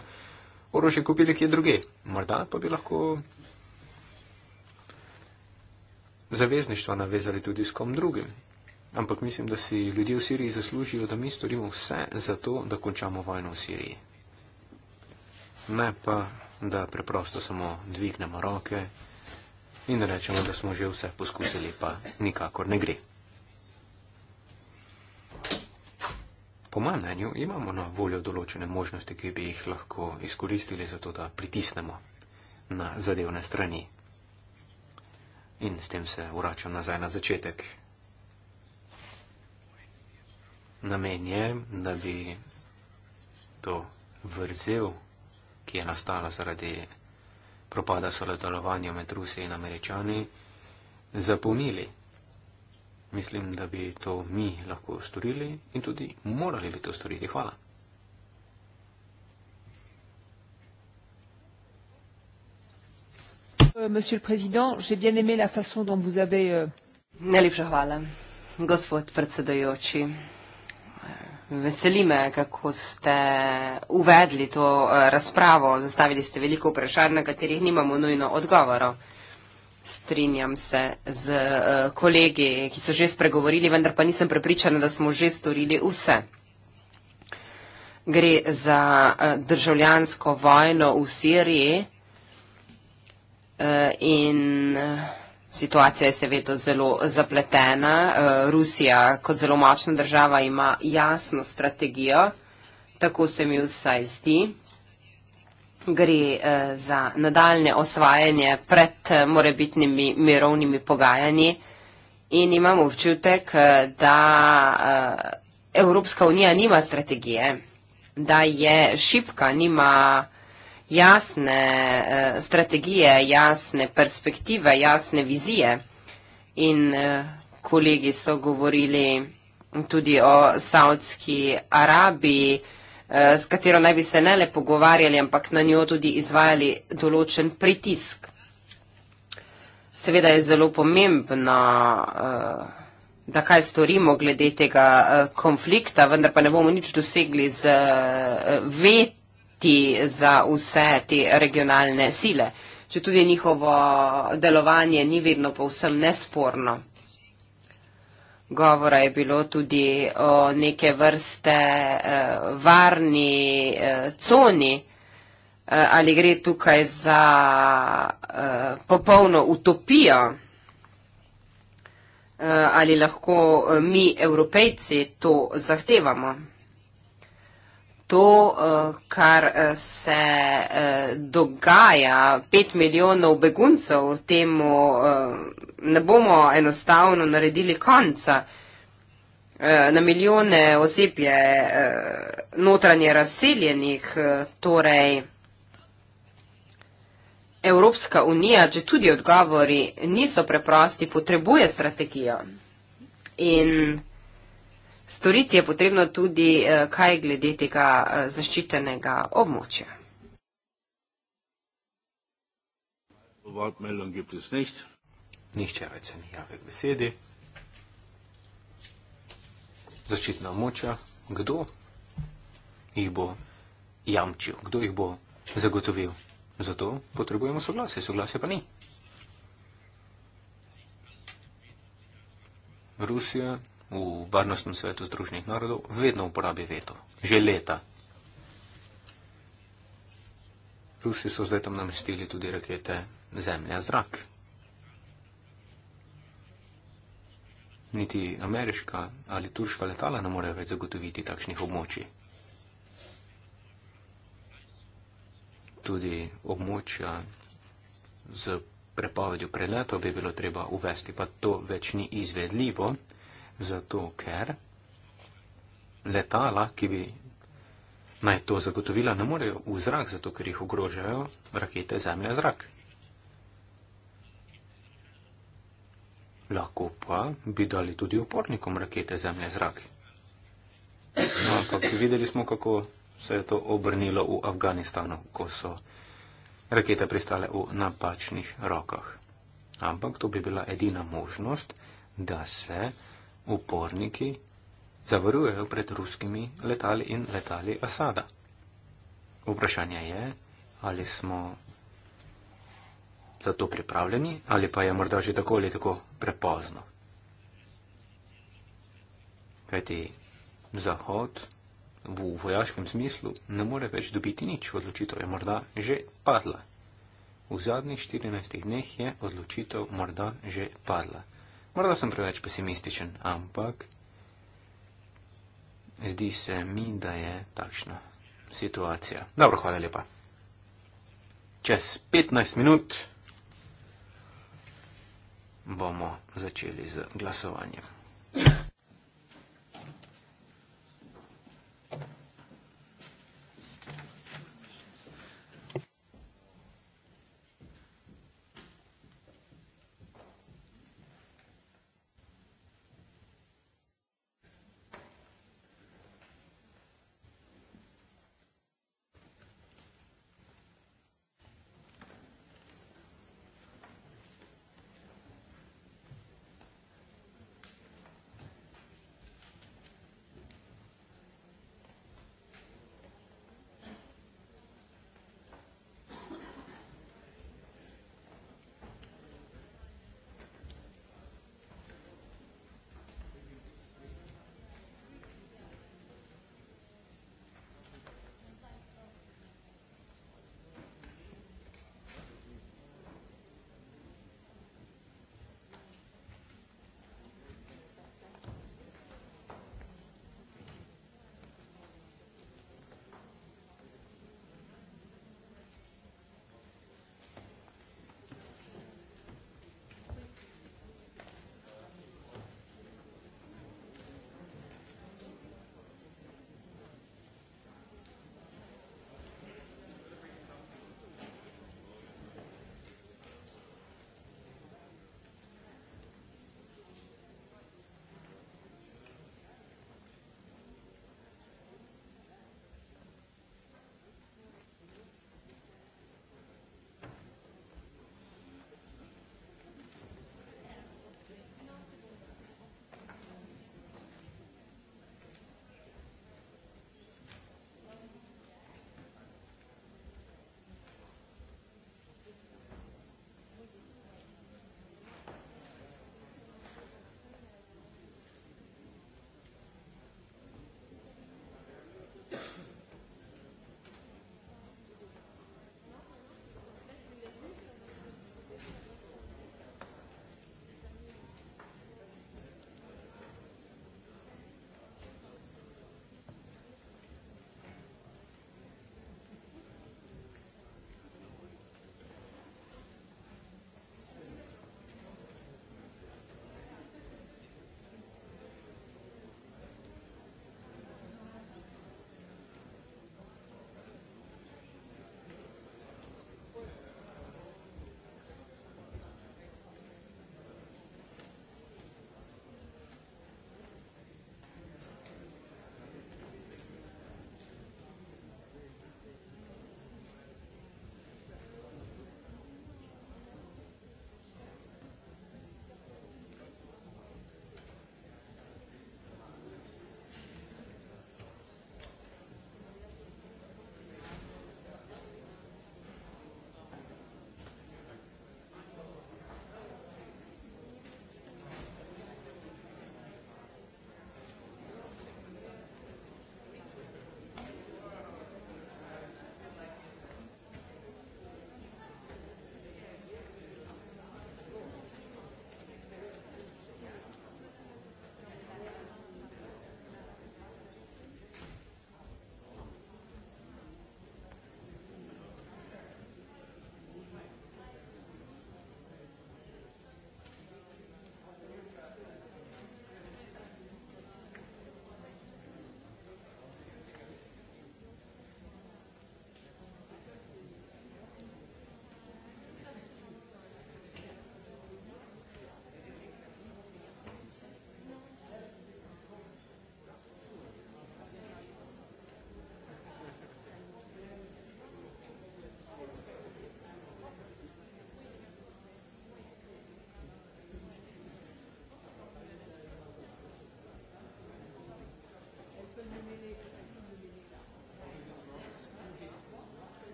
orožje kupili kje druge. Morda pa bi lahko zavezništvo navezali tudi s kom drugim. Ampak mislim, da si ljudje v Siriji zaslužijo, da mi storimo vse za to, da končamo vojno v Siriji. Ne pa, da preprosto samo dvignemo roke in rečemo, da smo že vse poskusili, pa nikakor ne gre. Po mojem mnenju imamo na voljo določene možnosti, ki bi jih lahko izkoristili za to, da pritisnemo na zadevne strani. In s tem se vračam nazaj na začetek. Namen je, da bi to vrzel, ki je nastala zaradi propada sodelovanje med Rusijo in Američani, zapolnili. Mislim, da bi to mi lahko storili in tudi morali bi to storiti. Hvala. Euh, euh, Najlepša hvala, gospod predsedojoči. Veseli me, kako ste uvedli to eh, razpravo. Zastavili ste veliko vprašanj, na katerih nimamo nujno odgovorov. Strinjam se z eh, kolegi, ki so že spregovorili, vendar pa nisem prepričana, da smo že storili vse. Gre za eh, državljansko vojno v Siriji in. Situacija je seveda zelo zapletena. Eh, Rusija kot zelo močna država ima jasno strategijo, tako se mi vsaj zdi. Gre eh, za nadaljne osvajanje pred eh, morebitnimi mirovnimi pogajanji in imam občutek, da Evropska unija nima strategije, da je šipka, nima jasne uh, strategije, jasne perspektive, jasne vizije. In uh, kolegi so govorili tudi o Saudski Arabiji, uh, s katero naj bi se ne le pogovarjali, ampak na njo tudi izvajali določen pritisk. Seveda je zelo pomembno, da kaj storimo glede tega konflikta, vendar pa ne bomo nič dosegli z vet, biti za vse te regionalne sile, če tudi njihovo delovanje ni vedno povsem nesporno. Govora je bilo tudi o neke vrste eh, varni eh, coni, eh, ali gre tukaj za eh, popolno utopijo, eh, ali lahko eh, mi, evropejci, to zahtevamo to, eh, kar eh, se eh, dogaja, pet milijonov beguncev, temu ne bomo enostavno naredili konca. Na milijone oseb je notranje razseljenih, torej Evropska unija, če tudi odgovori niso preprosti, potrebuje strategijo. In Storiti je potrebno tudi eh, kaj glede tega eh, zaščitenega območja. Nihče več se ni javil k besedi. Zaščitna območja, kdo jih bo jamčil, kdo jih bo zagotovil. Zato potrebujemo soglasje, soglasje pa ni. Rusija v Varnostnem svetu Združenih narodov, vedno uporabi veto. Že leta. Rusi so zdaj tam namestili tudi rakete zemlja-zrak. Niti ameriška ali turška letala ne morejo več zagotoviti takšnih območij. Tudi območja z prepovedjo preletov bi bilo treba uvesti, pa to več ni izvedljivo, zato ker letala, ki bi naj to zagotovila, ne morejo v zrak, zato ker jih ogrožajo rakete zemlje zrak. Lahko pa bi dali tudi upornikom rakete zemlje zrak. No, ampak videli smo, kako se je to obrnilo v Afganistanu, ko so rakete pristale v napačnih rokah. Ampak to bi bila edina možnost, da se uporniki zavarujejo pred ruskimi letali in letali Asada. Vprašanje je, ali smo za to pripravljeni, ali pa je morda že tako ali tako prepozno. Kajti Zahod v vojaškem smislu ne more več dobiti nič, odločitev je morda že padla. V zadnjih 14 dneh je odločitev morda že padla. Morda sem preveč pesimističen, ampak zdi se mi, da je takšna situacija. Dobro, hvala lepa. Čez 15 minut bomo začeli z glasovanjem.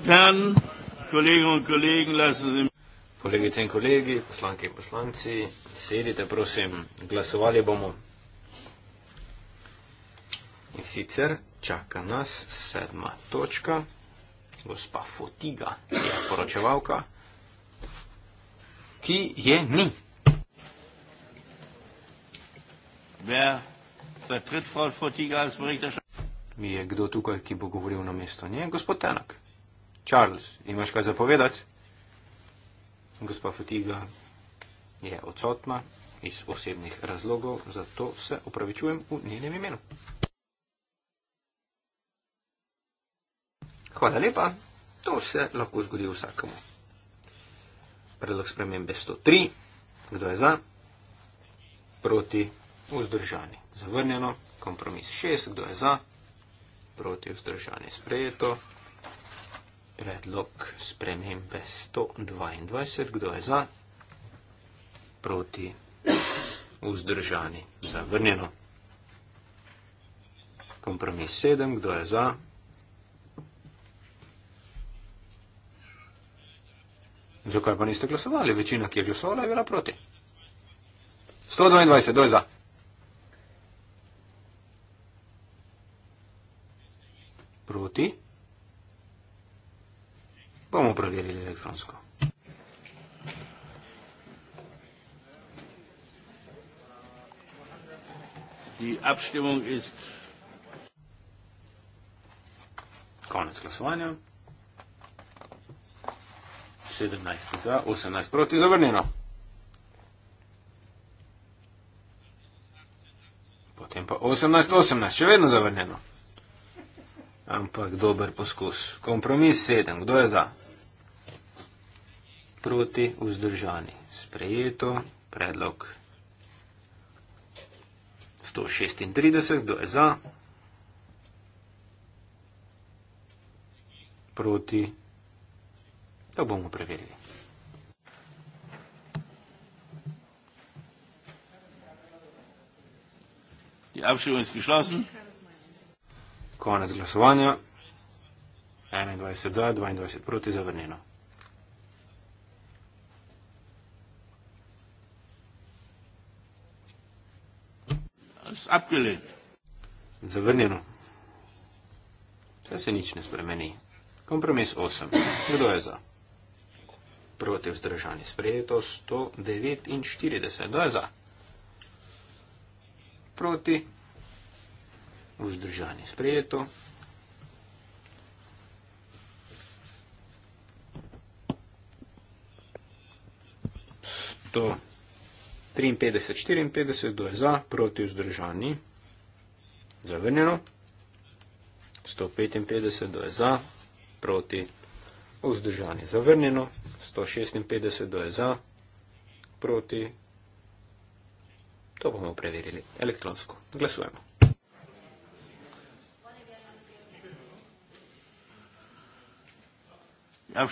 Herren, Kolleginnen und Kollegen, lassen Sie mich. Kolleginnen und Kollegen, Poslanke und Poslanci, sedite, prosim, glasovali bomo. In sicer čaka nas sedma točka, gospa Fotiga, je poročevalka, ki je ni. Wer vertritt Frau Fotiga als Berichterstatter? Wie je kdo tukaj, ki bo govoril na mesto nje? Gospod Tenak. Charles, imaš kaj zapovedati? Gospa Fatiga je odsotna iz osebnih razlogov, zato se opravičujem v njenem imenu. Hvala lepa, to se lahko zgodi vsakomu. Predlog spremembe 103. Kdo je za? Proti. Vzdržani. Zavrnjeno. Kompromis 6. Kdo je za? Proti. Vzdržani. Sprejeto predlog spremembe 122. Kdo je za? Proti. Vzdržani. Zavrnjeno. Kompromis 7. Kdo je za? Zakaj pa niste glasovali? Večina, ki je glasovala, je bila proti. 122. Kdo je za? Proti. Bomo preverili elektronsko. Konec glasovanja. 17 za, 18 proti, zavrnjeno. Potem pa 18, 18, še vedno zavrnjeno. Ampak dober poskus. Kompromis 7, kdo je za? proti vzdržani. Sprejeto predlog 136, kdo je za? Proti, da bomo preverili. Javšivojski šlasen. Konec glasovanja. 21 za, 22 proti, zavrnjeno. Zapis abgelehnt. Zavrnjeno. Da se nič ne spremeni. Kompromis 8. Kdo je za? Proti vzdržani sprejeto 149. Kdo je za? Proti vzdržani sprejeto 149. 53, 54, kdo je za, proti vzdržani, zavrnjeno. 155, kdo je za, proti vzdržani, zavrnjeno. 156, kdo je za, proti. To bomo preverili elektronsko. Glasujemo. Ja,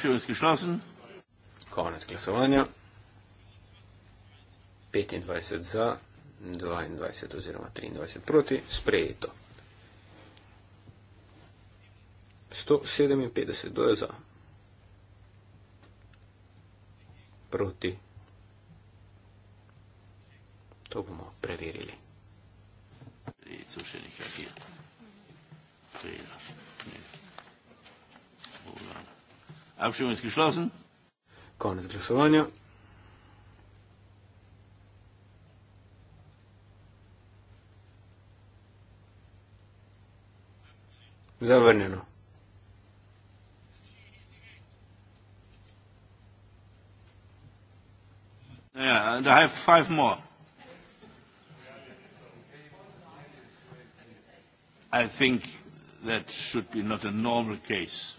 Konec glasovanja. 25 za, 22 oziroma 23 proti, sprejeto. 157, kdo je za? Proti. To bomo preverili. Rejco še nekaj je. Cela. Abšivinski šlosen. Konec glasovanja. zavrnjeno. Yeah, ja, and I have five more. I think that should be not a normal case.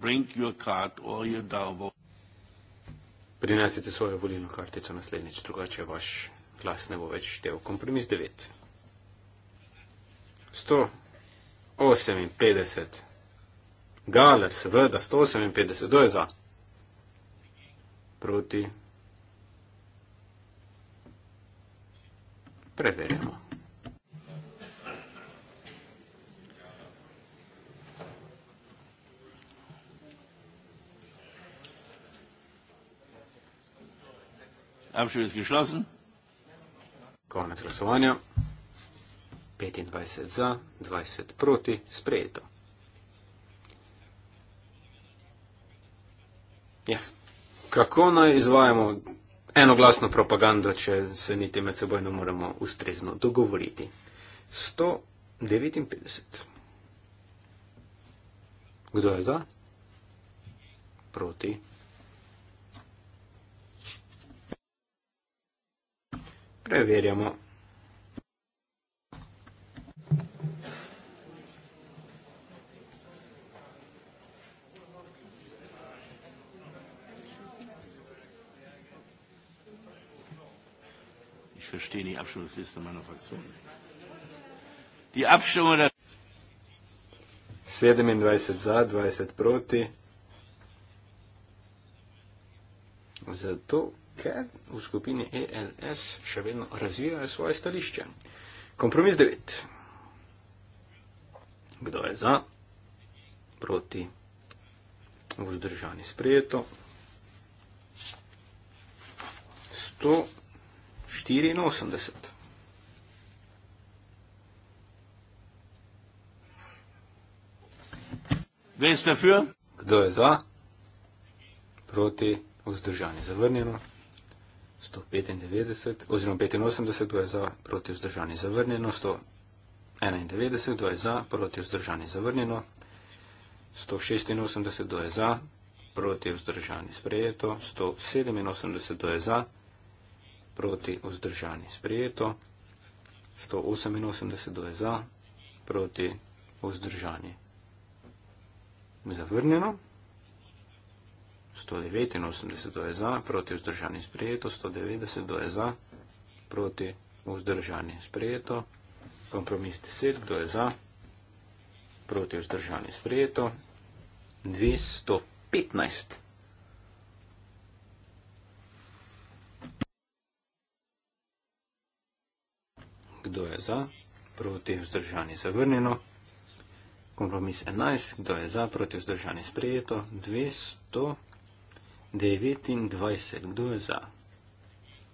Bring your card or your double. Prinesite svojo volilno kartico naslednjič, drugače vaš glas ne bo več štev. Kompromis 9. 100. 58. Galer, seveda, 158. Kdo je za? Proti. Preverjamo. Abšovski šlosen. Konec glasovanja. 25 za, 20 proti, sprejeto. Ja. Kako naj izvajamo enoglasno propagando, če se niti med seboj ne moremo ustrezno dogovoriti? 159. Kdo je za? Proti. Preverjamo. verstehe die Abstimmungsliste meiner Fraktion. Die Abstimmung der 27 za, 20 proti. Zato, ker v skupini ELS še vedno razvijajo svoje stališče. Kompromis 9. Kdo je za, proti, vzdržani sprejeto. 100. 84. Veste, fjör? Kdo je za? Proti, vzdržanje zavrnjeno. 195, oziroma 85, kdo je za, proti vzdržanje zavrnjeno. 191, kdo je za, proti vzdržanje zavrnjeno. 186, kdo je za, proti vzdržanje sprejeto. 187, kdo je za, proti vzdržanje sprejeto proti vzdržani. Sprejeto 188 je za, proti vzdržani. Zavrnjeno 189 je za, proti vzdržani. Sprejeto 190 je za, proti vzdržani. Sprejeto kompromis 10, kdo je za, proti vzdržani. Sprejeto 215. kdo je za, proti vzdržani zavrnjeno. Kompromis 11, kdo je za, proti vzdržani sprejeto. 229, kdo je za,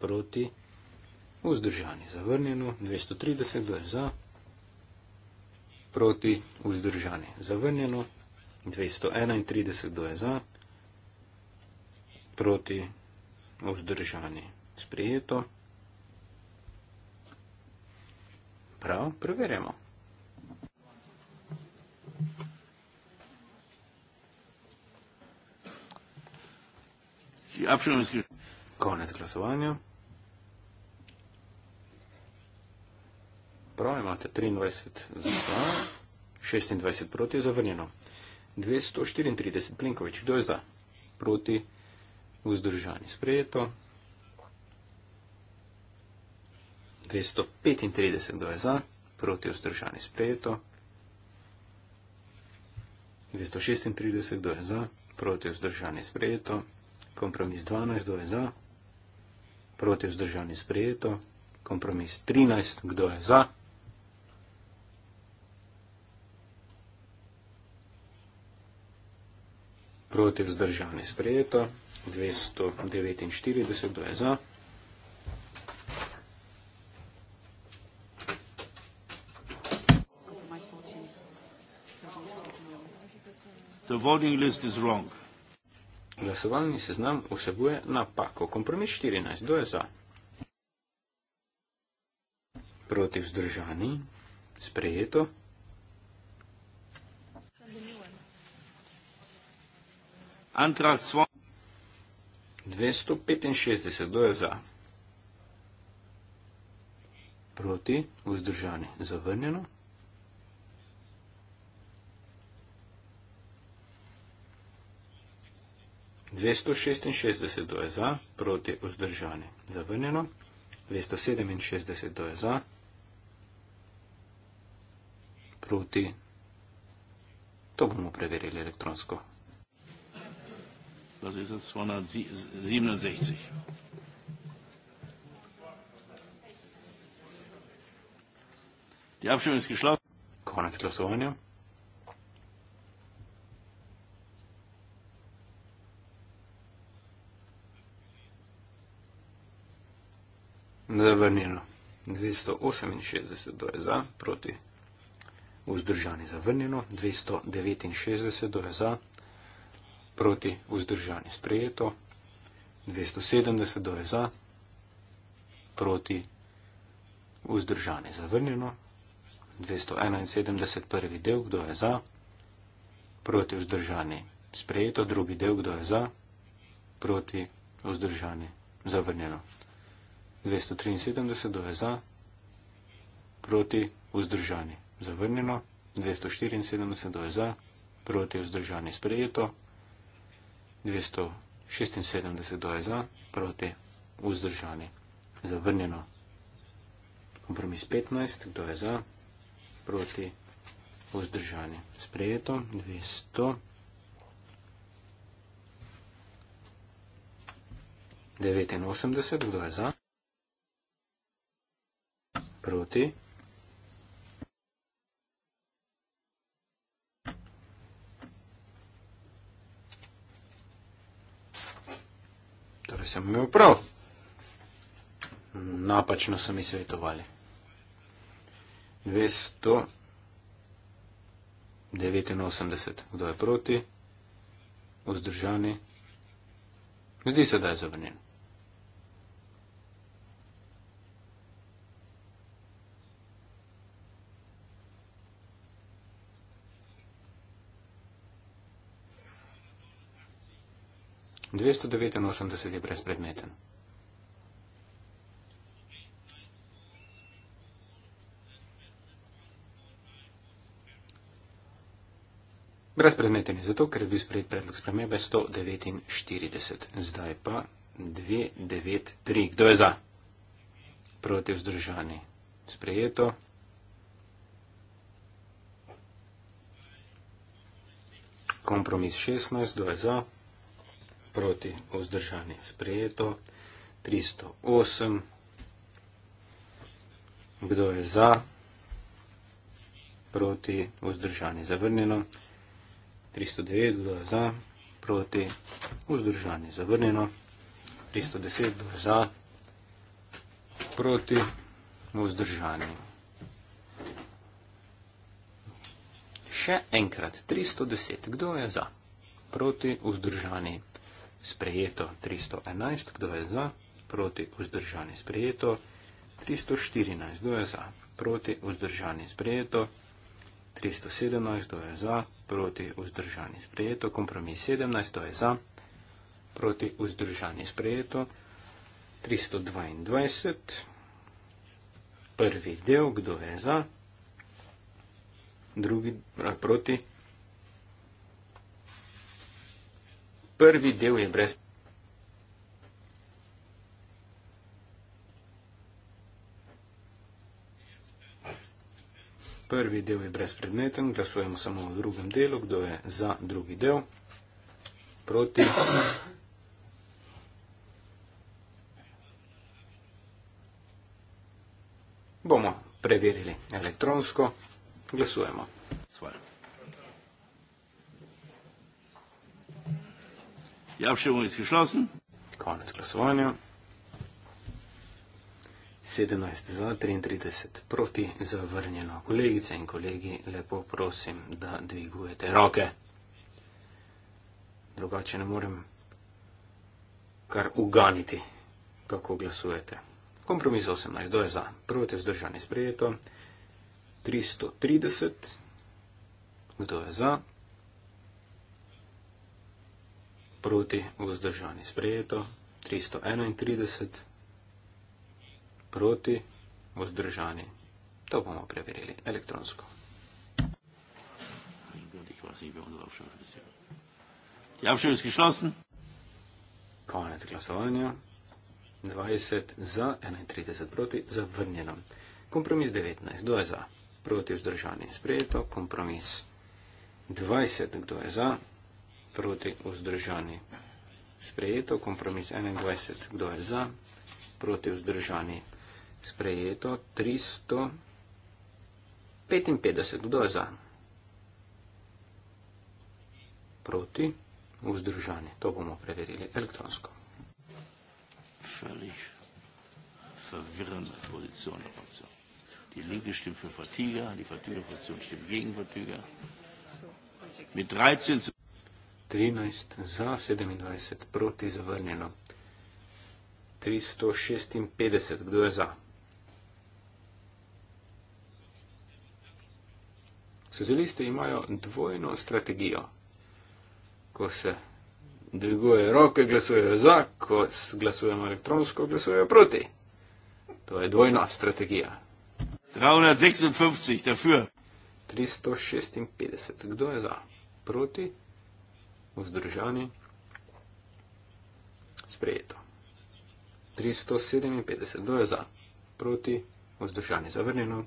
proti vzdržani zavrnjeno. 230, kdo je za, proti vzdržani zavrnjeno. 231, kdo je za, proti vzdržani sprejeto. prav preverjamo. Ja, Konec glasovanja. Prav imate 23 za 2, 26 proti je zavrnjeno. 234 Plinkovič, kdo je za? Proti, vzdržani, sprejeto. 235 kdo je za, proti vzdržani sprejeto. 236 kdo je za, proti vzdržani sprejeto. Kompromis 12 kdo je za, proti vzdržani sprejeto. Kompromis 13 kdo je za. Proti vzdržani sprejeto. 249 kdo je za. The voting list is wrong. Glasovalni seznam vsebuje napako. Kompromis 14. Kdo je za? Proti vzdržani. Sprejeto. Antrag 265. Kdo je za? Proti vzdržani. Zavrnjeno. 266 do je za, proti vzdržani. Zavrnjeno. 267 do je za, proti. To bomo preverili elektronsko. Das ist jetzt 267. Die Abstimmung ist geschlossen. Konec glasovanja. zavrnjeno. 268 do je za, proti vzdržani zavrnjeno, 269 do je za, proti vzdržani sprejeto, 270 do je za, proti vzdržani zavrnjeno, 271 prvi del, kdo je za, proti vzdržani sprejeto, drugi del, kdo je za, proti vzdržani zavrnjeno. 273 do za, proti vzdržani, zavrnjeno, 274 do za, proti vzdržani, sprejeto, 276 do za, proti vzdržani, zavrnjeno. Kompromis 15, kdo je za, proti vzdržani, sprejeto, 200. 89, kdo je za? Proti. Torej sem imel prav. Napačno so mi svetovali. 289. Kdo je proti? Vzdržani. Zdi se, da je zavrnjen. 289 je brezpredmeten. Brezpredmeten je zato, ker je bil sprejet predlog spremembe 149. Zdaj pa 293. Kdo je za? Proti vzdržani. Sprejeto. Kompromis 16. Kdo je za? proti vzdržani sprejeto. 308. Kdo je za? Proti vzdržani zavrnjeno. 309. Kdo je za? Proti vzdržani zavrnjeno. 310. Kdo je za? Proti vzdržani. Še enkrat. 310. Kdo je za? Proti vzdržani zavrnjeno sprejeto 311, kdo je za, proti vzdržani sprejeto 314, kdo je za, proti vzdržani sprejeto 317, kdo je za, proti vzdržani sprejeto, kompromis 17, kdo je za, proti vzdržani sprejeto 322, prvi del, kdo je za, drugi, proti 322. prvi del je brez. Prvi del je brezpredmeten, glasujemo samo v drugem delu, kdo je za drugi del, proti. Bomo preverili elektronsko, glasujemo. Die Abstimmung ist geschlossen. Konec glasovanja. 17 za 33 proti zavrnjeno. Kolegice in kolegi, lepo prosim, da dvigujete roke. Drugače ne morem kar uganiti, kako glasujete. Kompromis 18, kdo je za? Proti vzdržanje sprejeto. 330, kdo je za? proti vzdržani sprejeto, 331 proti vzdržani. To bomo preverili elektronsko. Javševski šlosten. Konec glasovanja. 20 za, 31 proti, zavrnjeno. Kompromis 19, kdo je za? Proti vzdržani sprejeto, kompromis 20, kdo je za? proti vzdržani. Sprejeto kompromis 21. Kdo je za? Proti vzdržani. Sprejeto 355. Kdo je za? Proti vzdržani. To bomo preverili elektronsko. Felih verwirrende Position der Fraktion. Die Linke stimmt für Vertiger, die Vertiger-Fraktion stimmt gegen Vertiger. Mit 13 zu 13 za, 27 proti, zavrnjeno. 356, kdo je za? Socialisti imajo dvojno strategijo. Ko se dvigujejo roke, glasujejo za, ko glasujemo elektronsko, glasujejo proti. To je dvojna strategija. 356, dafür. 356, kdo je za? Proti? vzdržani, sprejeto. 357, kdo je za, proti, vzdržani, zavrnjeno.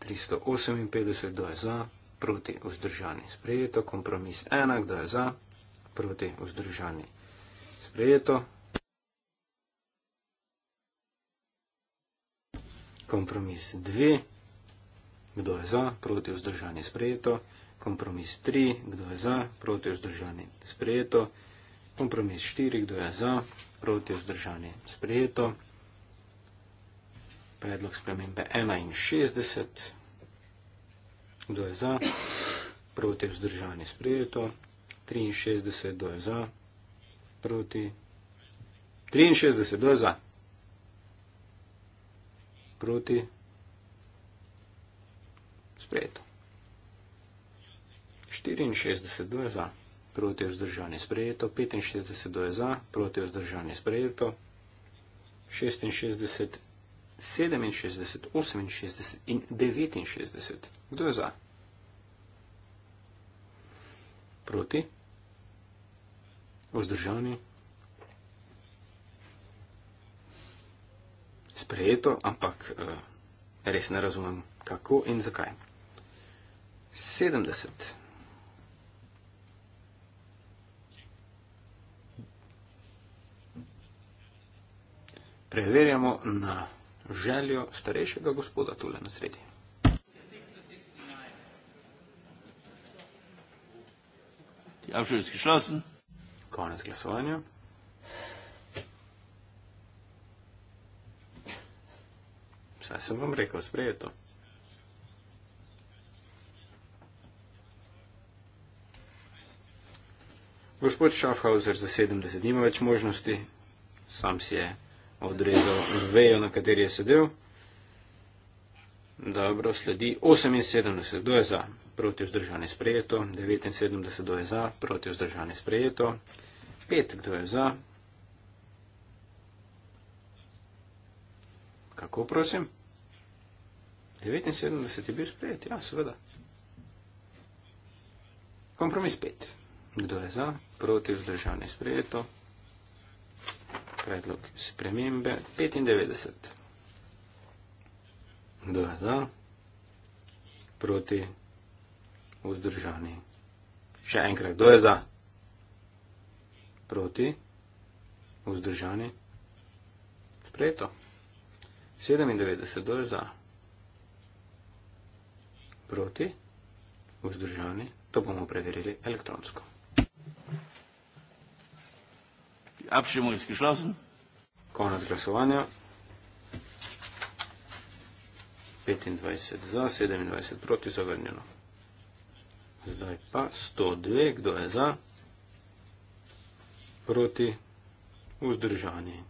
358, kdo je za, proti, vzdržani, sprejeto. Kompromis 1, kdo je za, proti, vzdržani, sprejeto. Kompromis 2, kdo je za, proti, vzdržani, sprejeto. Kompromis 3, kdo je za, proti vzdržani, sprejeto. Kompromis 4, kdo je za, proti vzdržani, sprejeto. Predlog spremembe 61, kdo je za, proti vzdržani, sprejeto. 63, kdo je za, proti. 63, kdo je za, proti, sprejeto. 64 do je za, proti je vzdržanje sprejeto, 65 do je za, proti je vzdržanje sprejeto, 66, 67, 68 in 69. Kdo je za? Proti? Vzdržanje? Sprejeto, ampak eh, res ne razumem, kako in zakaj. 70. preverjamo na željo starejšega gospoda tule na sredi. Konec glasovanja. Saj sem vam rekel, sprejeto. Gospod Schaffhauser za 70 nima več možnosti, sam si je odrezal vejo, na kateri je sedel. Dobro, sledi 78, kdo je za, proti vzdržanje sprejeto, 79, kdo je za, proti vzdržanje sprejeto, 5, kdo je za. Kako prosim? 79 je bil sprejet, ja, seveda. Kompromis 5. Kdo je za? Proti vzdržanje sprejeto predlog spremembe 95. Kdo je za? Proti? Vzdržani? Še enkrat, kdo je za? Proti? Vzdržani? Sprejeto. 97, kdo je za? Proti? Vzdržani? To bomo preverili elektronsko. Abstimmung ist geschlossen. Konec glasovanja. 25 za, 27 proti, zavrnjeno. Zdaj pa 102, kdo je za, proti, vzdržani.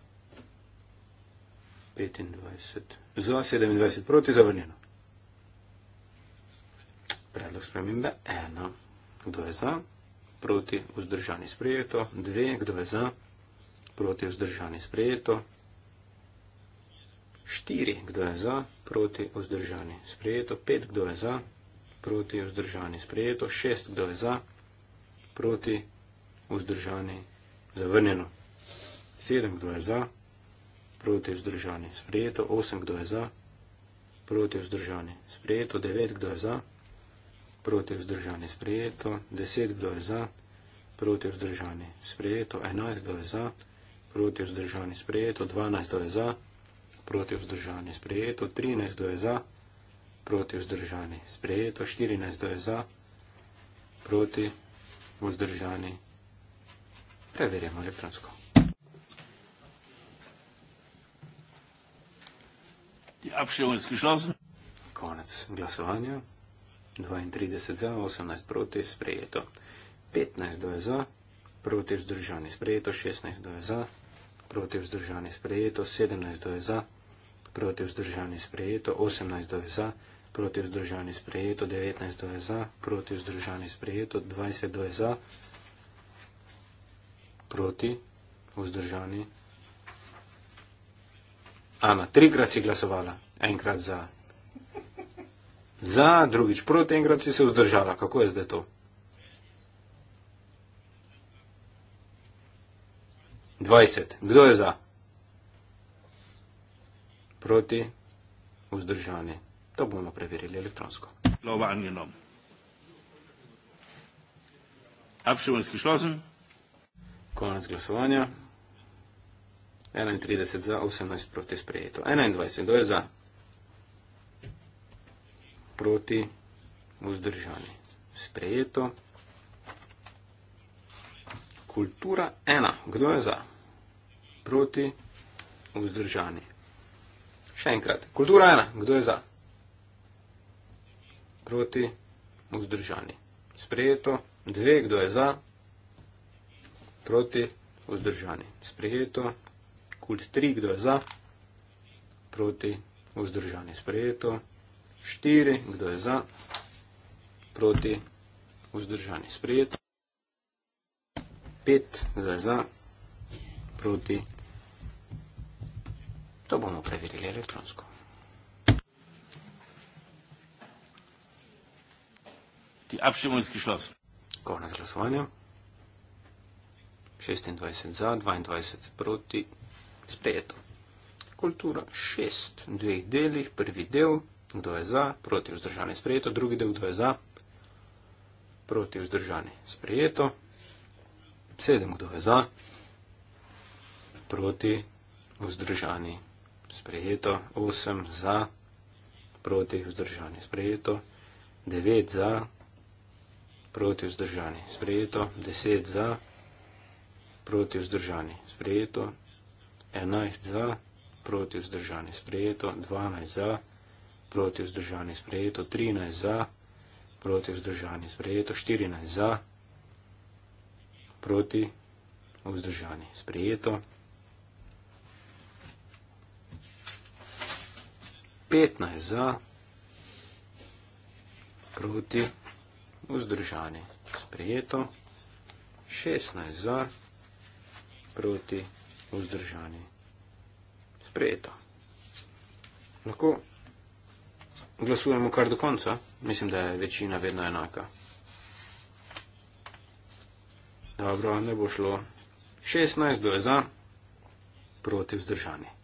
25 za, 27 proti, zavrnjeno. Predlog spremembe 1. Kdo je za, proti, vzdržani sprejeto. 2. Kdo je za, proti proti vzdržani sprejeto. 4, kdo je za, proti vzdržani sprejeto. 5, kdo je za, proti vzdržani sprejeto. 6, kdo je za, proti vzdržani zavrnjeno. 7, kdo je za, proti vzdržani sprejeto. 8, kdo je za, proti vzdržani sprejeto. 9, kdo je za, proti vzdržani sprejeto. 10, kdo je za, proti vzdržani sprejeto. 11, kdo je za, proti vzdržani sprejeto proti vzdržani sprejeto, 12 je za, proti vzdržani sprejeto, 13 je za, proti vzdržani sprejeto, 14 je za, proti vzdržani. Preverjamo elektronsko. Ja, Konec glasovanja. 32 za, 18 proti sprejeto, 15 je za, proti vzdržani sprejeto, 16 je za proti vzdržani sprejeto, 17 do je za, proti vzdržani sprejeto, 18 do je za, proti vzdržani sprejeto, 19 do je za, proti vzdržani sprejeto, 20 do je za, proti vzdržani. Ana, trikrat si glasovala, enkrat za. Za, drugič proti, enkrat si se vzdržala. Kako je zdaj to? 20. Kdo je za? Proti, vzdržani. To bomo preverili elektronsko. Slova angenom. Abšivanski šlozen. Konec glasovanja. 31 za, 18 proti sprejeto. 21. Kdo je za? Proti, vzdržani. Sprejeto. Kultura ena. Kdo je za? proti, vzdržani. Še enkrat, kultura ena, kdo je za? Proti, vzdržani. Sprejeto, dve, kdo je za? Proti, vzdržani. Sprejeto, kult tri, kdo je za? Proti, vzdržani. Sprejeto, štiri, kdo je za? Proti, vzdržani. Sprejeto, pet, kdo je za? Proti, vzdržani. To bomo preverili elektronsko. Ti abšemonski šlos. Konec glasovanja. 26 za, 22 proti, sprejeto. Kultura 6, dveh delih, prvi del, kdo je za, proti vzdržani, sprejeto, drugi del, kdo je za, proti vzdržani, sprejeto, sedem, kdo je za, proti vzdržani, sprejeto sprejeto, 8 za, proti vzdržani, sprejeto, 9 za, proti vzdržani, sprejeto, 10 za, proti vzdržani, sprejeto, 11 za, proti vzdržani, sprejeto, 12 za, proti vzdržani, sprejeto, 13 za, proti vzdržani, sprejeto, 14 za, proti vzdržani, sprejeto, 15 za, 15 za, proti, vzdržani, sprejeto, 16 za, proti, vzdržani, sprejeto. Lahko glasujemo kar do konca, mislim, da je večina vedno enaka. Dobro, ne bo šlo. 16 do je za, proti vzdržani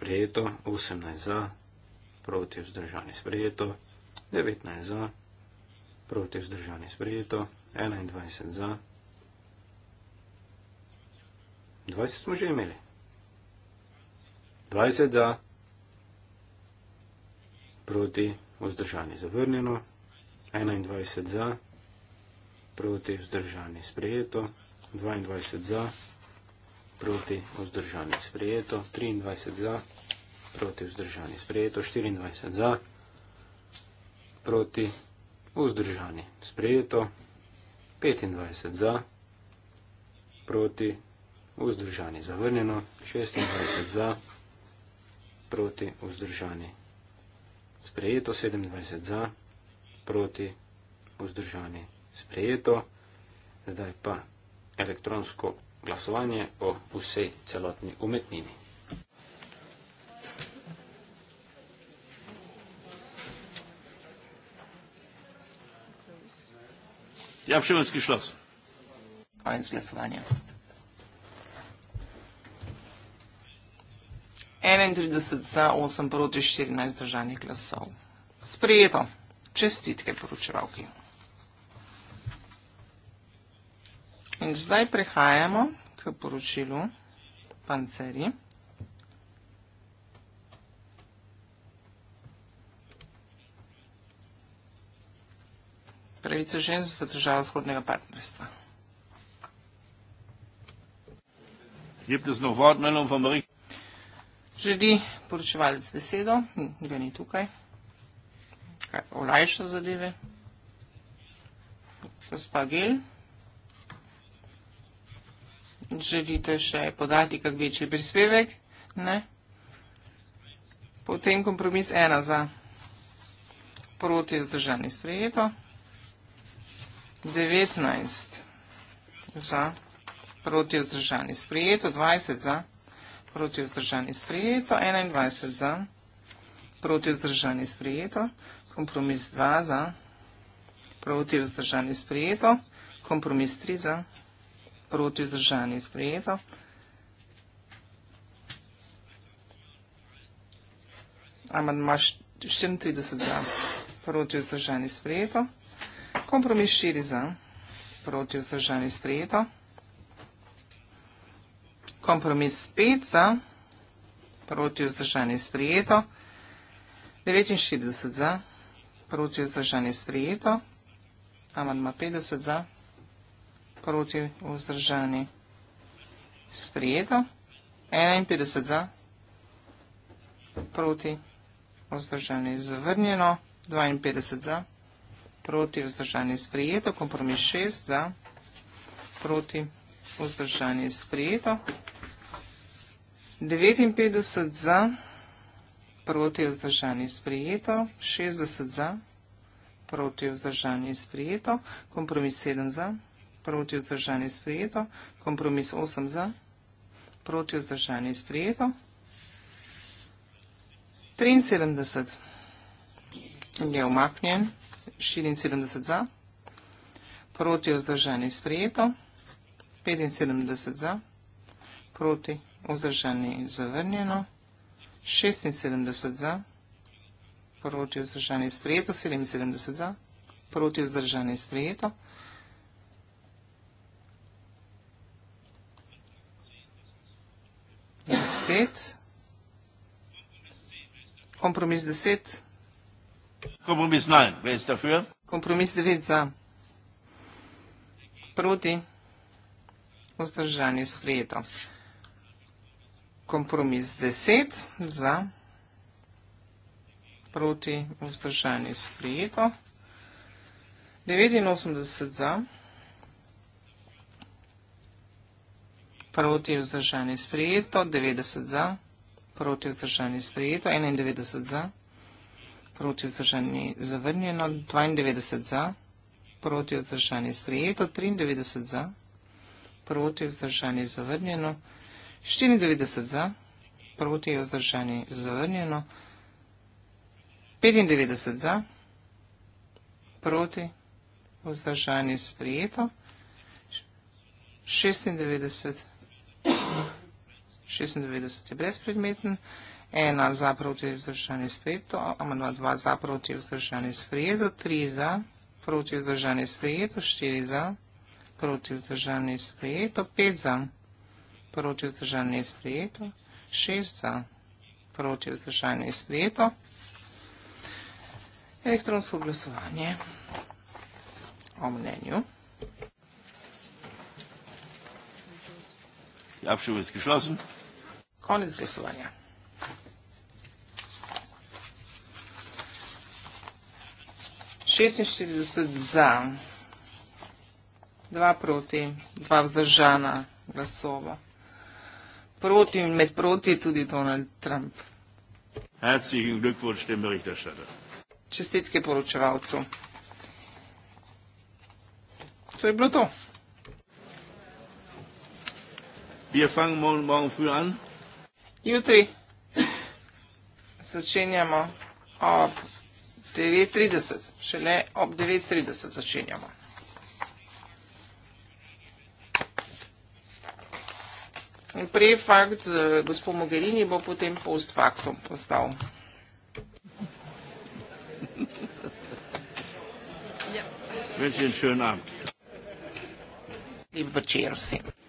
sprejeto, 18 za, proti vzdržani sprejeto, 19 za, proti vzdržani sprejeto, 21 za, 20 smo že imeli, 20 za, proti vzdržani zavrnjeno, 21 za, proti vzdržani sprejeto, 22 za, proti vzdržani sprejeto, proti vzdržanje sprejeto, 23 za, proti vzdržanje sprejeto, 24 za, proti vzdržanje sprejeto, 25 za, proti vzdržanje zavrnjeno, 26 za, proti vzdržanje sprejeto, 27 za, proti vzdržanje sprejeto, zdaj pa elektronsko glasovanje o vsej celotni umetnini. Ja, Vševenski šlas. Konec glasovanja. 31 za 8 proti 14 držanih glasov. Sprejeto. Čestitke poročevalki. In zdaj prehajamo k poročilu panceri. Pravice žensk v državah vzhodnega partnerstva. Želi poročevalec besedo, hm, ga ni tukaj. Olajša zadeve. Gospa Gel želite še podati kak večji prispevek? Ne? Potem kompromis ena za proti vzdržani sprejeto. 19 za proti vzdržani sprejeto. 20 za proti vzdržani sprejeto. 21 za proti vzdržani sprejeto. Kompromis 2 za proti vzdržani sprejeto. Kompromis 3 za proti vzdržani sprejeto proti vzdržani sprejeto. Amad ima 34 za proti vzdržani sprejeto. Kompromis 4 za proti vzdržani sprejeto. Kompromis 5 za proti vzdržani sprejeto. 69 za proti vzdržani sprejeto. Amad ima 50 za proti vzdržani sprejeto proti vzdržani. Sprijeto. 51 za, proti vzdržani. Zavrnjeno. 52 za, proti vzdržani. Sprijeto. Kompromis 6 za, proti vzdržani. Sprijeto. 59 za, proti vzdržani. Sprijeto. 60 za, proti vzdržani. Sprijeto. Kompromis 7 za, proti vzdržani proti vzdržanje sprejeto, kompromis 8 za, proti vzdržanje sprejeto, 73 je omaknjen, 74 za, proti vzdržanje sprejeto, 75 za, proti vzdržanje zavrnjeno, 76 za, proti vzdržanje sprejeto, 77 za, proti vzdržanje sprejeto, 10. Kompromis 10. Kompromis 9. Kompromis 9 za. Proti. Vzdržanje sprejeto. Kompromis 10 za. Proti. Vzdržanje sprejeto. 89 za. proti vzdržanje sprejeto, 90 za, proti vzdržanje sprejeto, 91 za, proti vzdržanje zavrnjeno, 92 za, proti vzdržanje sprejeto, 93 za, proti vzdržanje zavrnjeno, 94 za, proti vzdržanje zavrnjeno, 95 za, proti vzdržanje sprejeto, 96 za, 96 je brezpredmeten, 1 za proti vzdržanje sprejeto, amandma 2 za proti vzdržanje sprejeto, 3 za proti vzdržanje sprejeto, 4 za proti vzdržanje sprejeto, 5 za proti vzdržanje sprejeto, 6 za proti vzdržanje sprejeto. Elektronsko glasovanje o mnenju. Ja, všel je skišla sem. Koniec głosowania. Šestinštirideset za, dva proti, dva vzdržana glasova. Proti, med proti tudi Donald Trump. Herzlichen Glückwunsch dem Berichterstatter. Čestitke poročevalcu. To je bilo to. Wir fangen morgen, morgen früh an. Jutri začenjamo ob 9.30. Šele ob 9.30 začenjamo. In prej fakt z gospod Mogherini bo potem post faktum postal. Večer in šel nam. Lep večer vsem.